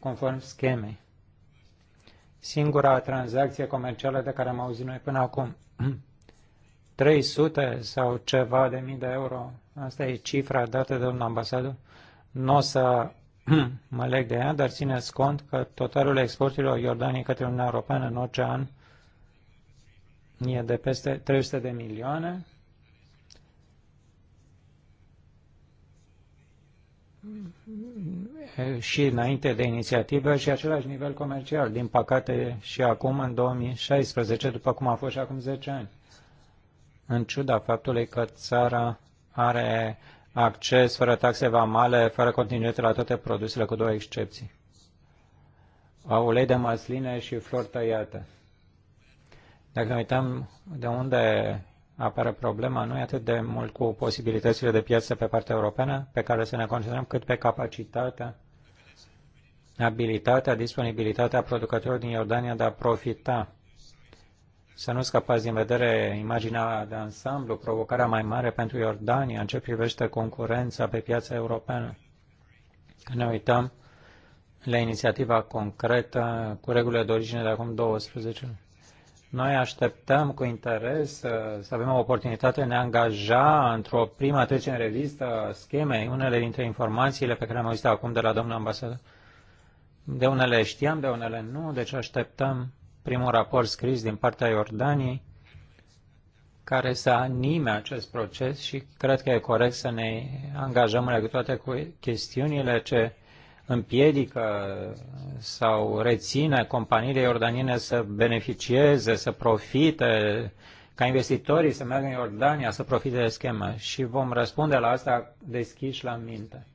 conform schemei. Singura tranzacție comercială de care am auzit noi până acum. 300 (clears throat) sau ceva de mii de euro, asta e cifra dată de un ambasador. Nu o să (clears throat) mă leg de ea, dar țineți cont că totalul exporturilor Iordaniei către Uniunea Europeană în orice an – e de peste 300 de milioane. și înainte de inițiativă și același nivel comercial. Din păcate și acum, în 2016, după cum a fost și acum 10 ani. În ciuda faptului că țara are acces fără taxe vamale, fără contingente la toate produsele, cu două excepții. Ulei de măsline și flori tăiate. Dacă ne uităm de unde apare problema, nu e atât de mult cu posibilitățile de piață pe partea europeană, pe care să ne concentrăm, cât pe capacitatea, abilitatea, disponibilitatea producătorilor din Iordania de a profita. Să nu scăpați din vedere imaginea de ansamblu, provocarea mai mare pentru Iordania în ce privește concurența pe piața europeană. Când ne uităm la inițiativa concretă cu regulile de origine de acum 12 ani noi așteptăm cu interes să avem o oportunitate de a ne angaja într-o prima trecere în revistă schemei, unele dintre informațiile pe care le-am auzit acum de la domnul ambasador. De unele știam, de unele nu, deci așteptăm primul raport scris din partea Iordaniei care să anime acest proces și cred că e corect să ne angajăm în legătură cu chestiunile ce împiedică sau reține companiile iordaniene să beneficieze, să profite, ca investitorii să meargă în Iordania, să profite de schemă. Și vom răspunde la asta deschiși la minte.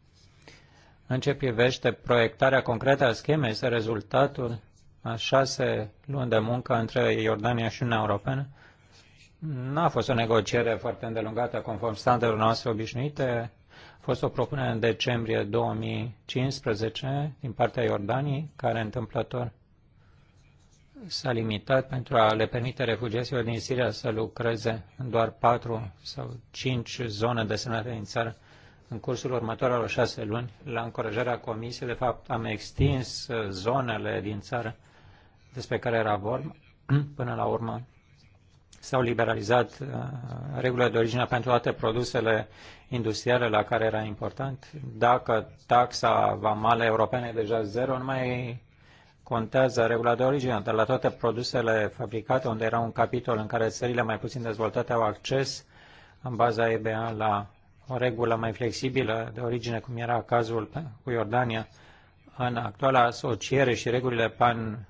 În ce privește proiectarea concretă a schemei, este rezultatul a șase luni de muncă între Iordania și Uniunea Europeană. N-a fost o negociere foarte îndelungată conform standardelor noastre obișnuite fost o propunere în decembrie 2015 din partea Iordaniei, care întâmplător s-a limitat pentru a le permite refugiaților din Siria să lucreze în doar patru sau cinci zone desemnate din țară în cursul următoarelor șase luni. La încurajarea comisiei, de fapt, am extins uh, zonele din țară despre care era vorba. (clears throat) Până la urmă, S-au liberalizat uh, regulile de origine pentru toate produsele industriale la care era important. Dacă taxa vamală europeană e deja zero, nu mai contează regula de origine, dar la toate produsele fabricate, unde era un capitol în care țările mai puțin dezvoltate au acces în baza EBA la o regulă mai flexibilă de origine, cum era cazul cu Iordania, în actuala asociere și regulile pan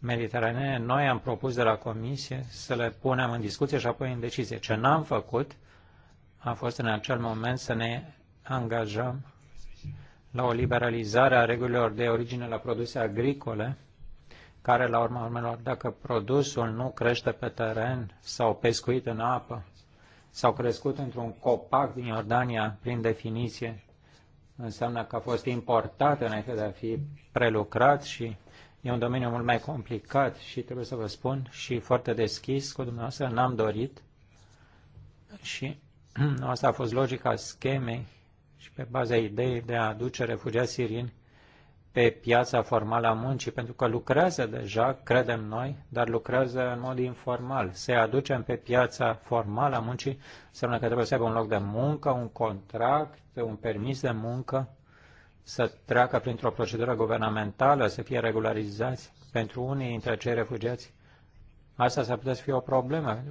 mediteranene, noi am propus de la Comisie să le punem în discuție și apoi în decizie. Ce n-am făcut a fost în acel moment să ne angajăm la o liberalizare a regulilor de origine la produse agricole, care, la urma urmelor, dacă produsul nu crește pe teren sau pescuit în apă sau crescut într-un copac din Iordania, prin definiție, înseamnă că a fost importat înainte de a fi prelucrat și E un domeniu mult mai complicat și trebuie să vă spun și foarte deschis cu dumneavoastră, n-am dorit și (clears throat) asta a fost logica schemei și pe baza ideii de a aduce refugiați sirieni pe piața formală a muncii, pentru că lucrează deja, credem noi, dar lucrează în mod informal. Se aducem pe piața formală a muncii înseamnă că trebuie să aibă un loc de muncă, un contract, un permis de muncă să treacă printr-o procedură guvernamentală, să fie regularizați pentru unii dintre cei refugiați, asta s-ar putea să fie o problemă.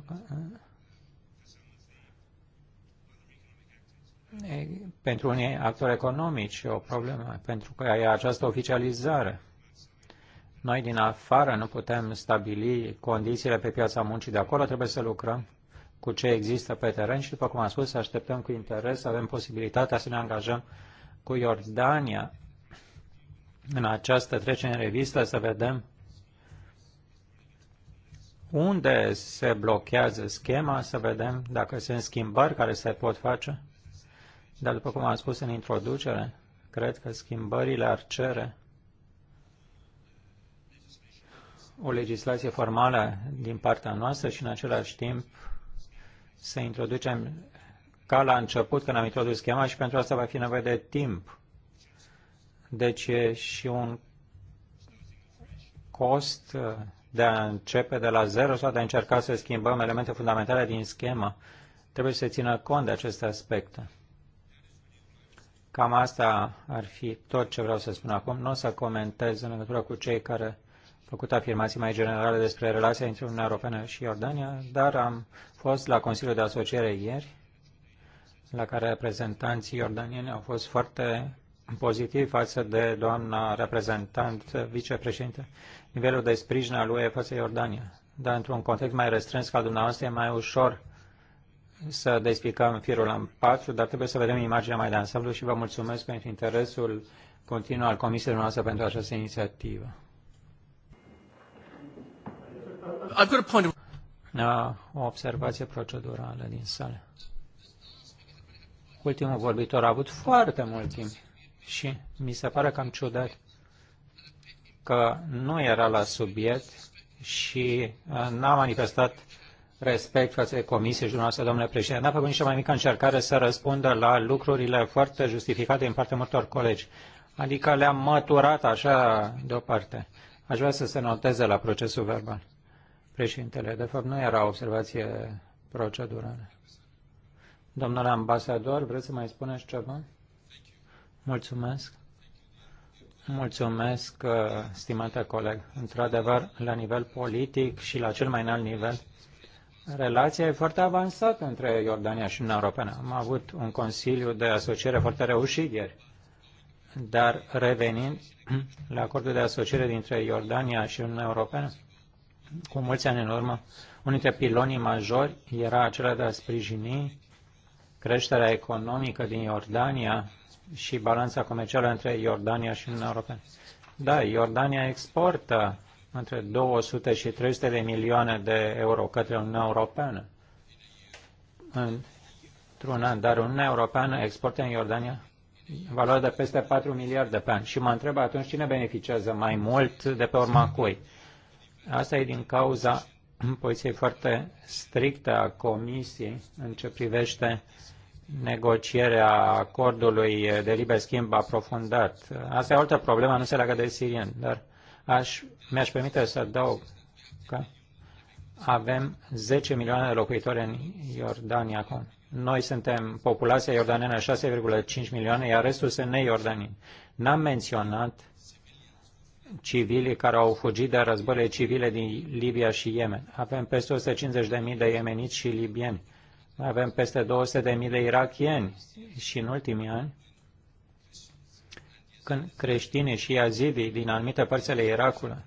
Pentru unii actori economici e o problemă, pentru că e această oficializare. Noi din afară nu putem stabili condițiile pe piața muncii de acolo, trebuie să lucrăm cu ce există pe teren și, după cum am spus, să așteptăm cu interes, să avem posibilitatea să ne angajăm cu Iordania în această trecere în revistă să vedem unde se blochează schema, să vedem dacă sunt schimbări care se pot face. Dar după cum am spus în introducere, cred că schimbările ar cere o legislație formală din partea noastră și în același timp să introducem ca la început când am introdus schema și pentru asta va fi nevoie de timp. Deci e și un cost de a începe de la zero sau de a încerca să schimbăm elemente fundamentale din schemă. Trebuie să se țină cont de aceste aspecte. Cam asta ar fi tot ce vreau să spun acum. Nu o să comentez în legătură cu cei care au făcut afirmații mai generale despre relația dintre Uniunea Europeană și Iordania, dar am fost la Consiliul de Asociere ieri la care reprezentanții iordanieni au fost foarte pozitivi față de doamna reprezentant, vicepreședinte, nivelul de sprijin al UE față Iordania. Dar într-un context mai restrâns ca dumneavoastră e mai ușor să despicăm firul în patru, dar trebuie să vedem imaginea mai de ansamblu și vă mulțumesc pentru interesul continuu al Comisiei noastre pentru această inițiativă. Da, o observație procedurală din sală. Ultimul vorbitor a avut foarte mult timp și mi se pare cam ciudat că nu era la subiect și uh, n-a manifestat respect față de comisie și dumneavoastră, domnule președinte. N-a făcut nici mai mică încercare să răspundă la lucrurile foarte justificate din partea multor colegi. Adică le-am măturat așa deoparte. Aș vrea să se noteze la procesul verbal. Președintele, de fapt nu era o observație procedurală. Domnule ambasador, vreți să mai spuneți ceva? Mulțumesc. Mulțumesc, uh, stimate coleg. Într-adevăr, la nivel politic și la cel mai înalt nivel, relația e foarte avansată între Iordania și Uniunea Europeană. Am avut un consiliu de asociere foarte reușit ieri. Dar revenind (clears throat) la acordul de asociere dintre Iordania și Uniunea Europeană, cu mulți ani în urmă, unul dintre pilonii majori era acela de a sprijini creșterea economică din Iordania și balanța comercială între Iordania și Uniunea Europeană. Da, Iordania exportă între 200 și 300 de milioane de euro către Uniunea Europeană într-un an, dar Uniunea Europeană exportă în Iordania valoare de peste 4 miliarde pe an. Și mă întreb atunci cine beneficiază mai mult de pe urma cui. Asta e din cauza poziției foarte strictă a Comisiei în ce privește uh, negocierea acordului de liber schimb aprofundat. Asta e o altă problemă, nu se leagă de sirieni, dar aș, mi-aș permite să dau că avem 10 milioane de locuitori în Iordania acum. Noi suntem populația iordaneană 6,5 milioane, iar restul sunt neiordanii. N-am menționat civilii care au fugit de războile civile din Libia și Yemen. Avem peste 150.000 de iemeniți și libieni noi avem peste 200.000 de irachieni și în ultimii ani, când creștinii și yazidii din anumite părți ale Irakului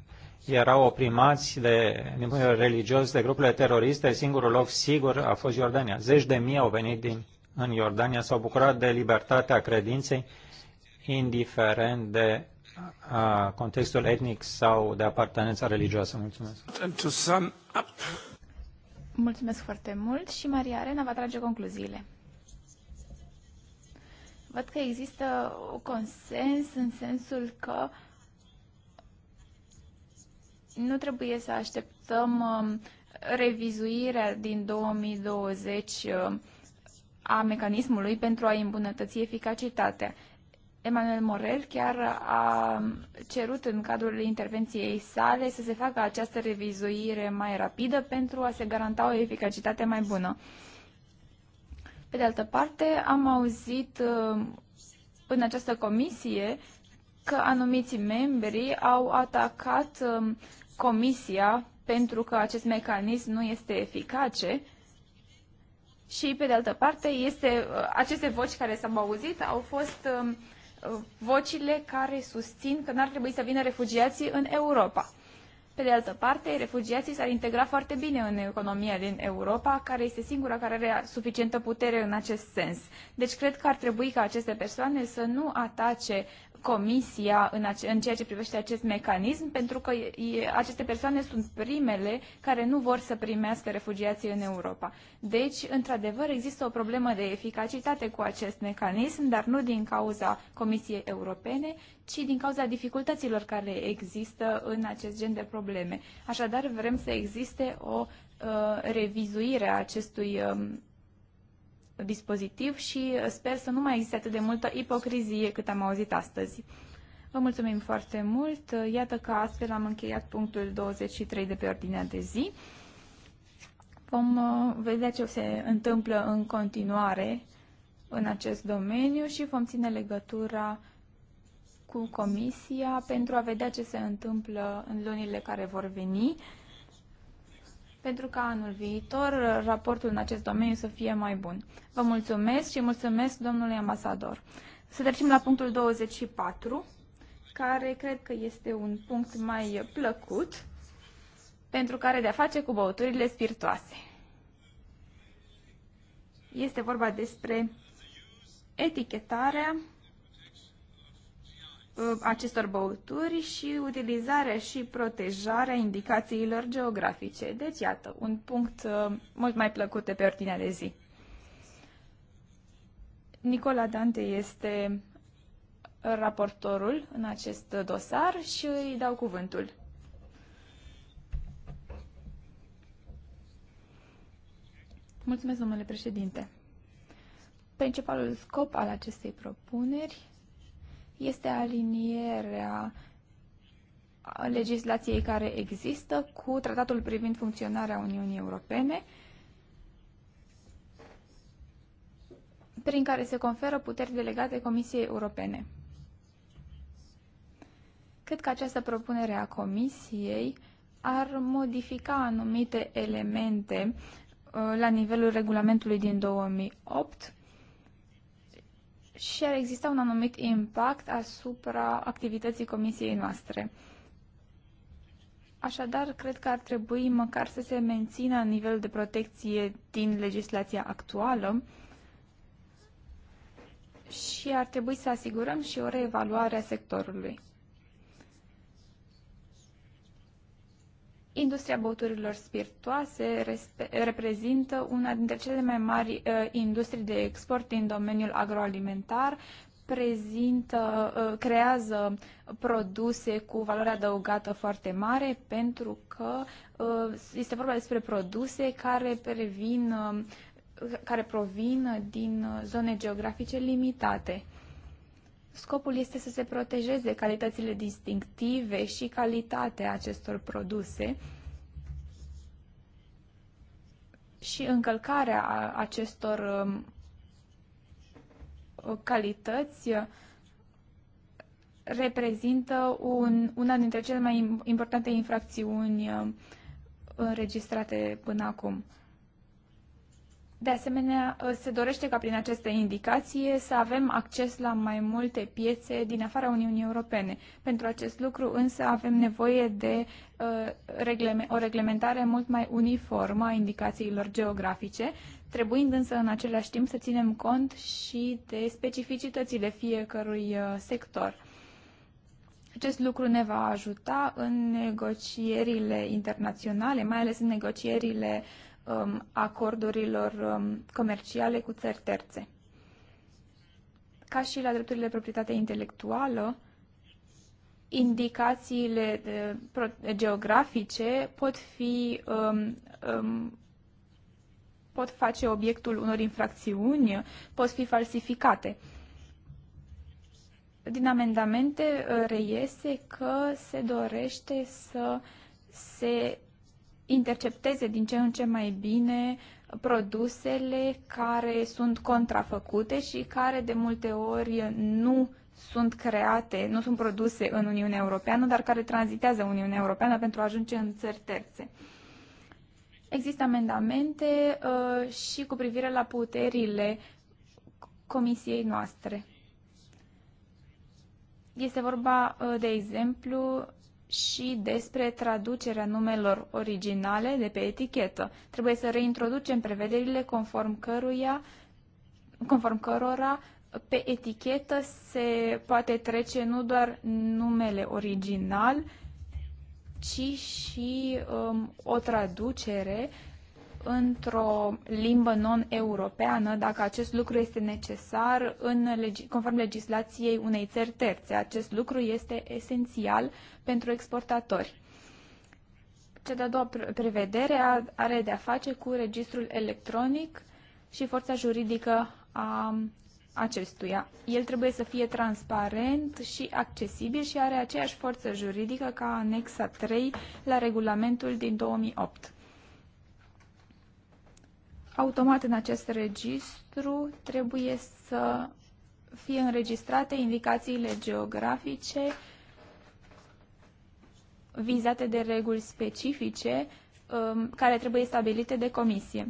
erau oprimați de, din punct de vedere religios de grupurile teroriste, singurul loc sigur a fost Iordania. Zeci de mii au venit din, în Iordania, s-au bucurat de libertatea credinței, indiferent de a, contextul etnic sau de apartenența religioasă. Mulțumesc. Mulțumesc foarte mult și Maria Arena va trage concluziile. Văd că există un consens în sensul că nu trebuie să așteptăm um, revizuirea din 2020 um, a mecanismului pentru a îmbunătăți eficacitatea. Emmanuel Morel chiar a cerut în cadrul intervenției sale să se facă această revizuire mai rapidă pentru a se garanta o eficacitate mai bună. Pe de altă parte, am auzit uh, în această comisie că anumiți membri au atacat um, comisia pentru că acest mecanism nu este eficace și, pe de altă parte, este, uh, aceste voci care s-au auzit au fost um, vocile care susțin că n-ar trebui să vină refugiații în Europa. Pe de altă parte, refugiații s-ar integra foarte bine în economia din Europa, care este singura care are suficientă putere în acest sens. Deci cred că ar trebui ca aceste persoane să nu atace Comisia în, ace- în ceea ce privește acest mecanism, pentru că e, aceste persoane sunt primele care nu vor să primească refugiații în Europa. Deci, într-adevăr, există o problemă de eficacitate cu acest mecanism, dar nu din cauza Comisiei Europene, ci din cauza dificultăților care există în acest gen de probleme. Așadar, vrem să existe o uh, revizuire a acestui um, dispozitiv și sper să nu mai existe atât de multă ipocrizie cât am auzit astăzi. Vă mulțumim foarte mult. Iată că astfel am încheiat punctul 23 de pe ordinea de zi. Vom uh, vedea ce se întâmplă în continuare în acest domeniu și vom ține legătura cu Comisia pentru a vedea ce se întâmplă în lunile care vor veni pentru ca anul viitor uh, raportul în acest domeniu să fie mai bun. Vă mulțumesc și mulțumesc domnului ambasador. Să trecem la punctul 24, care cred că este un punct mai plăcut pentru care de-a face cu băuturile spiritoase. Este vorba despre etichetarea Uh, acestor băuturi și utilizarea și protejarea indicațiilor geografice. Deci, iată, un punct uh, mult mai plăcut de pe ordinea de zi. Nicola Dante este raportorul în acest dosar și îi dau cuvântul. Mulțumesc, domnule președinte. Principalul scop al acestei propuneri este alinierea legislației care există cu tratatul privind funcționarea Uniunii Europene, prin care se conferă puteri delegate Comisiei Europene. Cred că această propunere a Comisiei ar modifica anumite elemente uh, la nivelul regulamentului din 2008 și ar exista un anumit impact asupra activității comisiei noastre. Așadar, cred că ar trebui măcar să se mențină nivelul de protecție din legislația actuală și ar trebui să asigurăm și o reevaluare a sectorului. Industria băuturilor spiritoase reprezintă una dintre cele mai mari uh, industrii de export din domeniul agroalimentar, prezintă, uh, creează produse cu valoare adăugată foarte mare pentru că uh, este vorba despre produse care previn uh, care provin din zone geografice limitate. Scopul este să se protejeze calitățile distinctive și calitatea acestor produse și încălcarea acestor um, calități uh, reprezintă un, una dintre cele mai importante infracțiuni uh, înregistrate până acum. De asemenea, ă, se dorește ca prin aceste indicații să avem acces la mai multe piețe din afara Uniunii Europene. Pentru acest lucru însă avem nevoie de ă, o reglementare mult mai uniformă a indicațiilor geografice, trebuind însă în același timp să ținem cont și de specificitățile fiecărui ă, sector. Acest lucru ne va ajuta în negocierile internaționale, mai ales în negocierile uh, um, acordurilor um, comerciale cu țări terțe. Ca și la drepturile de proprietate intelectuală, indicațiile de, pro, geografice pot fi um, um, pot face obiectul unor infracțiuni, pot fi falsificate. Din amendamente uh, reiese că se dorește să se intercepteze din ce în ce mai bine produsele care sunt contrafăcute și care de multe ori nu sunt create, nu sunt produse în Uniunea Europeană, dar care tranzitează Uniunea Europeană pentru a ajunge în țări terțe. Există amendamente uh, și cu privire la puterile comisiei noastre. Este vorba, uh, de exemplu, și despre traducerea numelor originale de pe etichetă. Trebuie să reintroducem prevederile conform, căruia, conform cărora pe etichetă se poate trece nu doar numele original, ci și um, o traducere într-o limbă non-europeană, dacă acest lucru este necesar în legi- conform legislației unei țări terțe. Acest lucru este esențial pentru exportatori. Cea de-a doua prevedere are de-a face cu registrul electronic și forța juridică a acestuia. El trebuie să fie transparent și accesibil și are aceeași forță juridică ca anexa 3 la regulamentul din 2008 automat în acest registru trebuie să fie înregistrate indicațiile geografice vizate de reguli specifice um, care trebuie stabilite de comisie.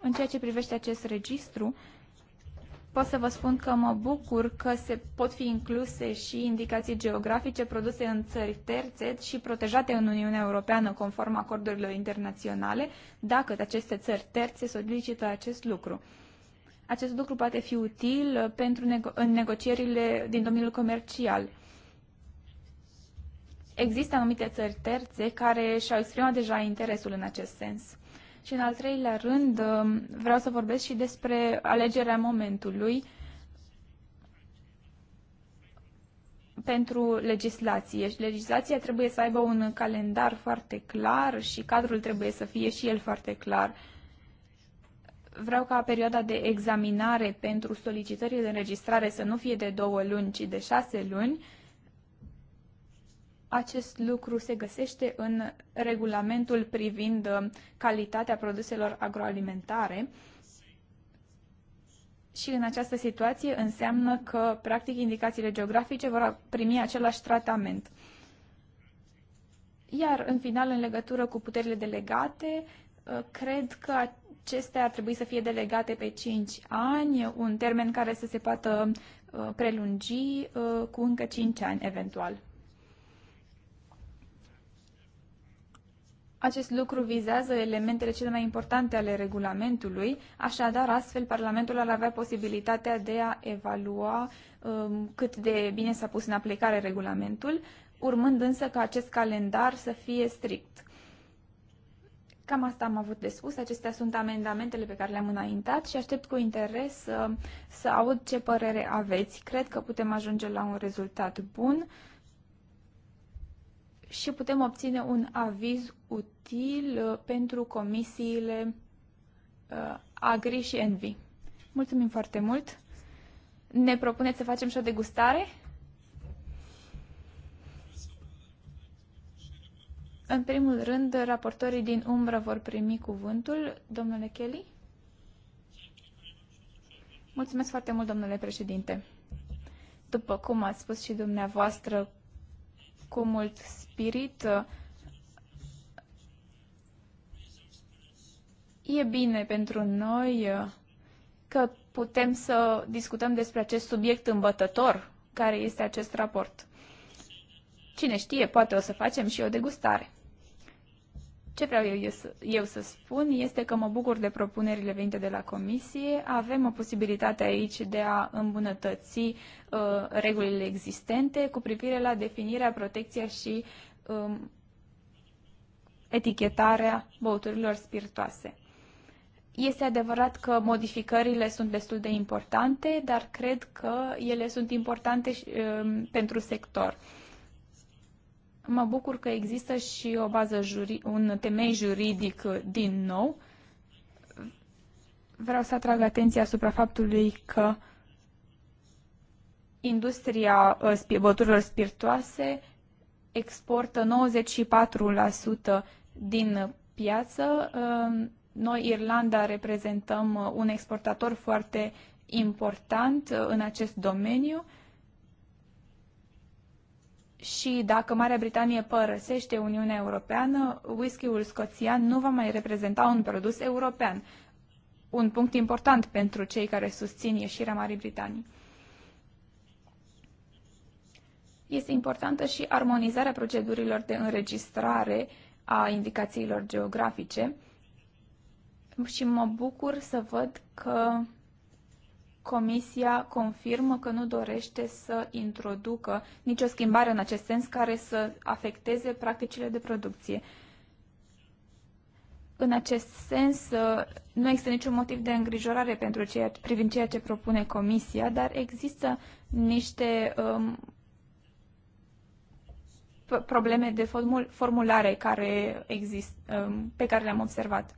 În ceea ce privește acest registru, pot să vă spun că mă bucur că se pot fi incluse și indicații geografice produse în țări terțe și protejate în Uniunea Europeană conform acordurilor internaționale, dacă aceste țări terțe solicită acest lucru. Acest lucru poate fi util pentru nego- în negocierile din domeniul comercial. Există anumite țări terțe care și-au exprimat deja interesul în acest sens. Și în al treilea rând, um, vreau să vorbesc și despre alegerea momentului pentru legislație. Și legislația trebuie să aibă un calendar foarte clar și cadrul trebuie să fie și el foarte clar. Vreau ca perioada de examinare pentru solicitările de înregistrare să nu fie de două luni, ci de șase luni acest lucru se găsește în regulamentul privind uh, calitatea produselor agroalimentare și în această situație înseamnă că, practic, indicațiile geografice vor primi același tratament. Iar, în final, în legătură cu puterile delegate, uh, cred că acestea ar trebui să fie delegate pe 5 ani, un termen care să se poată uh, prelungi cu încă 5 ani, eventual. Acest lucru vizează elementele cele mai importante ale regulamentului, așadar astfel Parlamentul ar avea posibilitatea de a evalua um, cât de bine s-a pus în aplicare regulamentul, urmând însă ca acest calendar să fie strict. Cam asta am avut de spus, acestea sunt amendamentele pe care le-am înaintat și aștept cu interes să, um, să aud ce părere aveți. Cred că putem ajunge la un rezultat bun și putem obține un aviz util uh, pentru comisiile uh, Agri și Envi. Mulțumim foarte mult! Ne propuneți să facem și o degustare? În primul rând, raportorii din umbră vor primi cuvântul. Domnule Kelly? Mulțumesc foarte mult, domnule președinte. După cum ați spus și dumneavoastră, cu mult spirit. E bine pentru noi că putem să discutăm despre acest subiect îmbătător care este acest raport. Cine știe, poate o să facem și o degustare. Ce vreau eu, eu, să, eu să spun este că mă bucur de propunerile venite de la Comisie. Avem o posibilitate aici de a îmbunătăți uh, regulile existente cu privire la definirea, protecția și um, etichetarea băuturilor spiritoase. Este adevărat că modificările sunt destul de importante, dar cred că ele sunt importante și, um, pentru sector. Uh, Mă bucur că există și o bază juri, un temei juridic din nou. Vreau să atrag atenția asupra faptului că industria uh, băuturilor spiritoase exportă 94% din piață. Um, noi, Irlanda, reprezentăm uh, un exportator foarte important uh, în acest domeniu și dacă Marea Britanie părăsește Uniunea Europeană, whisky-ul scoțian nu va mai reprezenta un produs european. Un punct important pentru cei care susțin ieșirea Marii Britanii. Este importantă și armonizarea procedurilor de înregistrare a indicațiilor geografice și mă bucur să văd că Comisia confirmă că nu dorește să introducă nicio schimbare în acest sens care să afecteze practicile de producție. În acest sens, uh, nu există niciun motiv de îngrijorare pentru ceea, privind ceea ce propune Comisia, dar există niște um, probleme de formulare care exist, um, pe care le-am observat.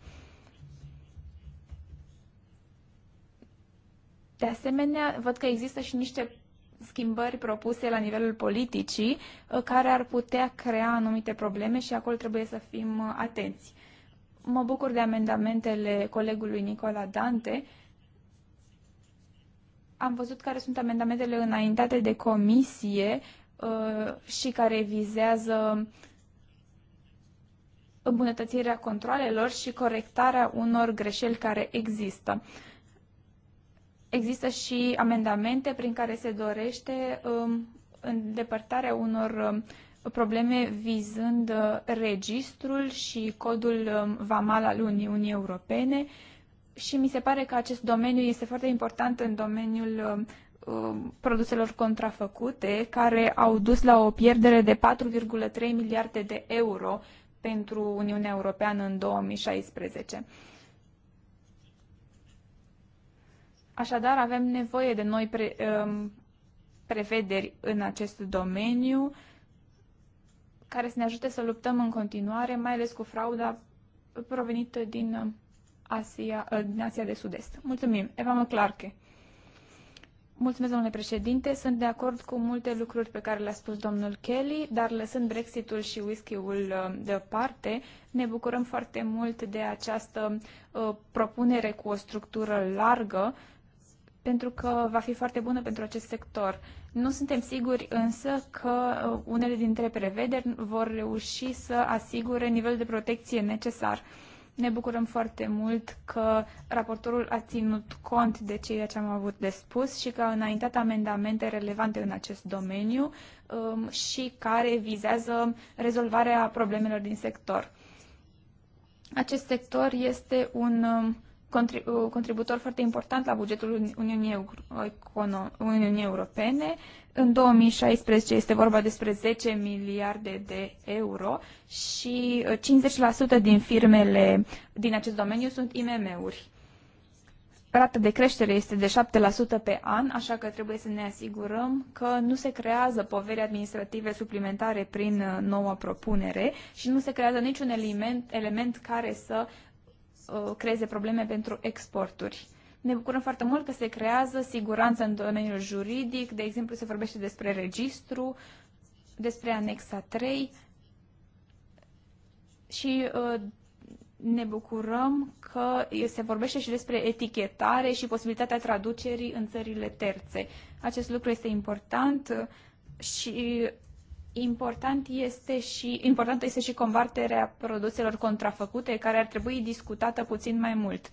De asemenea, văd că există și niște schimbări propuse la nivelul politicii uh, care ar putea crea anumite probleme și acolo trebuie să fim uh, atenți. Mă bucur de amendamentele colegului Nicola Dante. Am văzut care sunt amendamentele înaintate de comisie uh, și care vizează îmbunătățirea controlelor și corectarea unor greșeli care există. Există și amendamente prin care se dorește um, îndepărtarea unor um, probleme vizând uh, registrul și codul um, VAMAL al Uniunii Europene și mi se pare că acest domeniu este foarte important în domeniul produselor contrafăcute, care au dus la o pierdere de 4,3 miliarde de euro pentru Uniunea Europeană în 2016. Așadar, avem nevoie de noi pre, um, prevederi în acest domeniu care să ne ajute să luptăm în continuare, mai ales cu frauda provenită din um, Asia, uh, din Asia de Sud-Est. Mulțumim. Eva McClarke. Mulțumesc, domnule președinte. Sunt de acord cu multe lucruri pe care le-a spus domnul Kelly, dar lăsând Brexitul și whisky-ul um, deoparte, ne bucurăm foarte mult de această uh, propunere cu o structură largă uh, pentru că va fi foarte bună pentru acest sector. Nu suntem siguri însă că uh, unele dintre prevederi vor reuși să asigure nivelul de protecție necesar. Ne bucurăm foarte mult că raportorul a ținut cont de ceea ce am avut de spus și că a înaintat amendamente relevante în acest domeniu um, și care vizează rezolvarea problemelor din sector. Acest sector este un um, Uh, contributor foarte important la bugetul Uniunii, Uniunii Europene. În 2016 este vorba despre 10 miliarde de euro și 50% uh, din firmele din acest domeniu sunt IMM-uri. Rata de creștere este de 7% pe an, așa că trebuie să ne asigurăm că nu se creează poveri administrative suplimentare prin uh, noua propunere și nu se creează niciun element, element care să Uh, creeze probleme pentru exporturi. Ne bucurăm foarte mult că se creează siguranță în domeniul juridic, de exemplu se vorbește despre registru, despre anexa 3 și uh, ne bucurăm că se vorbește și despre etichetare și posibilitatea traducerii în țările terțe. Acest lucru este important și Important este și, importantă este și combaterea produselor contrafăcute, care ar trebui discutată puțin mai mult.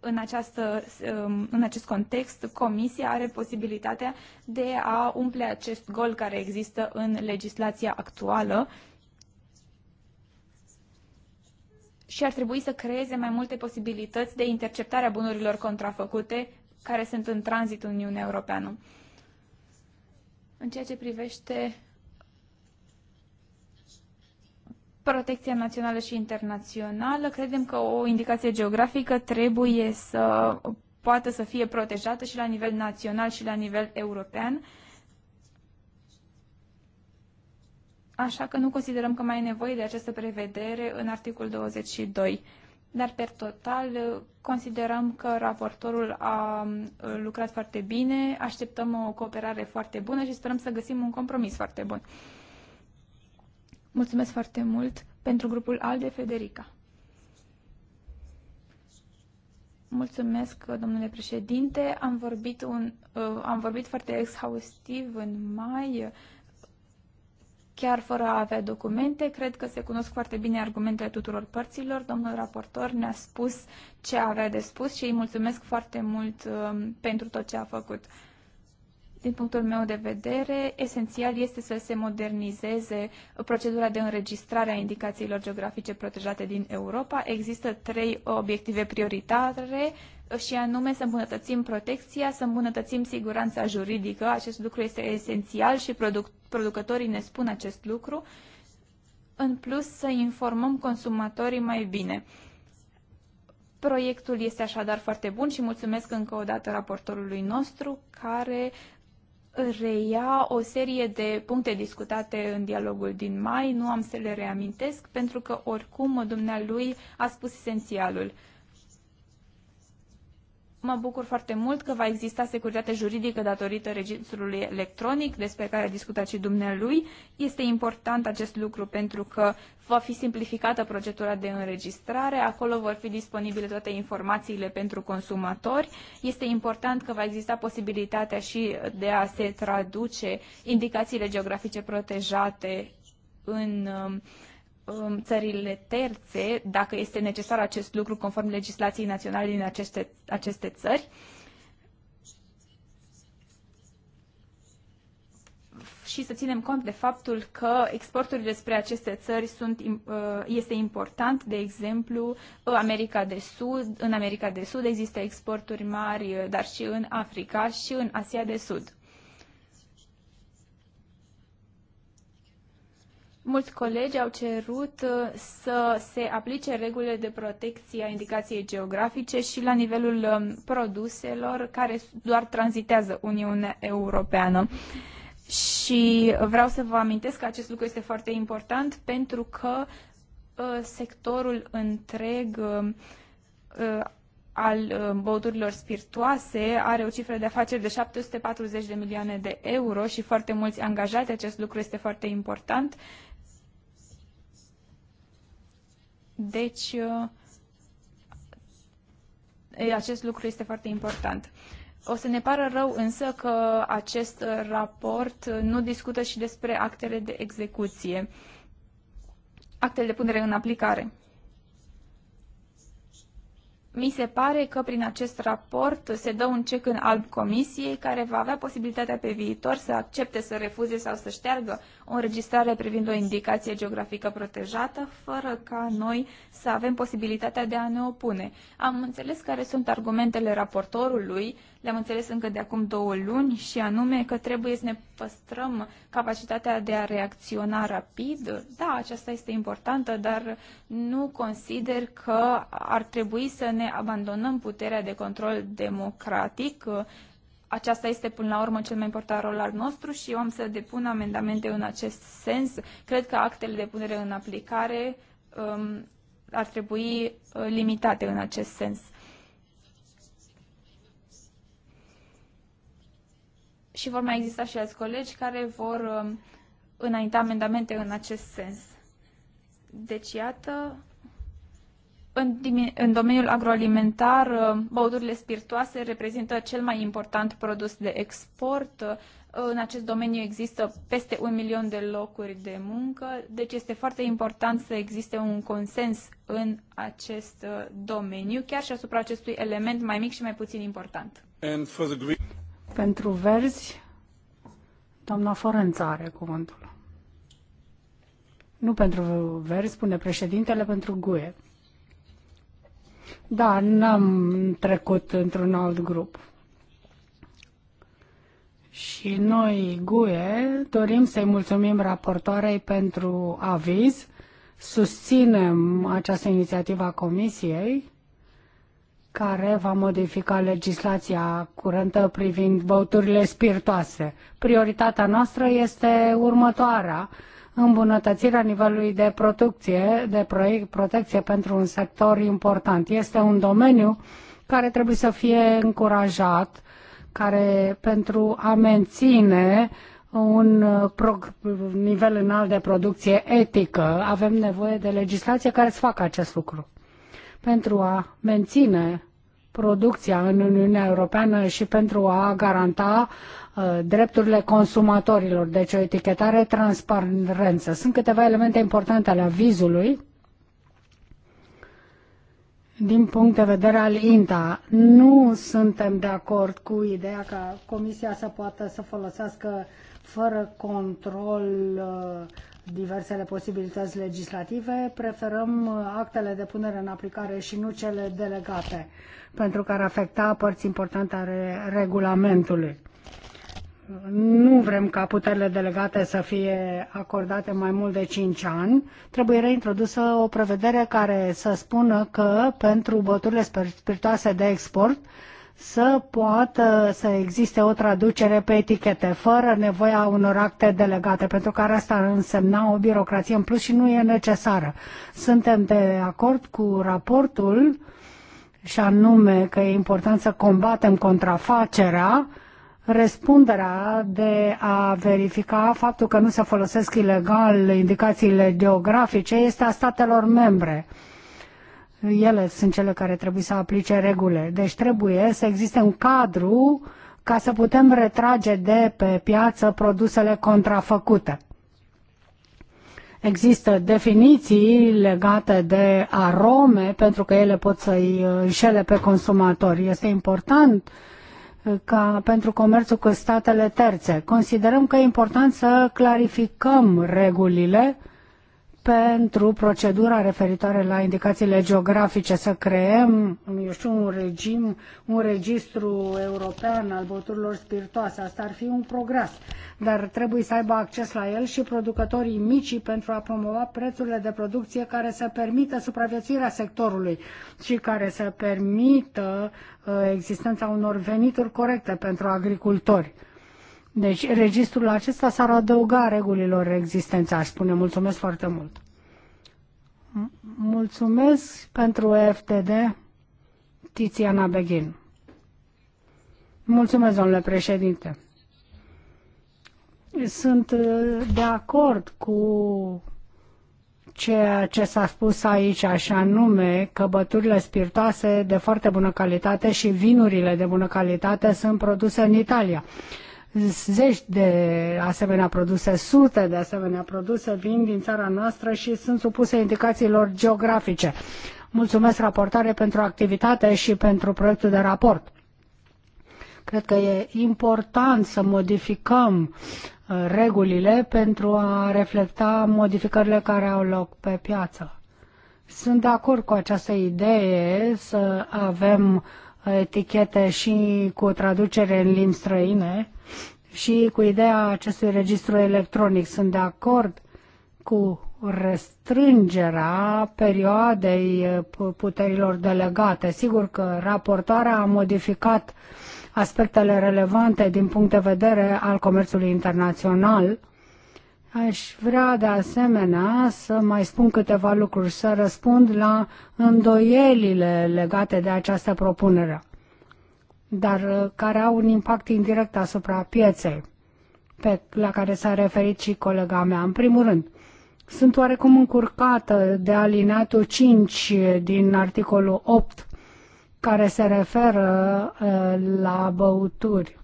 În, această, um, în acest context, Comisia are posibilitatea de a umple acest gol care există în legislația actuală și ar trebui să creeze mai multe posibilități de interceptare a bunurilor contrafăcute care sunt în tranzit în Uniunea Europeană. În ceea ce privește protecția națională și internațională, credem că o indicație geografică trebuie să poată să fie protejată și la nivel național și la nivel european. Așa că nu considerăm că mai e nevoie de această prevedere în articolul 22. Dar, per total, considerăm că raportorul a lucrat foarte bine, așteptăm o cooperare foarte bună și sperăm să găsim un compromis foarte bun. Mulțumesc foarte mult pentru grupul ALDE Federica. Mulțumesc, domnule președinte. Am vorbit, un, uh, am vorbit foarte exhaustiv în mai, chiar fără a avea documente. Cred că se cunosc foarte bine argumentele tuturor părților. Domnul raportor ne-a spus ce avea de spus și îi mulțumesc foarte mult uh, pentru tot ce a făcut. Uh, din punctul meu de vedere, esențial este să se modernizeze procedura de înregistrare a indicațiilor geografice protejate din Europa. Există trei obiective prioritare și anume să îmbunătățim protecția, să îmbunătățim siguranța juridică. Acest lucru este esențial și produc- producătorii ne spun acest lucru. În plus, să informăm consumatorii mai bine. Proiectul este așadar foarte bun și mulțumesc încă o dată raportorului nostru care reia o serie de puncte discutate în dialogul din mai, nu am să le reamintesc, pentru că oricum dumnealui a spus esențialul. Mă bucur foarte mult că va exista securitate juridică datorită registrului electronic despre care a discutat și dumnealui. Este important acest lucru pentru că va fi simplificată procedura de înregistrare, acolo vor fi disponibile toate informațiile pentru consumatori. Este important că va exista posibilitatea și de a se traduce indicațiile geografice protejate în uh, Um, țările terțe, dacă este necesar acest lucru conform legislației naționale din aceste, aceste țări. și să ținem cont de faptul că exporturile spre aceste țări sunt, uh, este important, de exemplu, în America de Sud, în America de Sud există exporturi mari, dar și în Africa și în Asia de Sud. Mulți colegi au cerut uh, să se aplice regulile de protecție a indicației geografice și la nivelul um, produselor care doar tranzitează Uniunea Europeană. Și vreau să vă amintesc că acest lucru este foarte important pentru că uh, sectorul întreg um, uh, al um, băuturilor spiritoase are o cifră de afaceri de 740 de milioane de euro și foarte mulți angajați. Acest lucru este foarte important Deci, uh, acest lucru este foarte important. O să ne pară rău însă că acest raport nu discută și despre actele de execuție, actele de punere în aplicare. Mi se pare că prin acest raport se dă un cec în alb comisiei care va avea posibilitatea pe viitor să accepte, să refuze sau să șteargă o înregistrare privind o indicație geografică protejată, fără ca noi să avem posibilitatea de a ne opune. Am înțeles care sunt argumentele raportorului, le-am înțeles încă de acum două luni, și anume că trebuie să ne păstrăm capacitatea de a reacționa rapid. Da, aceasta este importantă, dar nu consider că ar trebui să ne abandonăm puterea de control democratic aceasta este până la urmă cel mai important rol al nostru și eu am să depun amendamente în acest sens. Cred că actele de punere în aplicare um, ar trebui uh, limitate în acest sens. Și vor mai exista și alți colegi care vor uh, înainta amendamente în acest sens. Deci, iată, în, în domeniul agroalimentar, uh, băuturile spiritoase reprezintă cel mai important produs de export. Uh, în acest domeniu există peste un milion de locuri de muncă, deci este foarte important să existe un consens în acest uh, domeniu, chiar și asupra acestui element mai mic și mai puțin important. Pentru verzi, doamna Forența are cuvântul. Nu pentru verzi, spune președintele, pentru GUE. Da, n-am trecut într-un alt grup. Și noi, GUE, dorim să-i mulțumim raportoarei pentru aviz, susținem această inițiativă a Comisiei, care va modifica legislația curentă privind băuturile spiritoase. Prioritatea noastră este următoarea, îmbunătățirea nivelului de producție, de proiect, protecție pentru un sector important. Este un domeniu care trebuie să fie încurajat, care pentru a menține un nivel înalt de producție etică, avem nevoie de legislație care să facă acest lucru. Pentru a menține producția în Uniunea Europeană și pentru a garanta Uh, drepturile consumatorilor, deci o etichetare transparență. Sunt câteva elemente importante ale avizului din punct de vedere al INTA. Nu suntem de acord cu ideea ca Comisia să poată să folosească fără control uh, diversele posibilități legislative, preferăm uh, actele de punere în aplicare și nu cele delegate, pentru că ar afecta părți importante ale regulamentului nu vrem ca puterile delegate să fie acordate mai mult de 5 ani, trebuie reintrodusă o prevedere care să spună că pentru băuturile spiritoase de export să poată să existe o traducere pe etichete, fără nevoia unor acte delegate, pentru care asta ar însemna o birocrație în plus și nu e necesară. Suntem de acord cu raportul și anume că e important să combatem contrafacerea, răspunderea de a verifica faptul că nu se folosesc ilegal indicațiile geografice este a statelor membre. Ele sunt cele care trebuie să aplice regulile. Deci trebuie să existe un cadru ca să putem retrage de pe piață produsele contrafăcute. Există definiții legate de arome pentru că ele pot să-i înșele pe consumatori. Este important uh, ca pentru comerțul cu statele terțe. Considerăm că e important să clarificăm regulile pentru procedura referitoare la indicațiile geografice, să creăm, eu știu, un regim, un registru european al băuturilor spiritoase. Asta ar fi un progres, dar trebuie să aibă acces la el și producătorii mici pentru a promova prețurile de producție care să permită supraviețuirea sectorului și care să permită uh, existența unor venituri corecte pentru agricultori deci registrul acesta s-ar adăuga regulilor existențe, aș spune. Mulțumesc foarte mult. Mulțumesc pentru FTD, Tiziana Beghin. Mulțumesc, domnule președinte. Sunt uh, de acord cu ceea ce s-a spus aici, așa nume că băturile spiritoase de foarte bună calitate și vinurile de bună calitate sunt produse în Italia zeci de asemenea produse, sute de asemenea produse vin din țara noastră și sunt supuse indicațiilor geografice. Mulțumesc raportare pentru activitate și pentru proiectul de raport. Cred că e important să modificăm uh, regulile pentru a reflecta modificările care au loc pe piață. Sunt de acord cu această idee să avem etichete și cu traducere în limbi străine și cu ideea acestui registru electronic. Sunt de acord cu restrângerea perioadei eh, puterilor delegate. Sigur că raportarea a modificat aspectele relevante din punct de vedere al comerțului internațional, Aș vrea de asemenea să mai spun câteva lucruri, să răspund la îndoielile legate de această propunere, dar uh, care au un impact indirect asupra pieței, pe, la care s-a referit și colega mea. În primul rând, sunt oarecum încurcată de alineatul 5 din articolul 8, care se referă uh, la băuturi.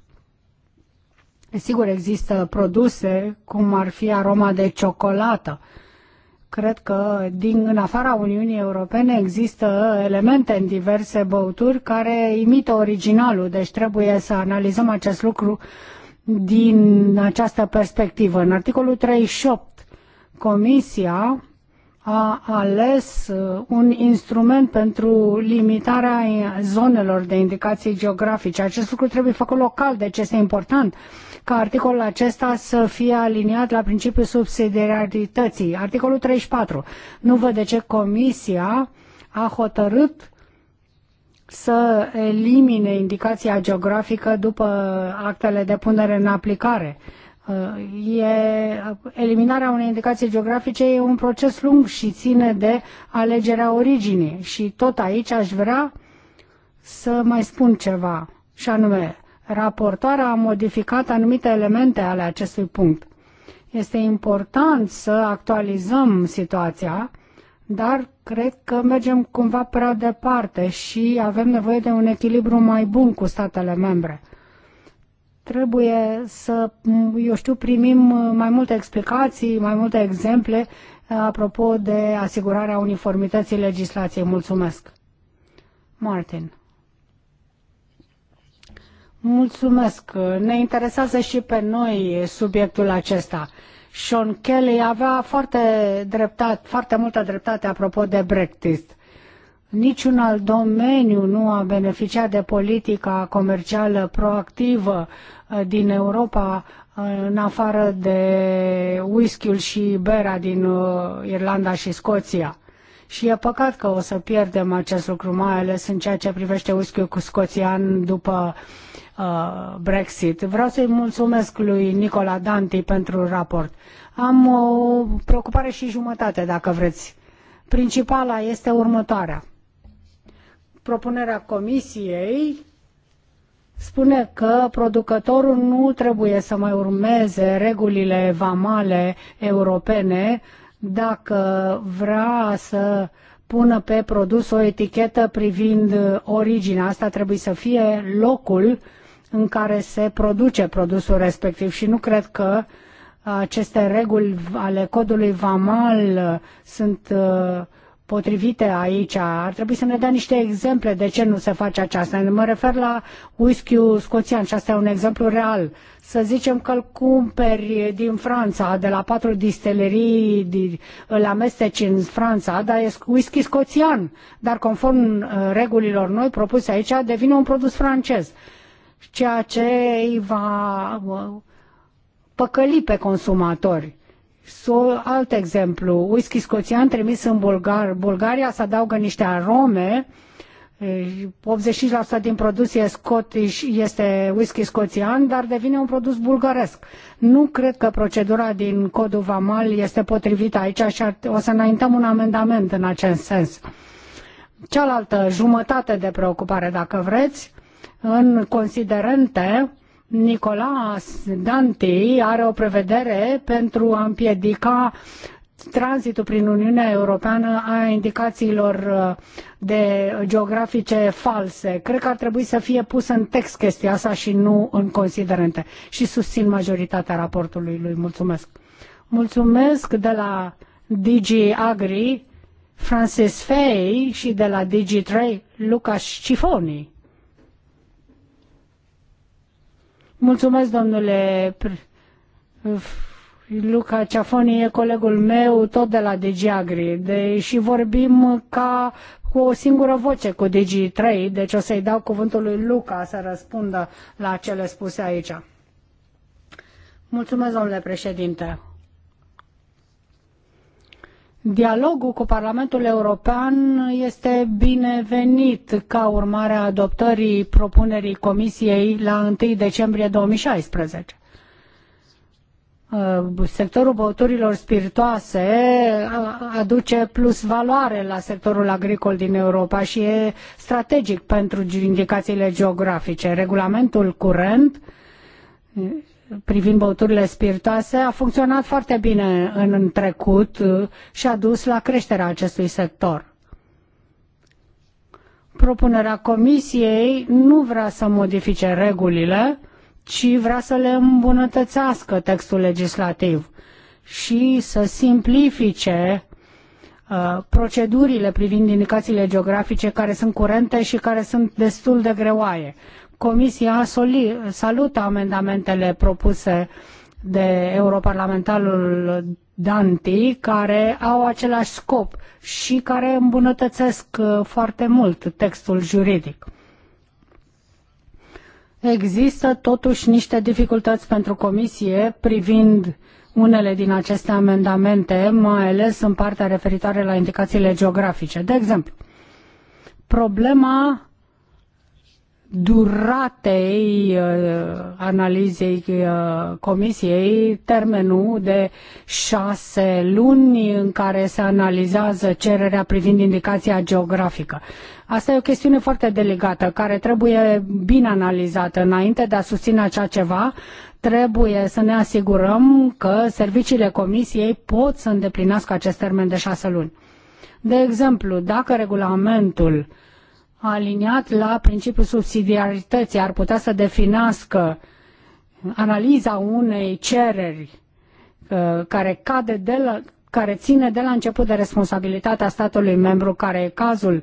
Sigur, există produse cum ar fi aroma de ciocolată. Cred că din în afara Uniunii Europene există elemente în diverse băuturi care imită originalul, deci trebuie să analizăm acest lucru din această perspectivă. În articolul 38, Comisia a ales uh, un instrument pentru limitarea zonelor de indicații geografice. Acest lucru trebuie făcut local, deci este important ca articolul acesta să fie aliniat la principiul subsidiarității. Articolul 34. Nu văd de ce Comisia a hotărât să elimine indicația geografică după actele de punere în aplicare. Uh, E, eliminarea unei indicații geografice e un proces lung și ține de alegerea originii. Și tot aici aș vrea să mai spun ceva, și anume, raportoarea a modificat anumite elemente ale acestui punct. Este important să actualizăm situația, dar cred că mergem cumva prea departe și avem nevoie de un echilibru mai bun cu statele membre. Trebuie să, eu știu, primim mai multe explicații, mai multe exemple apropo de asigurarea uniformității legislației. Mulțumesc. Martin. Mulțumesc. Ne interesează și pe noi subiectul acesta. Sean Kelly avea foarte, dreptat, foarte multă dreptate apropo de Brexit. Niciun alt domeniu nu a beneficiat de politica comercială proactivă Uh, din Europa, uh, în afară de whisky-ul și berea din uh, Irlanda și Scoția. Și e păcat că o să pierdem acest lucru, mai ales în ceea ce privește whisky cu scoțian după uh, Brexit. Vreau să-i mulțumesc lui Nicola Danti pentru raport. Am o preocupare și jumătate, dacă vreți. Principala este următoarea. Propunerea Comisiei spune că producătorul nu trebuie să mai urmeze regulile vamale europene dacă vrea să pună pe produs o etichetă privind originea. Asta trebuie să fie locul în care se produce produsul respectiv și nu cred că aceste reguli ale codului VAMAL sunt uh, potrivite aici. Ar trebui să ne dea niște exemple de ce nu se face aceasta. Mă refer la whisky-ul scoțian și asta e un exemplu real. Să zicem că îl cumperi din Franța, de la patru distelerii, îl amesteci în Franța, dar e whisky scoțian. Dar conform uh, regulilor noi propuse aici, devine un produs francez. Ceea ce îi va uh, păcăli pe consumatori So, alt exemplu, whisky scoțian trimis în Bulgar. Bulgaria se adaugă niște arome 85% din producție este whisky scoțian, dar devine un produs bulgaresc. Nu cred că procedura din codul VAMAL este potrivită aici și o să înaintăm un amendament în acest sens. Cealaltă jumătate de preocupare, dacă vreți, în considerente, Nicolas Dante are o prevedere pentru a împiedica tranzitul prin Uniunea Europeană a indicațiilor uh, de geografice false. Cred că ar trebui să fie pus în text chestia asta și nu în considerente. Și susțin majoritatea raportului lui. Mulțumesc. Mulțumesc de la DG Agri, Francis Fay și de la DG Trade, Lucas Cifoni. Mulțumesc, domnule Luca Ceafoni e colegul meu, tot de la DGAgri, de, și vorbim ca cu o singură voce cu DG3, deci o să-i dau cuvântul lui Luca să răspundă la cele spuse aici. Mulțumesc, domnule președinte. Dialogul cu Parlamentul European este binevenit ca urmare a adoptării propunerii Comisiei la 1 decembrie 2016 uh, sectorul băuturilor spiritoase uh, aduce plus valoare la sectorul agricol din Europa și e strategic pentru indicațiile geografice. Regulamentul curent privind băuturile spiritoase a funcționat foarte bine în, în trecut și a dus la creșterea acestui sector. Propunerea comisiei nu vrea să modifice regulile, ci vrea să le îmbunătățească textul legislativ și să simplifice uh, procedurile privind indicațiile geografice care sunt curente și care sunt destul de greoaie. Comisia salută amendamentele propuse de europarlamentarul Danti, care au același scop și care îmbunătățesc uh, foarte mult textul juridic. Există totuși niște dificultăți pentru Comisie privind unele din aceste amendamente, mai ales în partea referitoare la indicațiile geografice. De exemplu, problema duratei uh, analizei uh, comisiei termenul de șase luni în care se analizează cererea privind indicația geografică. Asta e o chestiune foarte delicată care trebuie bine analizată înainte de a susține așa ceva. Trebuie să ne asigurăm că serviciile comisiei pot să îndeplinească acest termen de șase luni. De exemplu, dacă regulamentul uh, aliniat la principiul subsidiarității, ar putea să definească analiza unei cereri uh, care cade de la, care ține de la început de responsabilitatea statului membru, care e cazul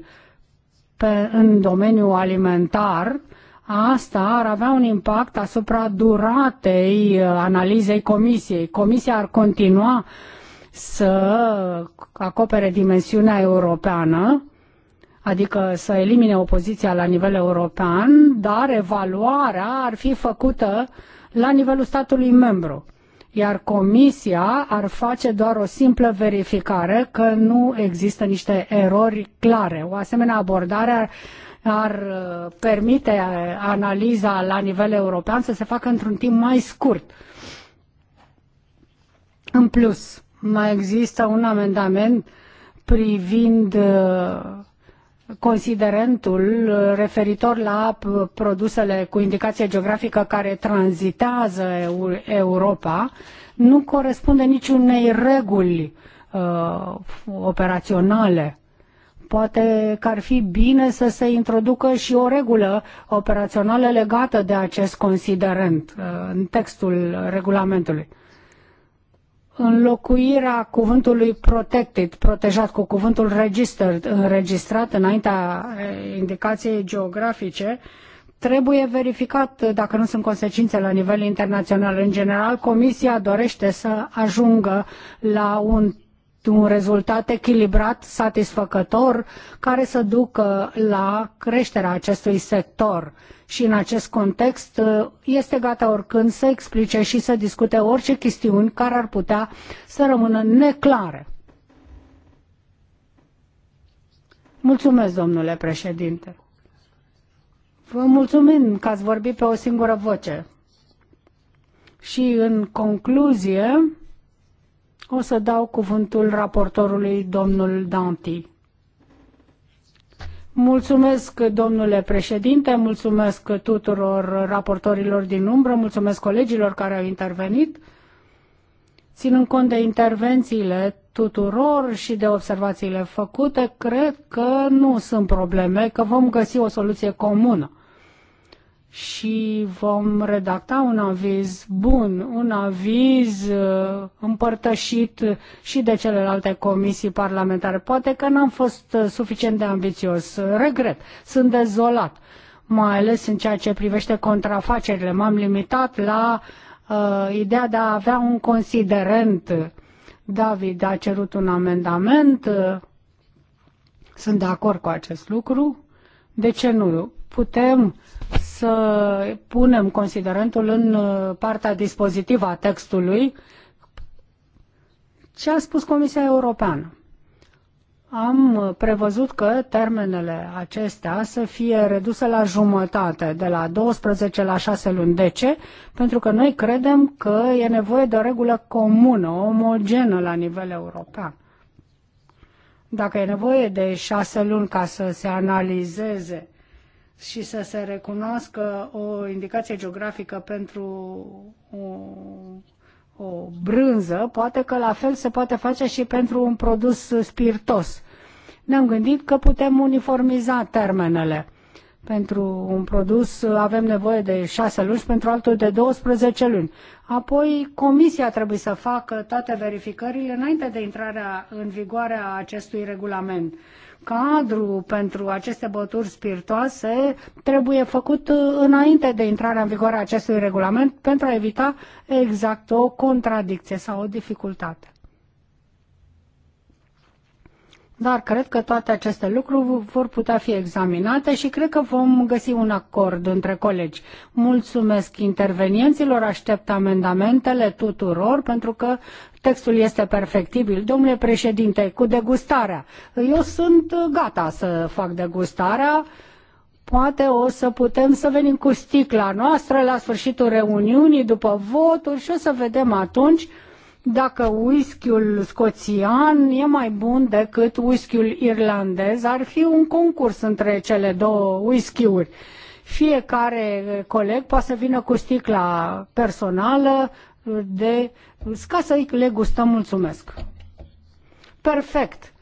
pe, în domeniul alimentar, asta ar avea un impact asupra duratei uh, analizei comisiei. Comisia ar continua să acopere dimensiunea europeană, adică să elimine opoziția la nivel european, dar evaluarea ar fi făcută la nivelul statului membru iar comisia ar face doar o simplă verificare că nu există niște erori clare. O asemenea abordare ar, ar uh, permite analiza la nivel european să se facă într-un timp mai scurt. În plus, mai există un amendament privind uh, considerentul referitor la produsele cu indicație geografică care tranzitează Europa nu corespunde niciunei reguli uh, operaționale. Poate că ar fi bine să se introducă și o regulă operațională legată de acest considerent uh, în textul regulamentului înlocuirea cuvântului protected, protejat cu cuvântul registered, înregistrat înaintea eh, indicației geografice, trebuie verificat dacă nu sunt consecințe la nivel internațional. În general, Comisia dorește să ajungă la un un rezultat echilibrat, satisfăcător, care să ducă la creșterea acestui sector. Și în acest context este gata oricând să explice și să discute orice chestiuni care ar putea să rămână neclare. Mulțumesc, domnule președinte. Vă mulțumim că ați vorbit pe o singură voce. Și în concluzie, o să dau cuvântul raportorului domnul Danti. Mulțumesc, domnule președinte, mulțumesc tuturor raportorilor din umbră, mulțumesc colegilor care au intervenit. Ținând cont de intervențiile tuturor și de observațiile făcute, cred că nu sunt probleme, că vom găsi o soluție comună și vom redacta un aviz bun, un aviz uh, împărtășit și de celelalte comisii parlamentare. Poate că n-am fost uh, suficient de ambițios, regret, sunt dezolat, mai ales în ceea ce privește contrafacerile. M-am limitat la uh, ideea de a avea un considerent. David a cerut un amendament, sunt de acord cu acest lucru. De ce nu? Putem să punem considerentul în uh, partea dispozitivă a textului ce a spus Comisia Europeană. Am uh, prevăzut că termenele acestea să fie reduse la jumătate, de la 12 la 6 luni. De ce? Pentru că noi credem că e nevoie de o regulă comună, omogenă la nivel european. Dacă e nevoie de 6 luni ca să se analizeze și să se recunoască o indicație geografică pentru o, o brânză, poate că la fel se poate face și pentru un produs spiritos. Ne-am gândit că putem uniformiza termenele. Pentru un produs avem nevoie de 6 luni, pentru altul de 12 luni. Apoi comisia trebuie să facă toate verificările înainte de intrarea în vigoare a acestui regulament cadru pentru aceste băuturi spiritoase trebuie făcut uh, înainte de intrarea în vigoare a acestui regulament pentru a evita exact o contradicție sau o dificultate. Dar cred că toate aceste lucruri vor putea fi examinate și cred că vom găsi un acord între colegi. Mulțumesc intervenienților, aștept amendamentele tuturor pentru că Textul este perfectibil. Domnule președinte, cu degustarea. Eu sunt gata să fac degustarea. Poate o să putem să venim cu sticla noastră la sfârșitul reuniunii, după voturi și o să vedem atunci dacă whisky-ul scoțian e mai bun decât whisky-ul irlandez, ar fi un concurs între cele două whisky-uri. Fiecare coleg poate să vină cu sticla personală, de... ca să le gustăm, mulțumesc. Perfect.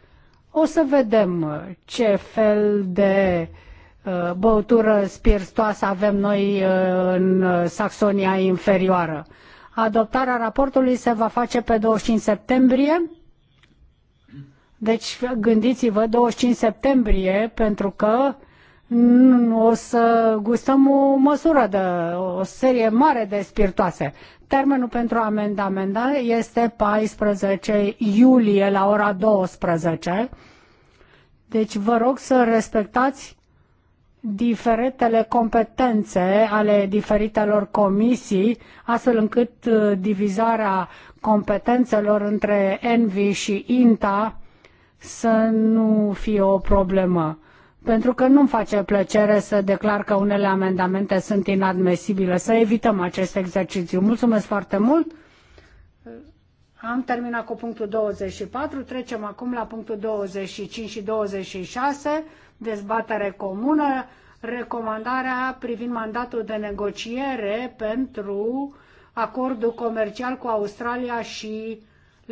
O să vedem uh, ce fel de uh, băutură spirstoasă avem noi uh, în Saxonia inferioară. Adoptarea raportului se va face pe 25 septembrie. Deci gândiți-vă 25 septembrie pentru că o să gustăm o măsură de o serie mare de spiritoase. Termenul pentru amendamente este 14 iulie la ora 12. Deci vă rog să respectați diferitele competențe ale diferitelor comisii, astfel încât uh, divizarea competențelor între Envi și INTA să nu fie o problemă pentru că nu-mi face plăcere să declar că unele amendamente sunt inadmisibile. Să evităm acest exercițiu. Mulțumesc foarte mult! Am terminat cu punctul 24, trecem acum la punctul 25 și 26, dezbatere comună, recomandarea privind mandatul de negociere pentru acordul comercial cu Australia și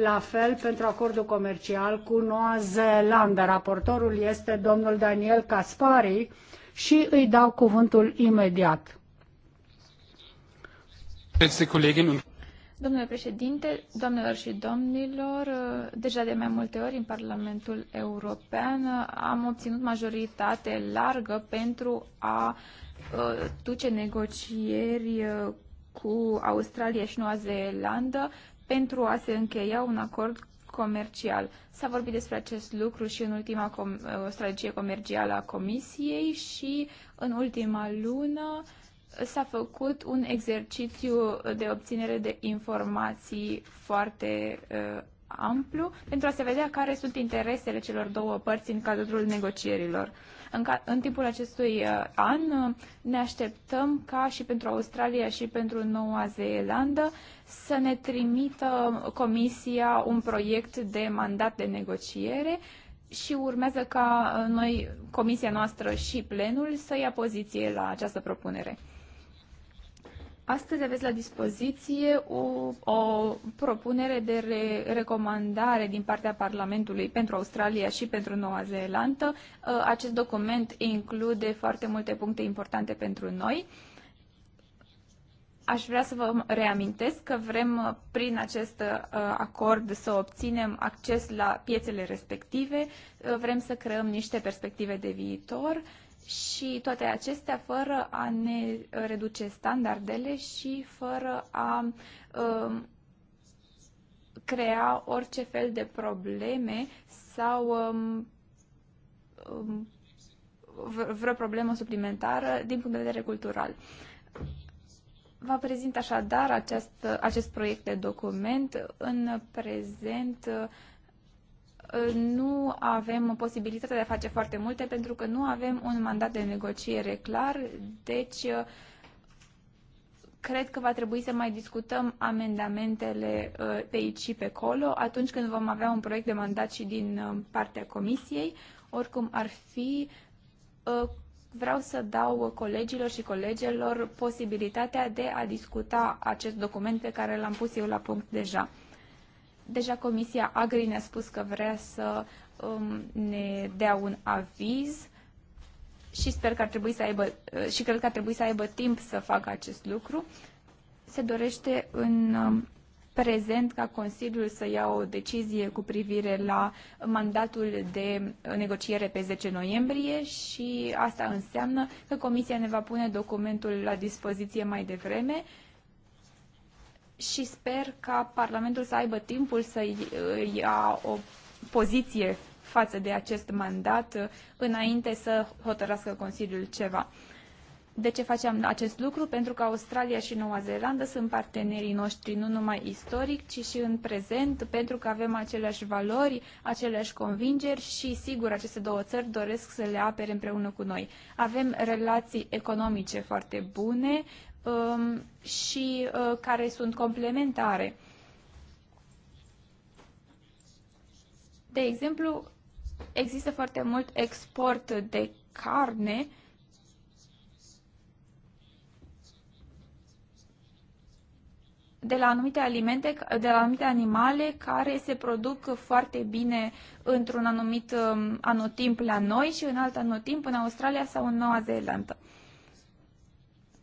la fel pentru acordul comercial cu Noua Zeelandă. Raportorul este domnul Daniel Caspari și îi dau cuvântul imediat. Domnule președinte, doamnelor și domnilor, deja de mai multe ori în Parlamentul European am obținut majoritate largă pentru a duce negocieri cu Australia și Noua Zeelandă pentru a se încheia un acord comercial. S-a vorbit despre acest lucru și în ultima com- uh, strategie comercială a Comisiei și în ultima lună s-a făcut un exercițiu de obținere de informații foarte uh, amplu pentru a se vedea care sunt interesele celor două părți în cadrul negocierilor. În, ca, în timpul acestui uh, an uh, ne așteptăm ca și pentru Australia și pentru Noua Zeelandă uh, să ne trimită Comisia un proiect de mandat de negociere și urmează ca uh, noi, Comisia noastră și plenul să ia poziție la această propunere. Astăzi aveți la dispoziție o, o propunere de re, recomandare din partea Parlamentului pentru Australia și pentru Noua Zeelandă. Uh, acest document include foarte multe puncte importante pentru noi. Aș vrea să vă reamintesc că vrem uh, prin acest uh, acord să obținem acces la piețele respective, uh, vrem să creăm niște perspective de viitor și toate acestea fără a ne reduce standardele și fără a um, crea orice fel de probleme sau um, um, vreo problemă suplimentară din punct de vedere cultural. Vă prezint așadar acest, acest proiect de document. În prezent nu avem posibilitatea de a face foarte multe pentru că nu avem un mandat de negociere clar, deci cred că va trebui să mai discutăm amendamentele uh, pe aici și pe acolo atunci când vom avea un proiect de mandat și din uh, partea comisiei. Oricum ar fi, uh, vreau să dau colegilor și colegelor posibilitatea de a discuta acest document pe care l-am pus eu la punct deja. Deja Comisia Agri ne-a spus că vrea să um, ne dea un aviz și sper că ar trebui să aibă, uh, și cred că ar trebui să aibă timp să facă acest lucru. Se dorește în um, prezent ca Consiliul să ia o decizie cu privire la mandatul de negociere pe 10 noiembrie și asta înseamnă că Comisia ne va pune documentul la dispoziție mai devreme și sper ca Parlamentul să aibă timpul să ia o poziție față de acest mandat înainte să hotărască Consiliul ceva. De ce facem acest lucru? Pentru că Australia și Noua Zeelandă sunt partenerii noștri nu numai istoric, ci și în prezent, pentru că avem aceleași valori, aceleași convingeri și, sigur, aceste două țări doresc să le apere împreună cu noi. Avem relații economice foarte bune um, și uh, care sunt complementare. De exemplu, există foarte mult export de carne de la anumite alimente, de la anumite animale care se produc foarte bine într-un anumit um, anotimp la noi și în alt anotimp în Australia sau în Noua Zeelandă.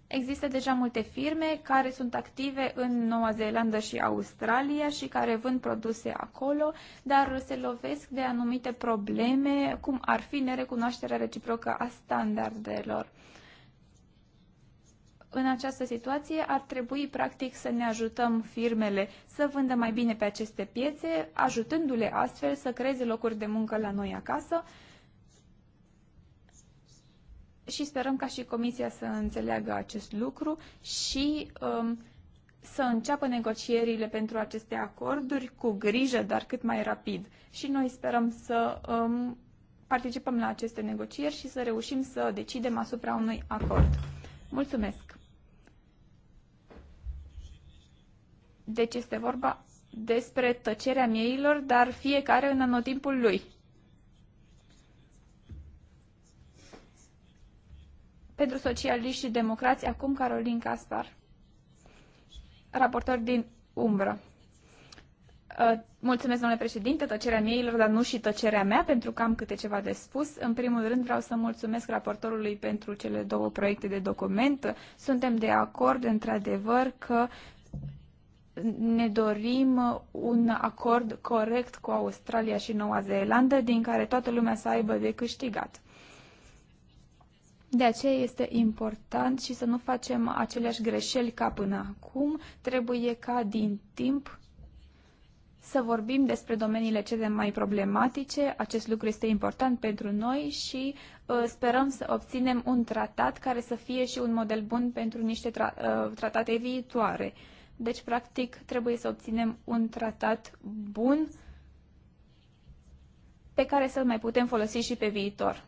Există deja multe firme care sunt active în Noua Zeelandă și Australia și care vând produse acolo, dar se lovesc de anumite probleme, cum ar fi nerecunoașterea reciprocă a standardelor în această situație ar trebui practic să ne ajutăm firmele să vândă mai bine pe aceste piețe, ajutându-le astfel să creeze locuri de muncă la noi acasă și sperăm ca și Comisia să înțeleagă acest lucru și um, să înceapă negocierile pentru aceste acorduri cu grijă, dar cât mai rapid. Și noi sperăm să um, participăm la aceste negocieri și să reușim să decidem asupra unui acord. Mulțumesc! Deci este vorba despre tăcerea mieilor, dar fiecare în anotimpul lui. Pentru socialiști și democrați, acum Carolin Caspar, raportor din umbră. Uh, mulțumesc, domnule președinte, tăcerea mieilor, dar nu și tăcerea mea, pentru că am câte ceva de spus. În primul rând vreau să mulțumesc raportorului pentru cele două proiecte de document. Suntem de acord, într-adevăr, că ne dorim un acord corect cu Australia și Noua Zeelandă, din care toată lumea să aibă de câștigat. De aceea este important și să nu facem aceleași greșeli ca până acum. Trebuie ca din timp să vorbim despre domeniile cele mai problematice. Acest lucru este important pentru noi și uh, sperăm să obținem un tratat care să fie și un model bun pentru niște tra- uh, tratate viitoare. Uh, deci, practic, trebuie să obținem un tratat bun pe care să-l mai putem folosi și pe viitor.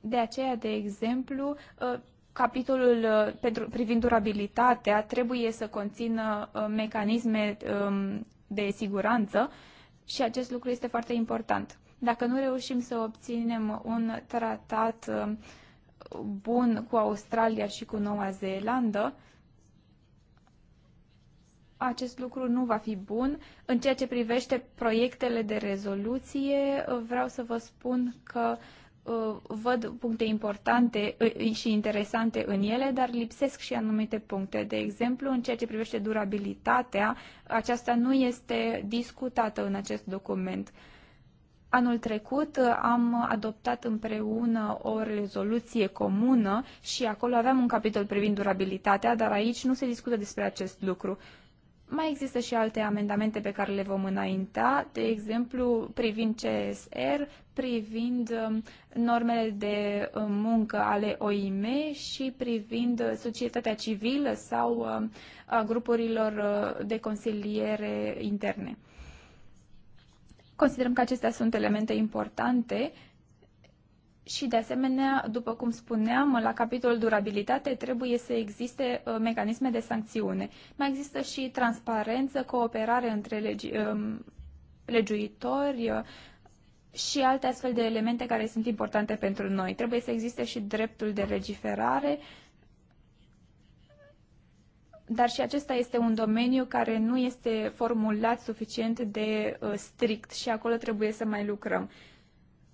De aceea, de exemplu, ă, capitolul ă, pentru, privind durabilitatea trebuie să conțină ă, mecanisme de siguranță și acest lucru este foarte important. Dacă nu reușim să obținem un tratat bun cu Australia și cu Noua Zeelandă, acest lucru nu va fi bun. În ceea ce privește proiectele de rezoluție, vreau să vă spun că uh, văd puncte importante uh, și interesante în ele, dar lipsesc și anumite puncte. De exemplu, în ceea ce privește durabilitatea, aceasta nu este discutată în acest document. Anul trecut uh, am adoptat împreună o rezoluție comună și acolo aveam un capitol privind durabilitatea, dar aici nu se discută despre acest lucru. Mai există și alte amendamente pe care le vom înainta, de exemplu privind CSR, privind um, normele de um, muncă ale OIM și privind societatea civilă sau um, a grupurilor uh, de consiliere interne. Considerăm că acestea sunt elemente importante și, de asemenea, după cum spuneam, la capitolul durabilitate trebuie să existe uh, mecanisme de sancțiune. Mai există și transparență, cooperare între legi, um, legiuitori uh, și alte astfel de elemente care sunt importante pentru noi. Trebuie să existe și dreptul de legiferare dar și acesta este un domeniu care nu este formulat suficient de uh, strict și acolo trebuie să mai lucrăm.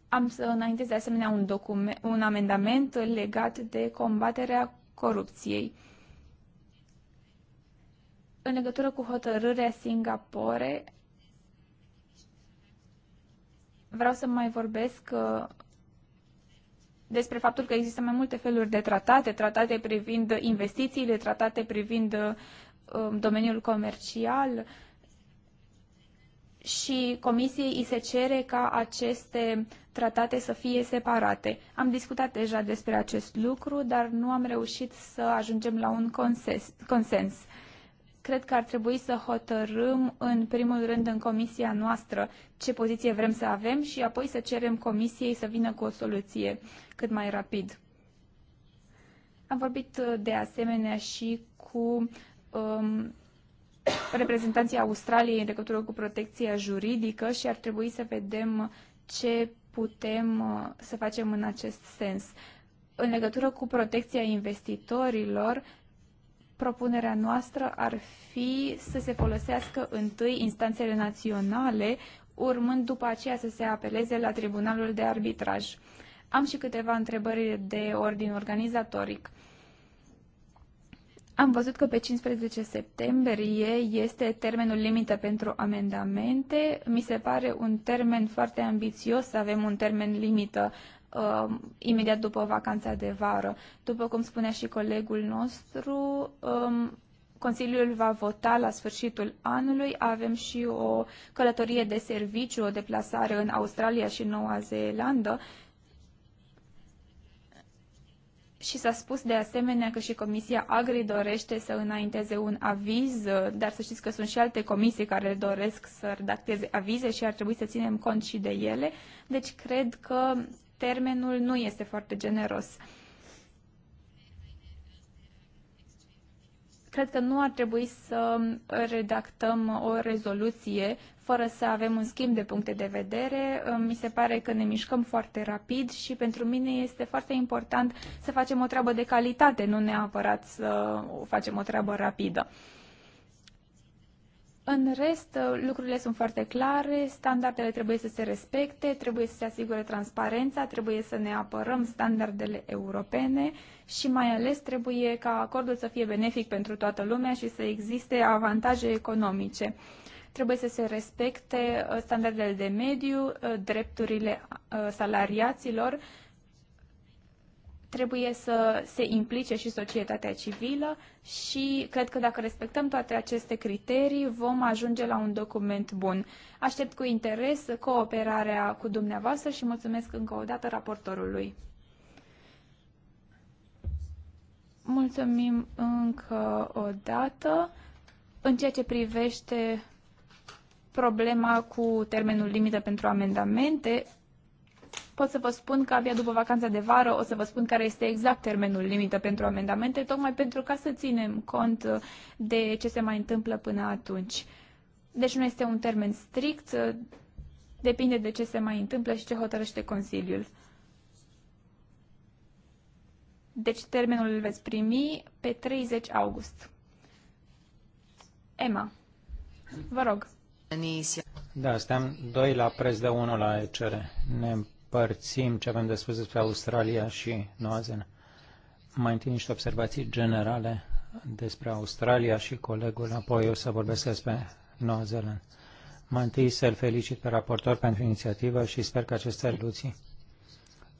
Am să înaintez de asemenea un, document, un amendament legat de combaterea corupției. În legătură cu hotărârea Singapore, vreau să mai vorbesc uh, despre faptul că există mai multe feluri de tratate, tratate privind investițiile, tratate privind um, domeniul comercial și Comisiei îi se cere ca aceste tratate să fie separate. Am discutat deja despre acest lucru, dar nu am reușit să ajungem la un consens. consens cred că ar trebui să hotărâm în primul rând în comisia noastră ce poziție vrem să avem și apoi să cerem comisiei să vină cu o soluție cât mai rapid. Am vorbit uh, de asemenea și cu um, reprezentanții Australiei în legătură cu protecția juridică și ar trebui să vedem ce putem uh, să facem în acest sens. În legătură cu protecția investitorilor, propunerea noastră ar fi să se folosească întâi instanțele naționale, urmând după aceea să se apeleze la Tribunalul de Arbitraj. Am și câteva întrebări de ordin organizatoric. Am văzut că pe 15 septembrie este termenul limită pentru amendamente. Mi se pare un termen foarte ambițios să avem un termen limită uh, imediat după vacanța de vară. După cum spunea și colegul nostru, um, Consiliul va vota la sfârșitul anului. Avem și o călătorie de serviciu, o deplasare în Australia și Noua Zeelandă. Și s-a spus de asemenea că și Comisia Agri dorește să înainteze un aviz, dar să știți că sunt și alte comisii care doresc să redacteze avize și ar trebui să ținem cont și de ele. Deci cred că termenul nu este foarte generos. Cred că nu ar trebui să redactăm o rezoluție fără să avem un schimb de puncte de vedere. Mi se pare că ne mișcăm foarte rapid și pentru mine este foarte important să facem o treabă de calitate, nu neapărat să facem o treabă rapidă. În rest, lucrurile sunt foarte clare, standardele trebuie să se respecte, trebuie să se asigure transparența, trebuie să ne apărăm standardele europene și mai ales trebuie ca acordul să fie benefic pentru toată lumea și să existe avantaje economice. Trebuie să se respecte uh, standardele de mediu, uh, drepturile uh, salariaților trebuie să se implice și societatea civilă și cred că dacă respectăm toate aceste criterii vom ajunge la un document bun. Aștept cu interes cooperarea cu dumneavoastră și mulțumesc încă o dată raportorului. Mulțumim încă o dată. În ceea ce privește problema cu termenul limită pentru amendamente, pot să vă spun că abia după vacanța de vară o să vă spun care este exact termenul limită pentru amendamente, tocmai pentru ca să ținem cont uh, de ce se mai întâmplă până atunci. Deci nu este un termen strict, uh, depinde de ce se mai întâmplă și ce hotărăște Consiliul. Deci termenul îl veți primi pe 30 august. Emma, vă rog. Da, suntem doi la preț de unul la ECR. Ne împărțim ce avem de spus despre Australia și Noua Zeelandă. Mai întâi niște observații generale despre Australia și colegul, apoi o să vorbesc despre Noua Zeelandă. Mai întâi să-l felicit pe raportor pentru inițiativă și sper că aceste luții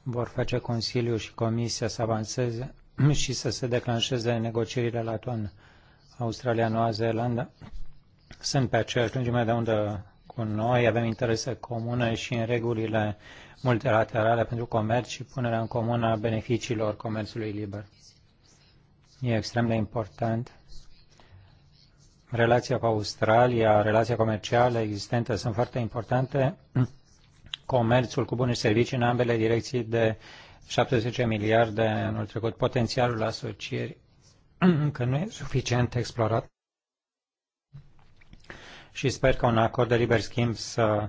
vor face Consiliu și Comisia să avanseze (clears throat) și să se declanșeze negocierile la toamnă. Australia, Noua Zeelandă sunt pe aceeași lungime de undă cu noi, avem interese comune și în regulile multilaterale pentru comerț și punerea în comun a beneficiilor comerțului liber. E extrem de important. Relația cu Australia, relația comercială existentă sunt foarte importante. Comerțul cu bune servicii în ambele direcții de 70 miliarde anul trecut, potențialul asocierii încă nu e suficient explorat și sper că un acord de liber schimb să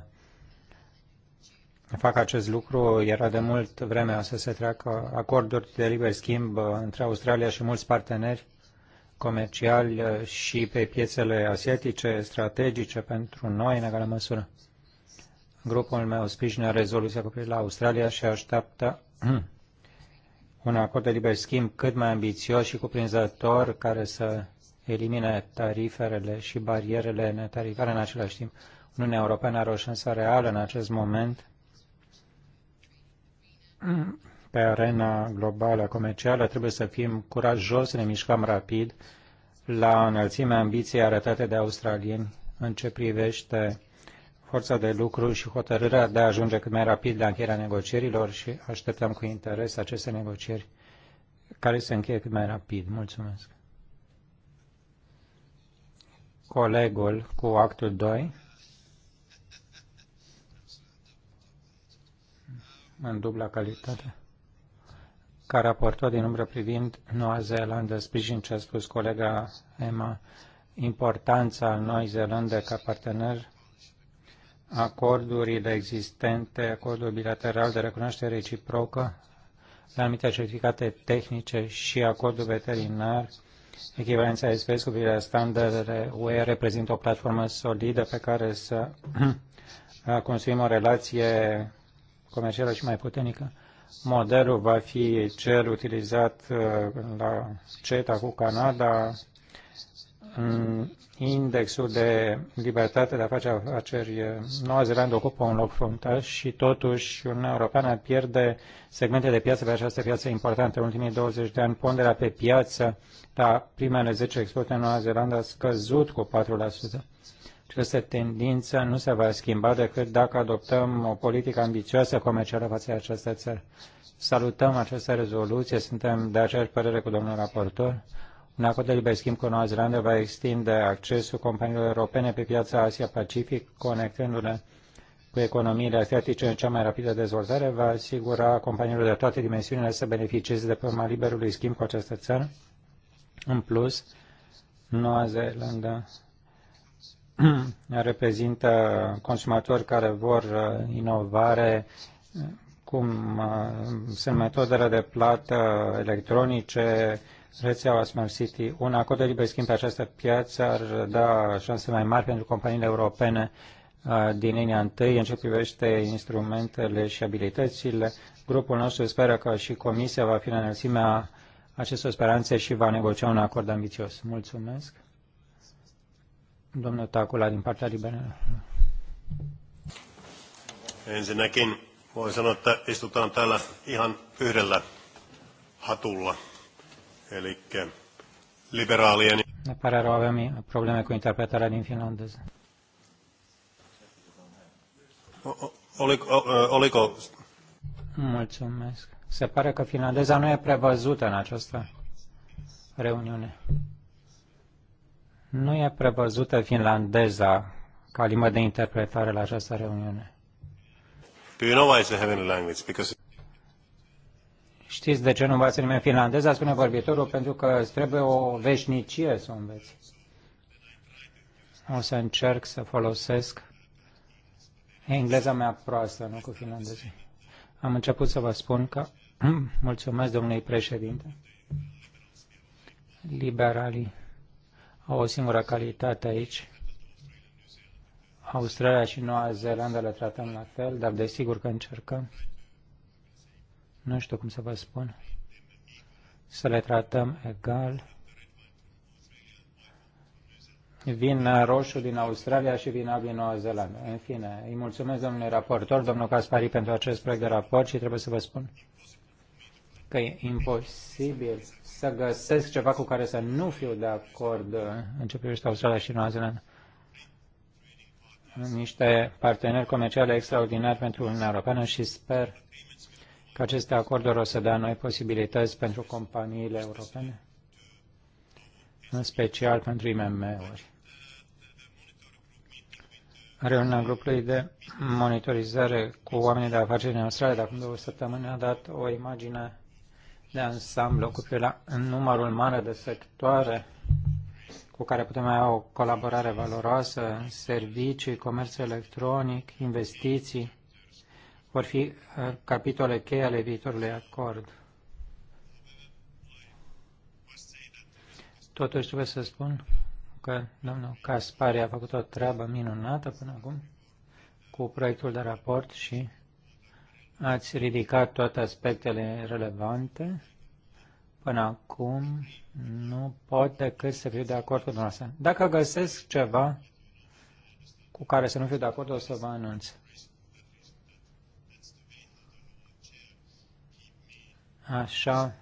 fac acest lucru. Era de mult vreme să se treacă acorduri de liber schimb între Australia și mulți parteneri comerciali și pe piețele asiatice strategice pentru noi în egală măsură. Grupul meu sprijină rezoluția cu privire la Australia și așteaptă (clears throat) un acord de liber schimb cât mai ambițios și cuprinzător care să elimine tarifele și barierele netarifare în același timp. Uniunea Europeană are o șansă reală în acest moment (clears throat) pe arena globală comercială. Trebuie să fim curajos, să ne mișcăm rapid la înălțimea ambiției arătate de australieni în ce privește forța de lucru și hotărârea de a ajunge cât mai rapid la încheierea negocierilor și așteptăm cu interes aceste negocieri care se încheie cât mai rapid. Mulțumesc! colegul cu actul 2 în dubla calitate ca raportor din umbră privind Noua Zeelandă, sprijin ce a spus colega Emma, importanța Noi Zeelandă ca partener, acordurile existente, acordul bilateral de recunoaștere reciprocă, anumite certificate tehnice și acordul veterinar Echivalența SPS cu privire la standardele UE reprezintă o platformă solidă pe care să (clears throat) construim o relație comercială și mai puternică. Modelul va fi cel utilizat uh, la CETA cu Canada, indexul de libertate de a face afaceri, Noua Zeelandă ocupă un loc fruntaș și totuși Uniunea Europeană pierde segmente de piață pe această piață importantă. În ultimii 20 de ani, ponderea pe piață la primele 10 exporte în Noua Zeelandă a scăzut cu 4%. Această tendință nu se va schimba decât dacă adoptăm o politică ambițioasă comercială față de această țară. Salutăm această rezoluție, suntem de aceeași părere cu domnul raportor în acord de liber schimb cu Noua Zeelandă va extinde accesul companiilor europene pe piața Asia-Pacific, conectându-le cu economiile asiatice în cea mai rapidă dezvoltare, va asigura companiilor de toate dimensiunile să beneficieze de forma liberului schimb cu această țară. În plus, Noua Zeelandă (clears throat) reprezintă consumatori care vor uh, inovare, cum uh, sunt metodele de plată electronice, rețeaua Smart City. Un acord de liber schimb pe această piață ar da șanse mai mari pentru companiile europene uh, din linia întâi în ce privește instrumentele și abilitățile. Grupul nostru speră că și Comisia va fi în înălțimea acestor speranțe și va negocia un acord ambițios. Mulțumesc. Domnul Tacula, din partea liberă. Ensinnäkin voin sanoa, että istutaan täällä ihan yhdellä hatulla. Eli liberaalien... Ne pare rău, avem probleme cu interpretarea din finlandeză. Oliko, Mulțumesc. Se pare că finlandeza nu e prevăzută în această reuniune. Nu e prevăzută finlandeza ca limba de interpretare la această reuniune. Do you know why it's a heavenly language? Because Știți de ce nu învață nimeni finlandeza, spune vorbitorul, pentru că îți trebuie o veșnicie să o înveți. O să încerc să folosesc engleza mea proastă, nu cu finlandezii. Am început să vă spun că (clears throat) mulțumesc domnului președinte. Liberalii au o singură calitate aici. Australia și Noua Zeelandă le tratăm la fel, dar desigur că încercăm nu știu cum să vă spun, să le tratăm egal. Vin roșu din Australia și vin alb din Noua Zeelandă. În fine, îi mulțumesc domnului raportor, domnul Caspari, pentru acest proiect de raport și trebuie să vă spun că e imposibil să găsesc ceva cu care să nu fiu de acord în ce privește Australia și Noua Zeelandă. Niște parteneri comerciale extraordinari pentru Uniunea Europeană și sper că aceste acorduri o să dea noi posibilități pentru companiile europene, în special pentru IMM-uri. Reuniunea grupului de monitorizare cu oamenii de afaceri în Australia de acum două săptămâni a dat o imagine de ansamblu cu la numărul mare de sectoare cu care putem avea o colaborare valoroasă, servicii, comerț electronic, investiții, vor fi uh, capitole cheie ale viitorului acord. Totuși trebuie să spun că domnul Caspari a făcut o treabă minunată până acum cu proiectul de raport și ați ridicat toate aspectele relevante. Până acum nu pot decât să fiu de acord cu dumneavoastră. Dacă găsesc ceva cu care să nu fiu de acord, o să vă anunț. Așa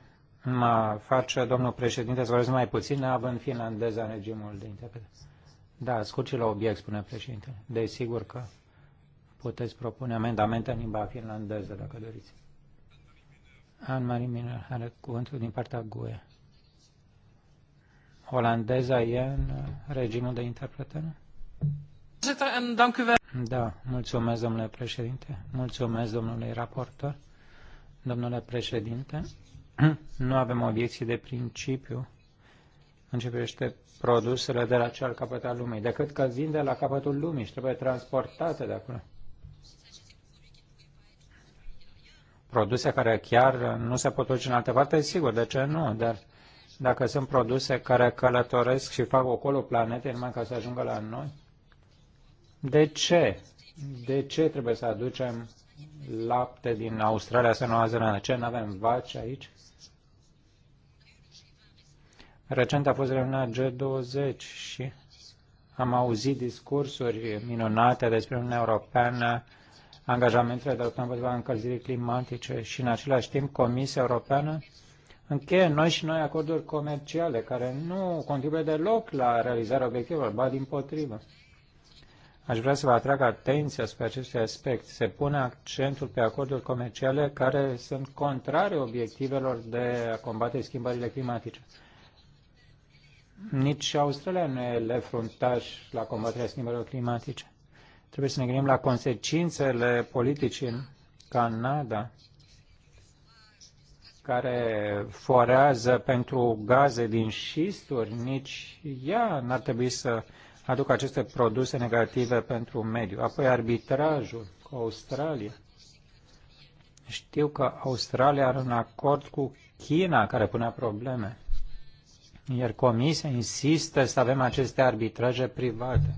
mă face domnul președinte să vorbesc mai puțin, având finlandeza regimul de interpretare. Da, scurci la obiect, spune președintele. Desigur că puteți propune amendamente în limba finlandeză, dacă doriți. Anne-Marie Miner are cuvântul din partea GUE. Olandeza e în regimul de interpretare? Da, mulțumesc, domnule președinte. Mulțumesc, domnului raportor. Domnule președinte, nu avem obiecții de principiu în ce privește produsele de la cel capăt al lumii, decât că vin de la capătul lumii și trebuie transportate de acolo. Produse care chiar nu se pot duce în altă parte, sigur, de ce nu, dar dacă sunt produse care călătoresc și fac ocolul planetei numai ca să ajungă la noi, de ce? De ce trebuie să aducem lapte din Australia sau Noua Zeelandă. Ce, nu avem vaci aici? Recent a fost reuniunea G20 și am auzit discursuri minunate despre Uniunea Europeană, angajamentele de luptă împotriva încălzirii climatice și în același timp Comisia Europeană încheie noi și noi acorduri comerciale care nu contribuie deloc la realizarea obiectivelor, ba din potrivă. Aș vrea să vă atrag atenția spre acest aspect. Se pune accentul pe acorduri comerciale care sunt contrare obiectivelor de a combate schimbările climatice. Nici Australia nu e le fruntaș la combaterea schimbărilor climatice. Trebuie să ne gândim la consecințele politicii în Canada care forează pentru gaze din șisturi, nici ea n-ar trebui să uh, aduc aceste produse negative pentru mediu. Apoi arbitrajul cu Australia. Știu că Australia are un acord cu China care pune probleme. Iar Comisia insistă să avem aceste arbitraje private.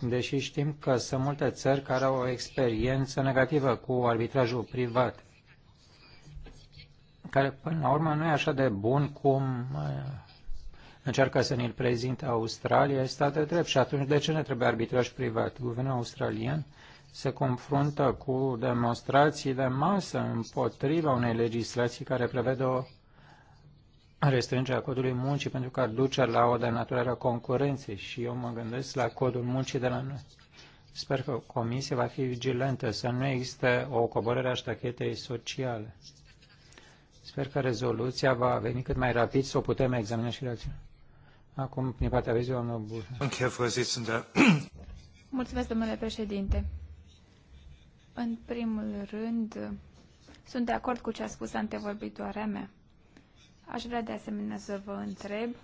Deși știm că sunt multe țări care au o experiență negativă cu arbitrajul privat, care până la urmă nu e așa de bun cum încearcă să ne-l prezinte Australia, este de drept. Și atunci de ce ne trebuie arbitraj privat? Guvernul australian se confruntă cu demonstrații de masă împotriva unei legislații care prevede o restrângere a codului muncii pentru că ar duce la o denaturare a concurenței și eu mă gândesc la codul muncii de la noi. Sper că comisia va fi vigilentă să nu existe o coborare a ștachetei sociale. Sper că rezoluția va veni cât mai rapid să o putem examina și reacționa. Acum, partea doamna Mulțumesc, domnule președinte. În primul rând, sunt de acord cu ce a spus antevorbitoarea mea. Aș vrea de asemenea să vă întreb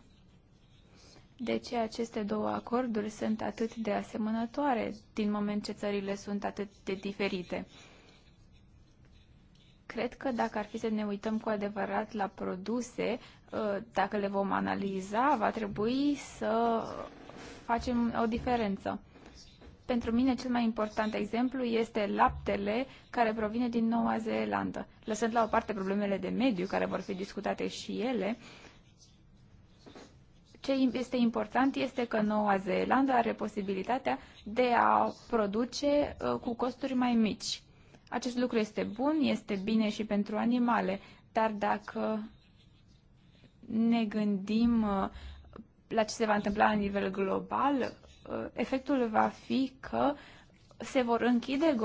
de ce aceste două acorduri sunt atât de asemănătoare, din moment ce țările sunt atât de diferite. Cred că dacă ar fi să ne uităm cu adevărat la produse, ă, dacă le vom analiza, va trebui să facem o diferență. Pentru mine cel mai important exemplu este laptele care provine din Noua Zeelandă. Lăsând la o parte problemele de mediu, care vor fi discutate și ele, ce este important este că Noua Zeelandă are posibilitatea de a produce ă, cu costuri mai mici. Acest lucru este bun, este bine și pentru animale, dar dacă ne gândim uh, la ce se va întâmpla la nivel global, uh, efectul va fi că se vor închide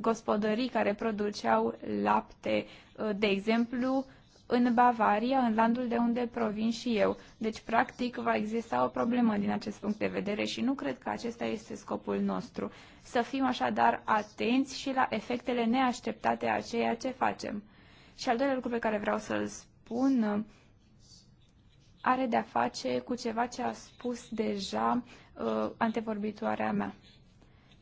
gospodării care produceau lapte, uh, de exemplu, în Bavaria, în landul de unde provin și eu. Deci, practic, va exista o problemă din acest punct de vedere și nu cred că acesta este scopul nostru. Să fim așadar atenți și la efectele neașteptate a ceea ce facem. Și al doilea lucru pe care vreau să-l spun uh, are de-a face cu ceva ce a spus deja uh, antevorbitoarea mea.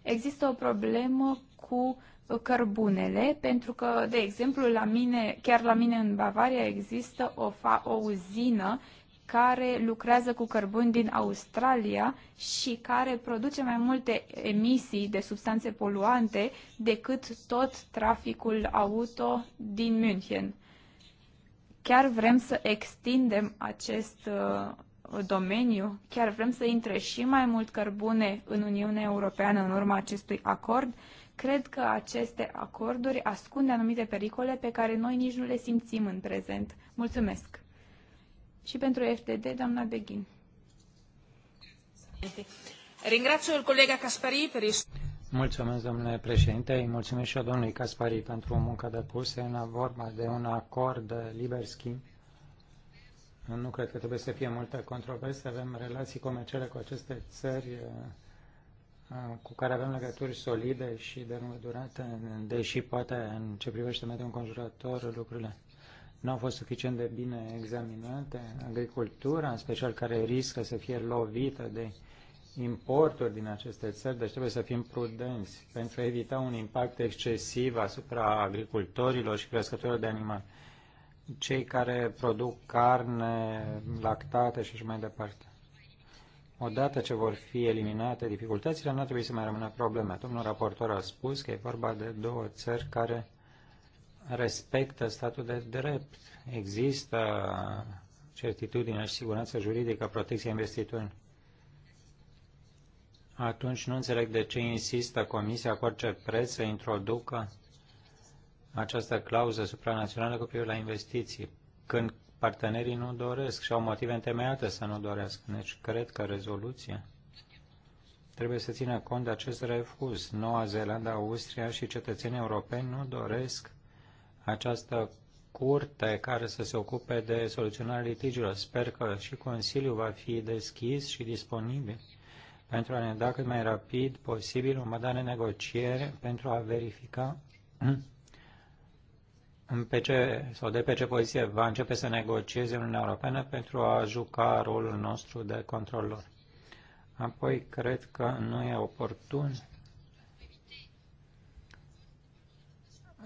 Există o problemă cu cărbunele, pentru că, de exemplu, la mine, chiar la mine în Bavaria există o, fa- o uzină care lucrează cu cărbuni din Australia și care produce mai multe emisii de substanțe poluante decât tot traficul auto din München. Chiar vrem să extindem acest uh, domeniu, chiar vrem să intre și mai mult cărbune în Uniunea Europeană în urma acestui acord Cred că aceste acorduri ascund anumite pericole pe care noi nici nu le simțim în prezent. Mulțumesc. Și pentru FDD, doamna Beghin. Ringrazio il collega Caspari per il... Mulțumesc, domnule președinte. Îi mulțumesc și eu domnului Caspari pentru munca depusă. În vorba de un acord de liber schimb. Nu cred că trebuie să fie multă controversă. Avem relații comerciale cu aceste țări cu care avem legături solide și de lungă durată, deși poate în ce privește mediul înconjurător lucrurile nu au fost suficient de bine examinate. Agricultura, în special, care riscă să fie lovită de importuri din aceste țări, deci trebuie să fim prudenți pentru a evita un impact excesiv asupra agricultorilor și crescătorilor de animale, cei care produc carne, lactate și așa mai departe. Odată ce vor fi eliminate dificultățile, nu trebuie să mai rămână probleme. Domnul raportor a spus că e vorba de două țări care respectă statul de drept. Există certitudine și siguranță juridică, protecția investitorilor. Atunci nu înțeleg de ce insistă Comisia cu orice preț să introducă această clauză supranațională cu privire la investiții, când partenerii nu doresc și au motive întemeiate să nu dorească. Deci cred că rezoluția trebuie să țină cont de acest refuz. Noua Zeelandă, Austria și cetățenii europeni nu doresc această curte care să se ocupe de soluționarea litigiilor. Sper că și Consiliul va fi deschis și disponibil pentru a ne da cât mai rapid posibil o mandat de negociere pentru a verifica (clears throat) pe ce, sau de pe ce poziție va începe să negocieze Uniunea Europeană pentru a juca rolul nostru de controlor. Apoi, cred că nu e oportun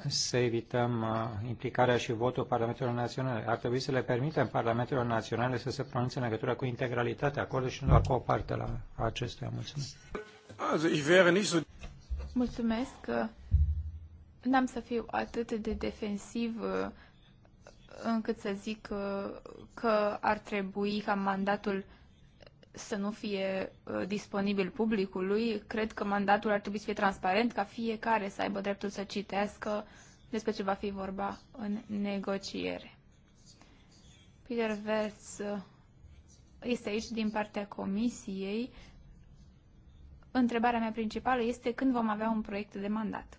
să evităm uh, implicarea și votul Parlamentelor Naționale. Ar trebui să le permitem Parlamentelor Naționale să se pronunțe în legătură cu integralitatea acordului și nu doar cu o parte la acestuia. Mulțumesc. Mulțumesc. N-am să fiu atât de defensiv uh, încât să zic uh, că ar trebui ca mandatul să nu fie uh, disponibil publicului. Cred că mandatul ar trebui să fie transparent, ca fiecare să aibă dreptul să citească despre ce va fi vorba în negociere. Peter Vers este aici din partea comisiei. Întrebarea mea principală este când vom avea un proiect de mandat.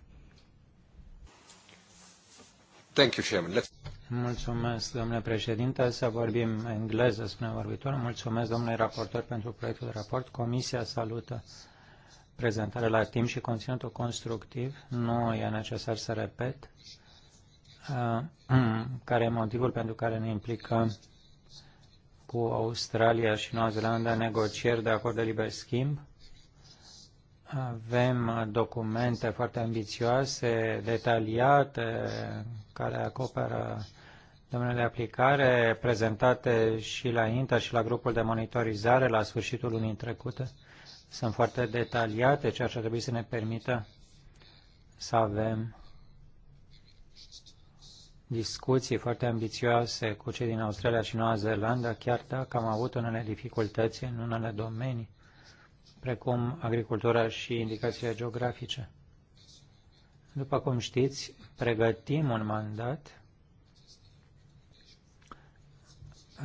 Mulțumesc, domnule președinte. Să vorbim engleză, spune vorbitorul. Mulțumesc, domnule raportor, pentru proiectul de raport. Comisia salută prezentarea la timp și conținutul constructiv. Nu e necesar să repet uh, (clears throat) care e motivul pentru care ne implicăm cu Australia și Noua Zeelandă negocieri de acord de liber schimb. Avem documente foarte ambițioase, detaliate, care acoperă domeniul de aplicare prezentate și la INTA și la grupul de monitorizare la sfârșitul lunii trecute sunt foarte detaliate, ceea ce ar trebui să ne permită să avem discuții foarte ambițioase cu cei din Australia și Noua Zeelandă, chiar dacă am avut unele dificultăți în unele domenii, precum agricultura și indicațiile geografice. După cum știți, pregătim un mandat.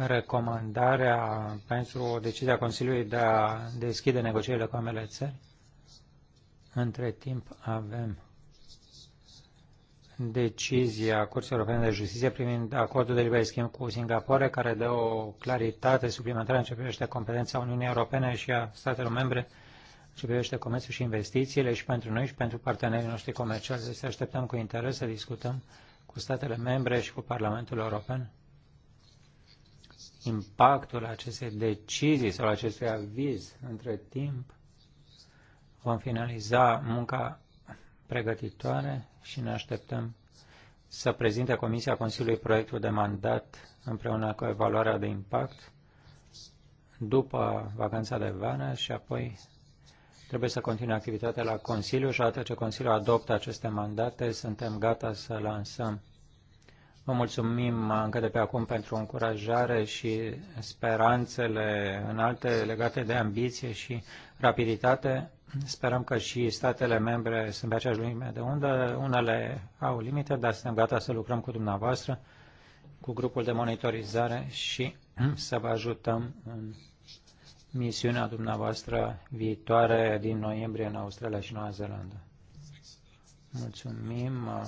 Recomandarea pentru decizia Consiliului de a deschide negocierile cu ambele țări. Între timp avem decizia Curții Europene de Justiție privind acordul de liber schimb cu Singapore, care dă o claritate suplimentară în ce privește competența Uniunii Europene și a statelor membre ce privește comerțul și investițiile și pentru noi și pentru partenerii noștri comerciali. Deci așteptăm cu interes să discutăm cu statele membre și cu Parlamentul European impactul acestei decizii sau acestui aviz. Între timp vom finaliza munca pregătitoare și ne așteptăm să prezinte Comisia Consiliului proiectul de mandat împreună cu evaluarea de impact după vacanța de vară și apoi Trebuie să continue activitatea la Consiliu și atât ce Consiliul adoptă aceste mandate, suntem gata să lansăm. Vă mulțumim încă de pe acum pentru încurajare și speranțele înalte legate de ambiție și rapiditate. Sperăm că și statele membre sunt pe aceeași lume de undă. Unele au limite, dar suntem gata să lucrăm cu dumneavoastră, cu grupul de monitorizare și să vă ajutăm în misiunea dumneavoastră viitoare din noiembrie în Australia și Noua Zeelandă. Mulțumim uh,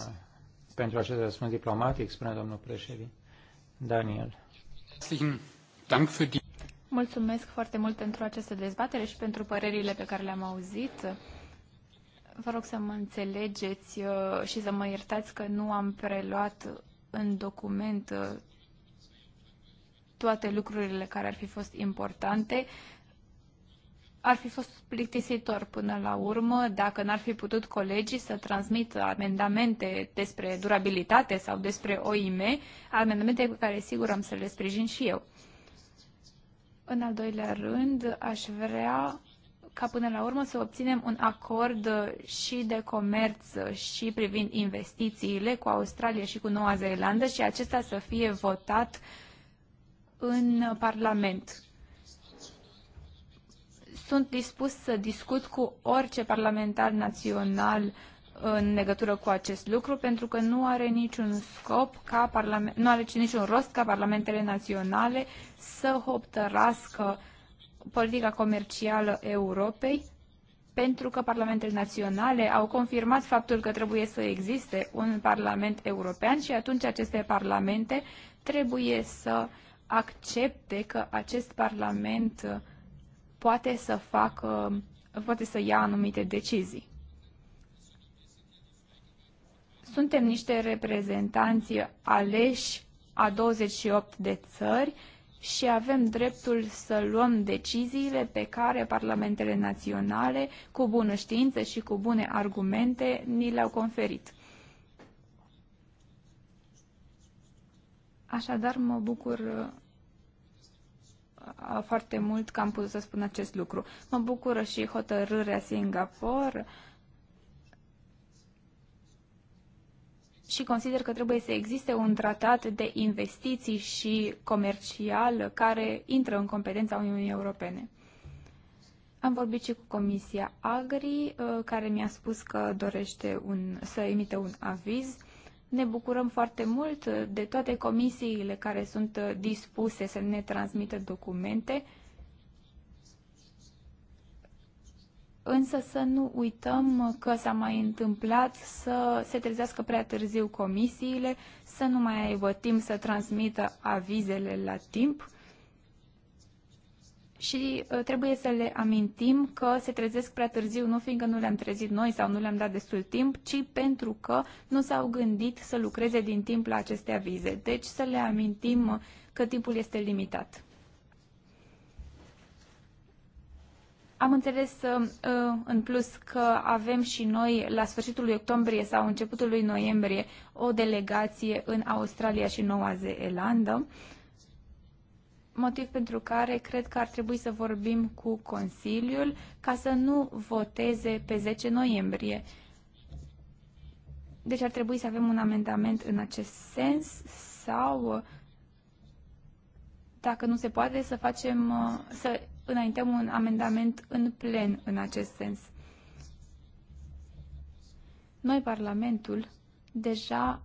pentru acest răspuns diplomatic, spune domnul președinte. Daniel. Mulțumesc foarte mult pentru aceste dezbatere și pentru părerile pe care le-am auzit. Vă rog să mă înțelegeți uh, și să mă iertați că nu am preluat în document uh, toate lucrurile care ar fi fost importante ar fi fost plictisitor până la urmă dacă n-ar fi putut colegii să transmită amendamente despre durabilitate sau despre OIM, amendamente pe care sigur am să le sprijin și eu. În al doilea rând, aș vrea ca până la urmă să obținem un acord și de comerț și privind investițiile cu Australia și cu Noua Zeelandă și acesta să fie votat în Parlament sunt dispus să discut cu orice parlamentar național în legătură cu acest lucru, pentru că nu are niciun scop ca parlament, nu are niciun rost ca parlamentele naționale să hotărască politica comercială Europei, pentru că parlamentele naționale au confirmat faptul că trebuie să existe un parlament european și atunci aceste parlamente trebuie să accepte că acest parlament poate să facă, poate să ia anumite decizii. Suntem niște reprezentanți aleși a 28 de țări și avem dreptul să luăm deciziile pe care parlamentele naționale, cu bună știință și cu bune argumente, ni le-au conferit. Așadar, mă bucur foarte mult că am putut să spun acest lucru. Mă bucură și hotărârea Singapore și consider că trebuie să existe un tratat de investiții și comercial care intră în competența Uniunii Europene. Am vorbit și cu Comisia Agri, uh, care mi-a spus că dorește un, să emite un aviz. Ne bucurăm foarte mult uh, de toate comisiile care sunt uh, dispuse să ne transmită documente, însă să nu uităm că s-a mai întâmplat să se trezească prea târziu comisiile, să nu mai aibă timp să transmită avizele la timp și uh, trebuie să le amintim că se trezesc prea târziu, nu fiindcă nu le-am trezit noi sau nu le-am dat destul timp, ci pentru că nu s-au gândit să lucreze din timp la aceste avize. Deci să le amintim că timpul este limitat. Am înțeles uh, uh, în plus că avem și noi la sfârșitul lui octombrie sau începutul lui noiembrie o delegație în Australia și Noua Zeelandă motiv pentru care cred că ar trebui să vorbim cu Consiliul ca să nu voteze pe 10 noiembrie. Deci ar trebui să avem un amendament în acest sens sau, dacă nu se poate, să facem, să înaintăm un amendament în plen în acest sens. Noi, Parlamentul, deja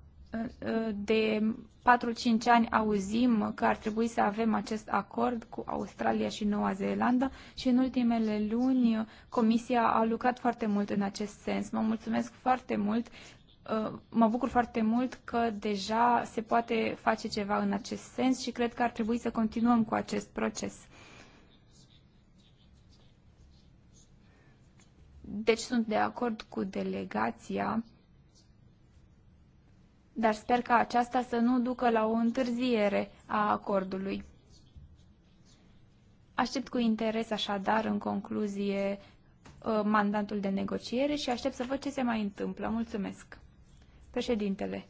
de 4-5 ani auzim că ar trebui să avem acest acord cu Australia și Noua Zeelandă și în ultimele luni Comisia a lucrat foarte mult în acest sens. Mă mulțumesc foarte mult, uh, mă bucur foarte mult că deja se poate face ceva în acest sens și cred că ar trebui să continuăm cu acest proces. Deci sunt de acord cu delegația dar sper ca aceasta să nu ducă la o întârziere a acordului. Aștept cu interes așadar, în concluzie, ă, mandatul de negociere și aștept să văd ce se mai întâmplă. Mulțumesc. Președintele,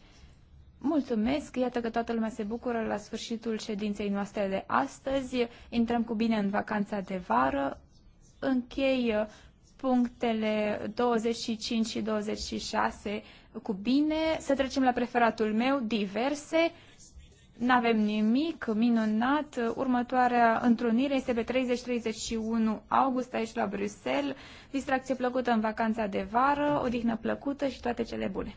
mulțumesc. Iată că toată lumea se bucură la sfârșitul ședinței noastre de astăzi. Intrăm cu bine în vacanța de vară. Închei ă, punctele 25 și 26 cu bine. Să trecem la preferatul meu, diverse. N-avem nimic, minunat. Următoarea întrunire este pe 30-31 august aici la Bruxelles. Distracție plăcută în vacanța de vară, odihnă plăcută și toate cele bune.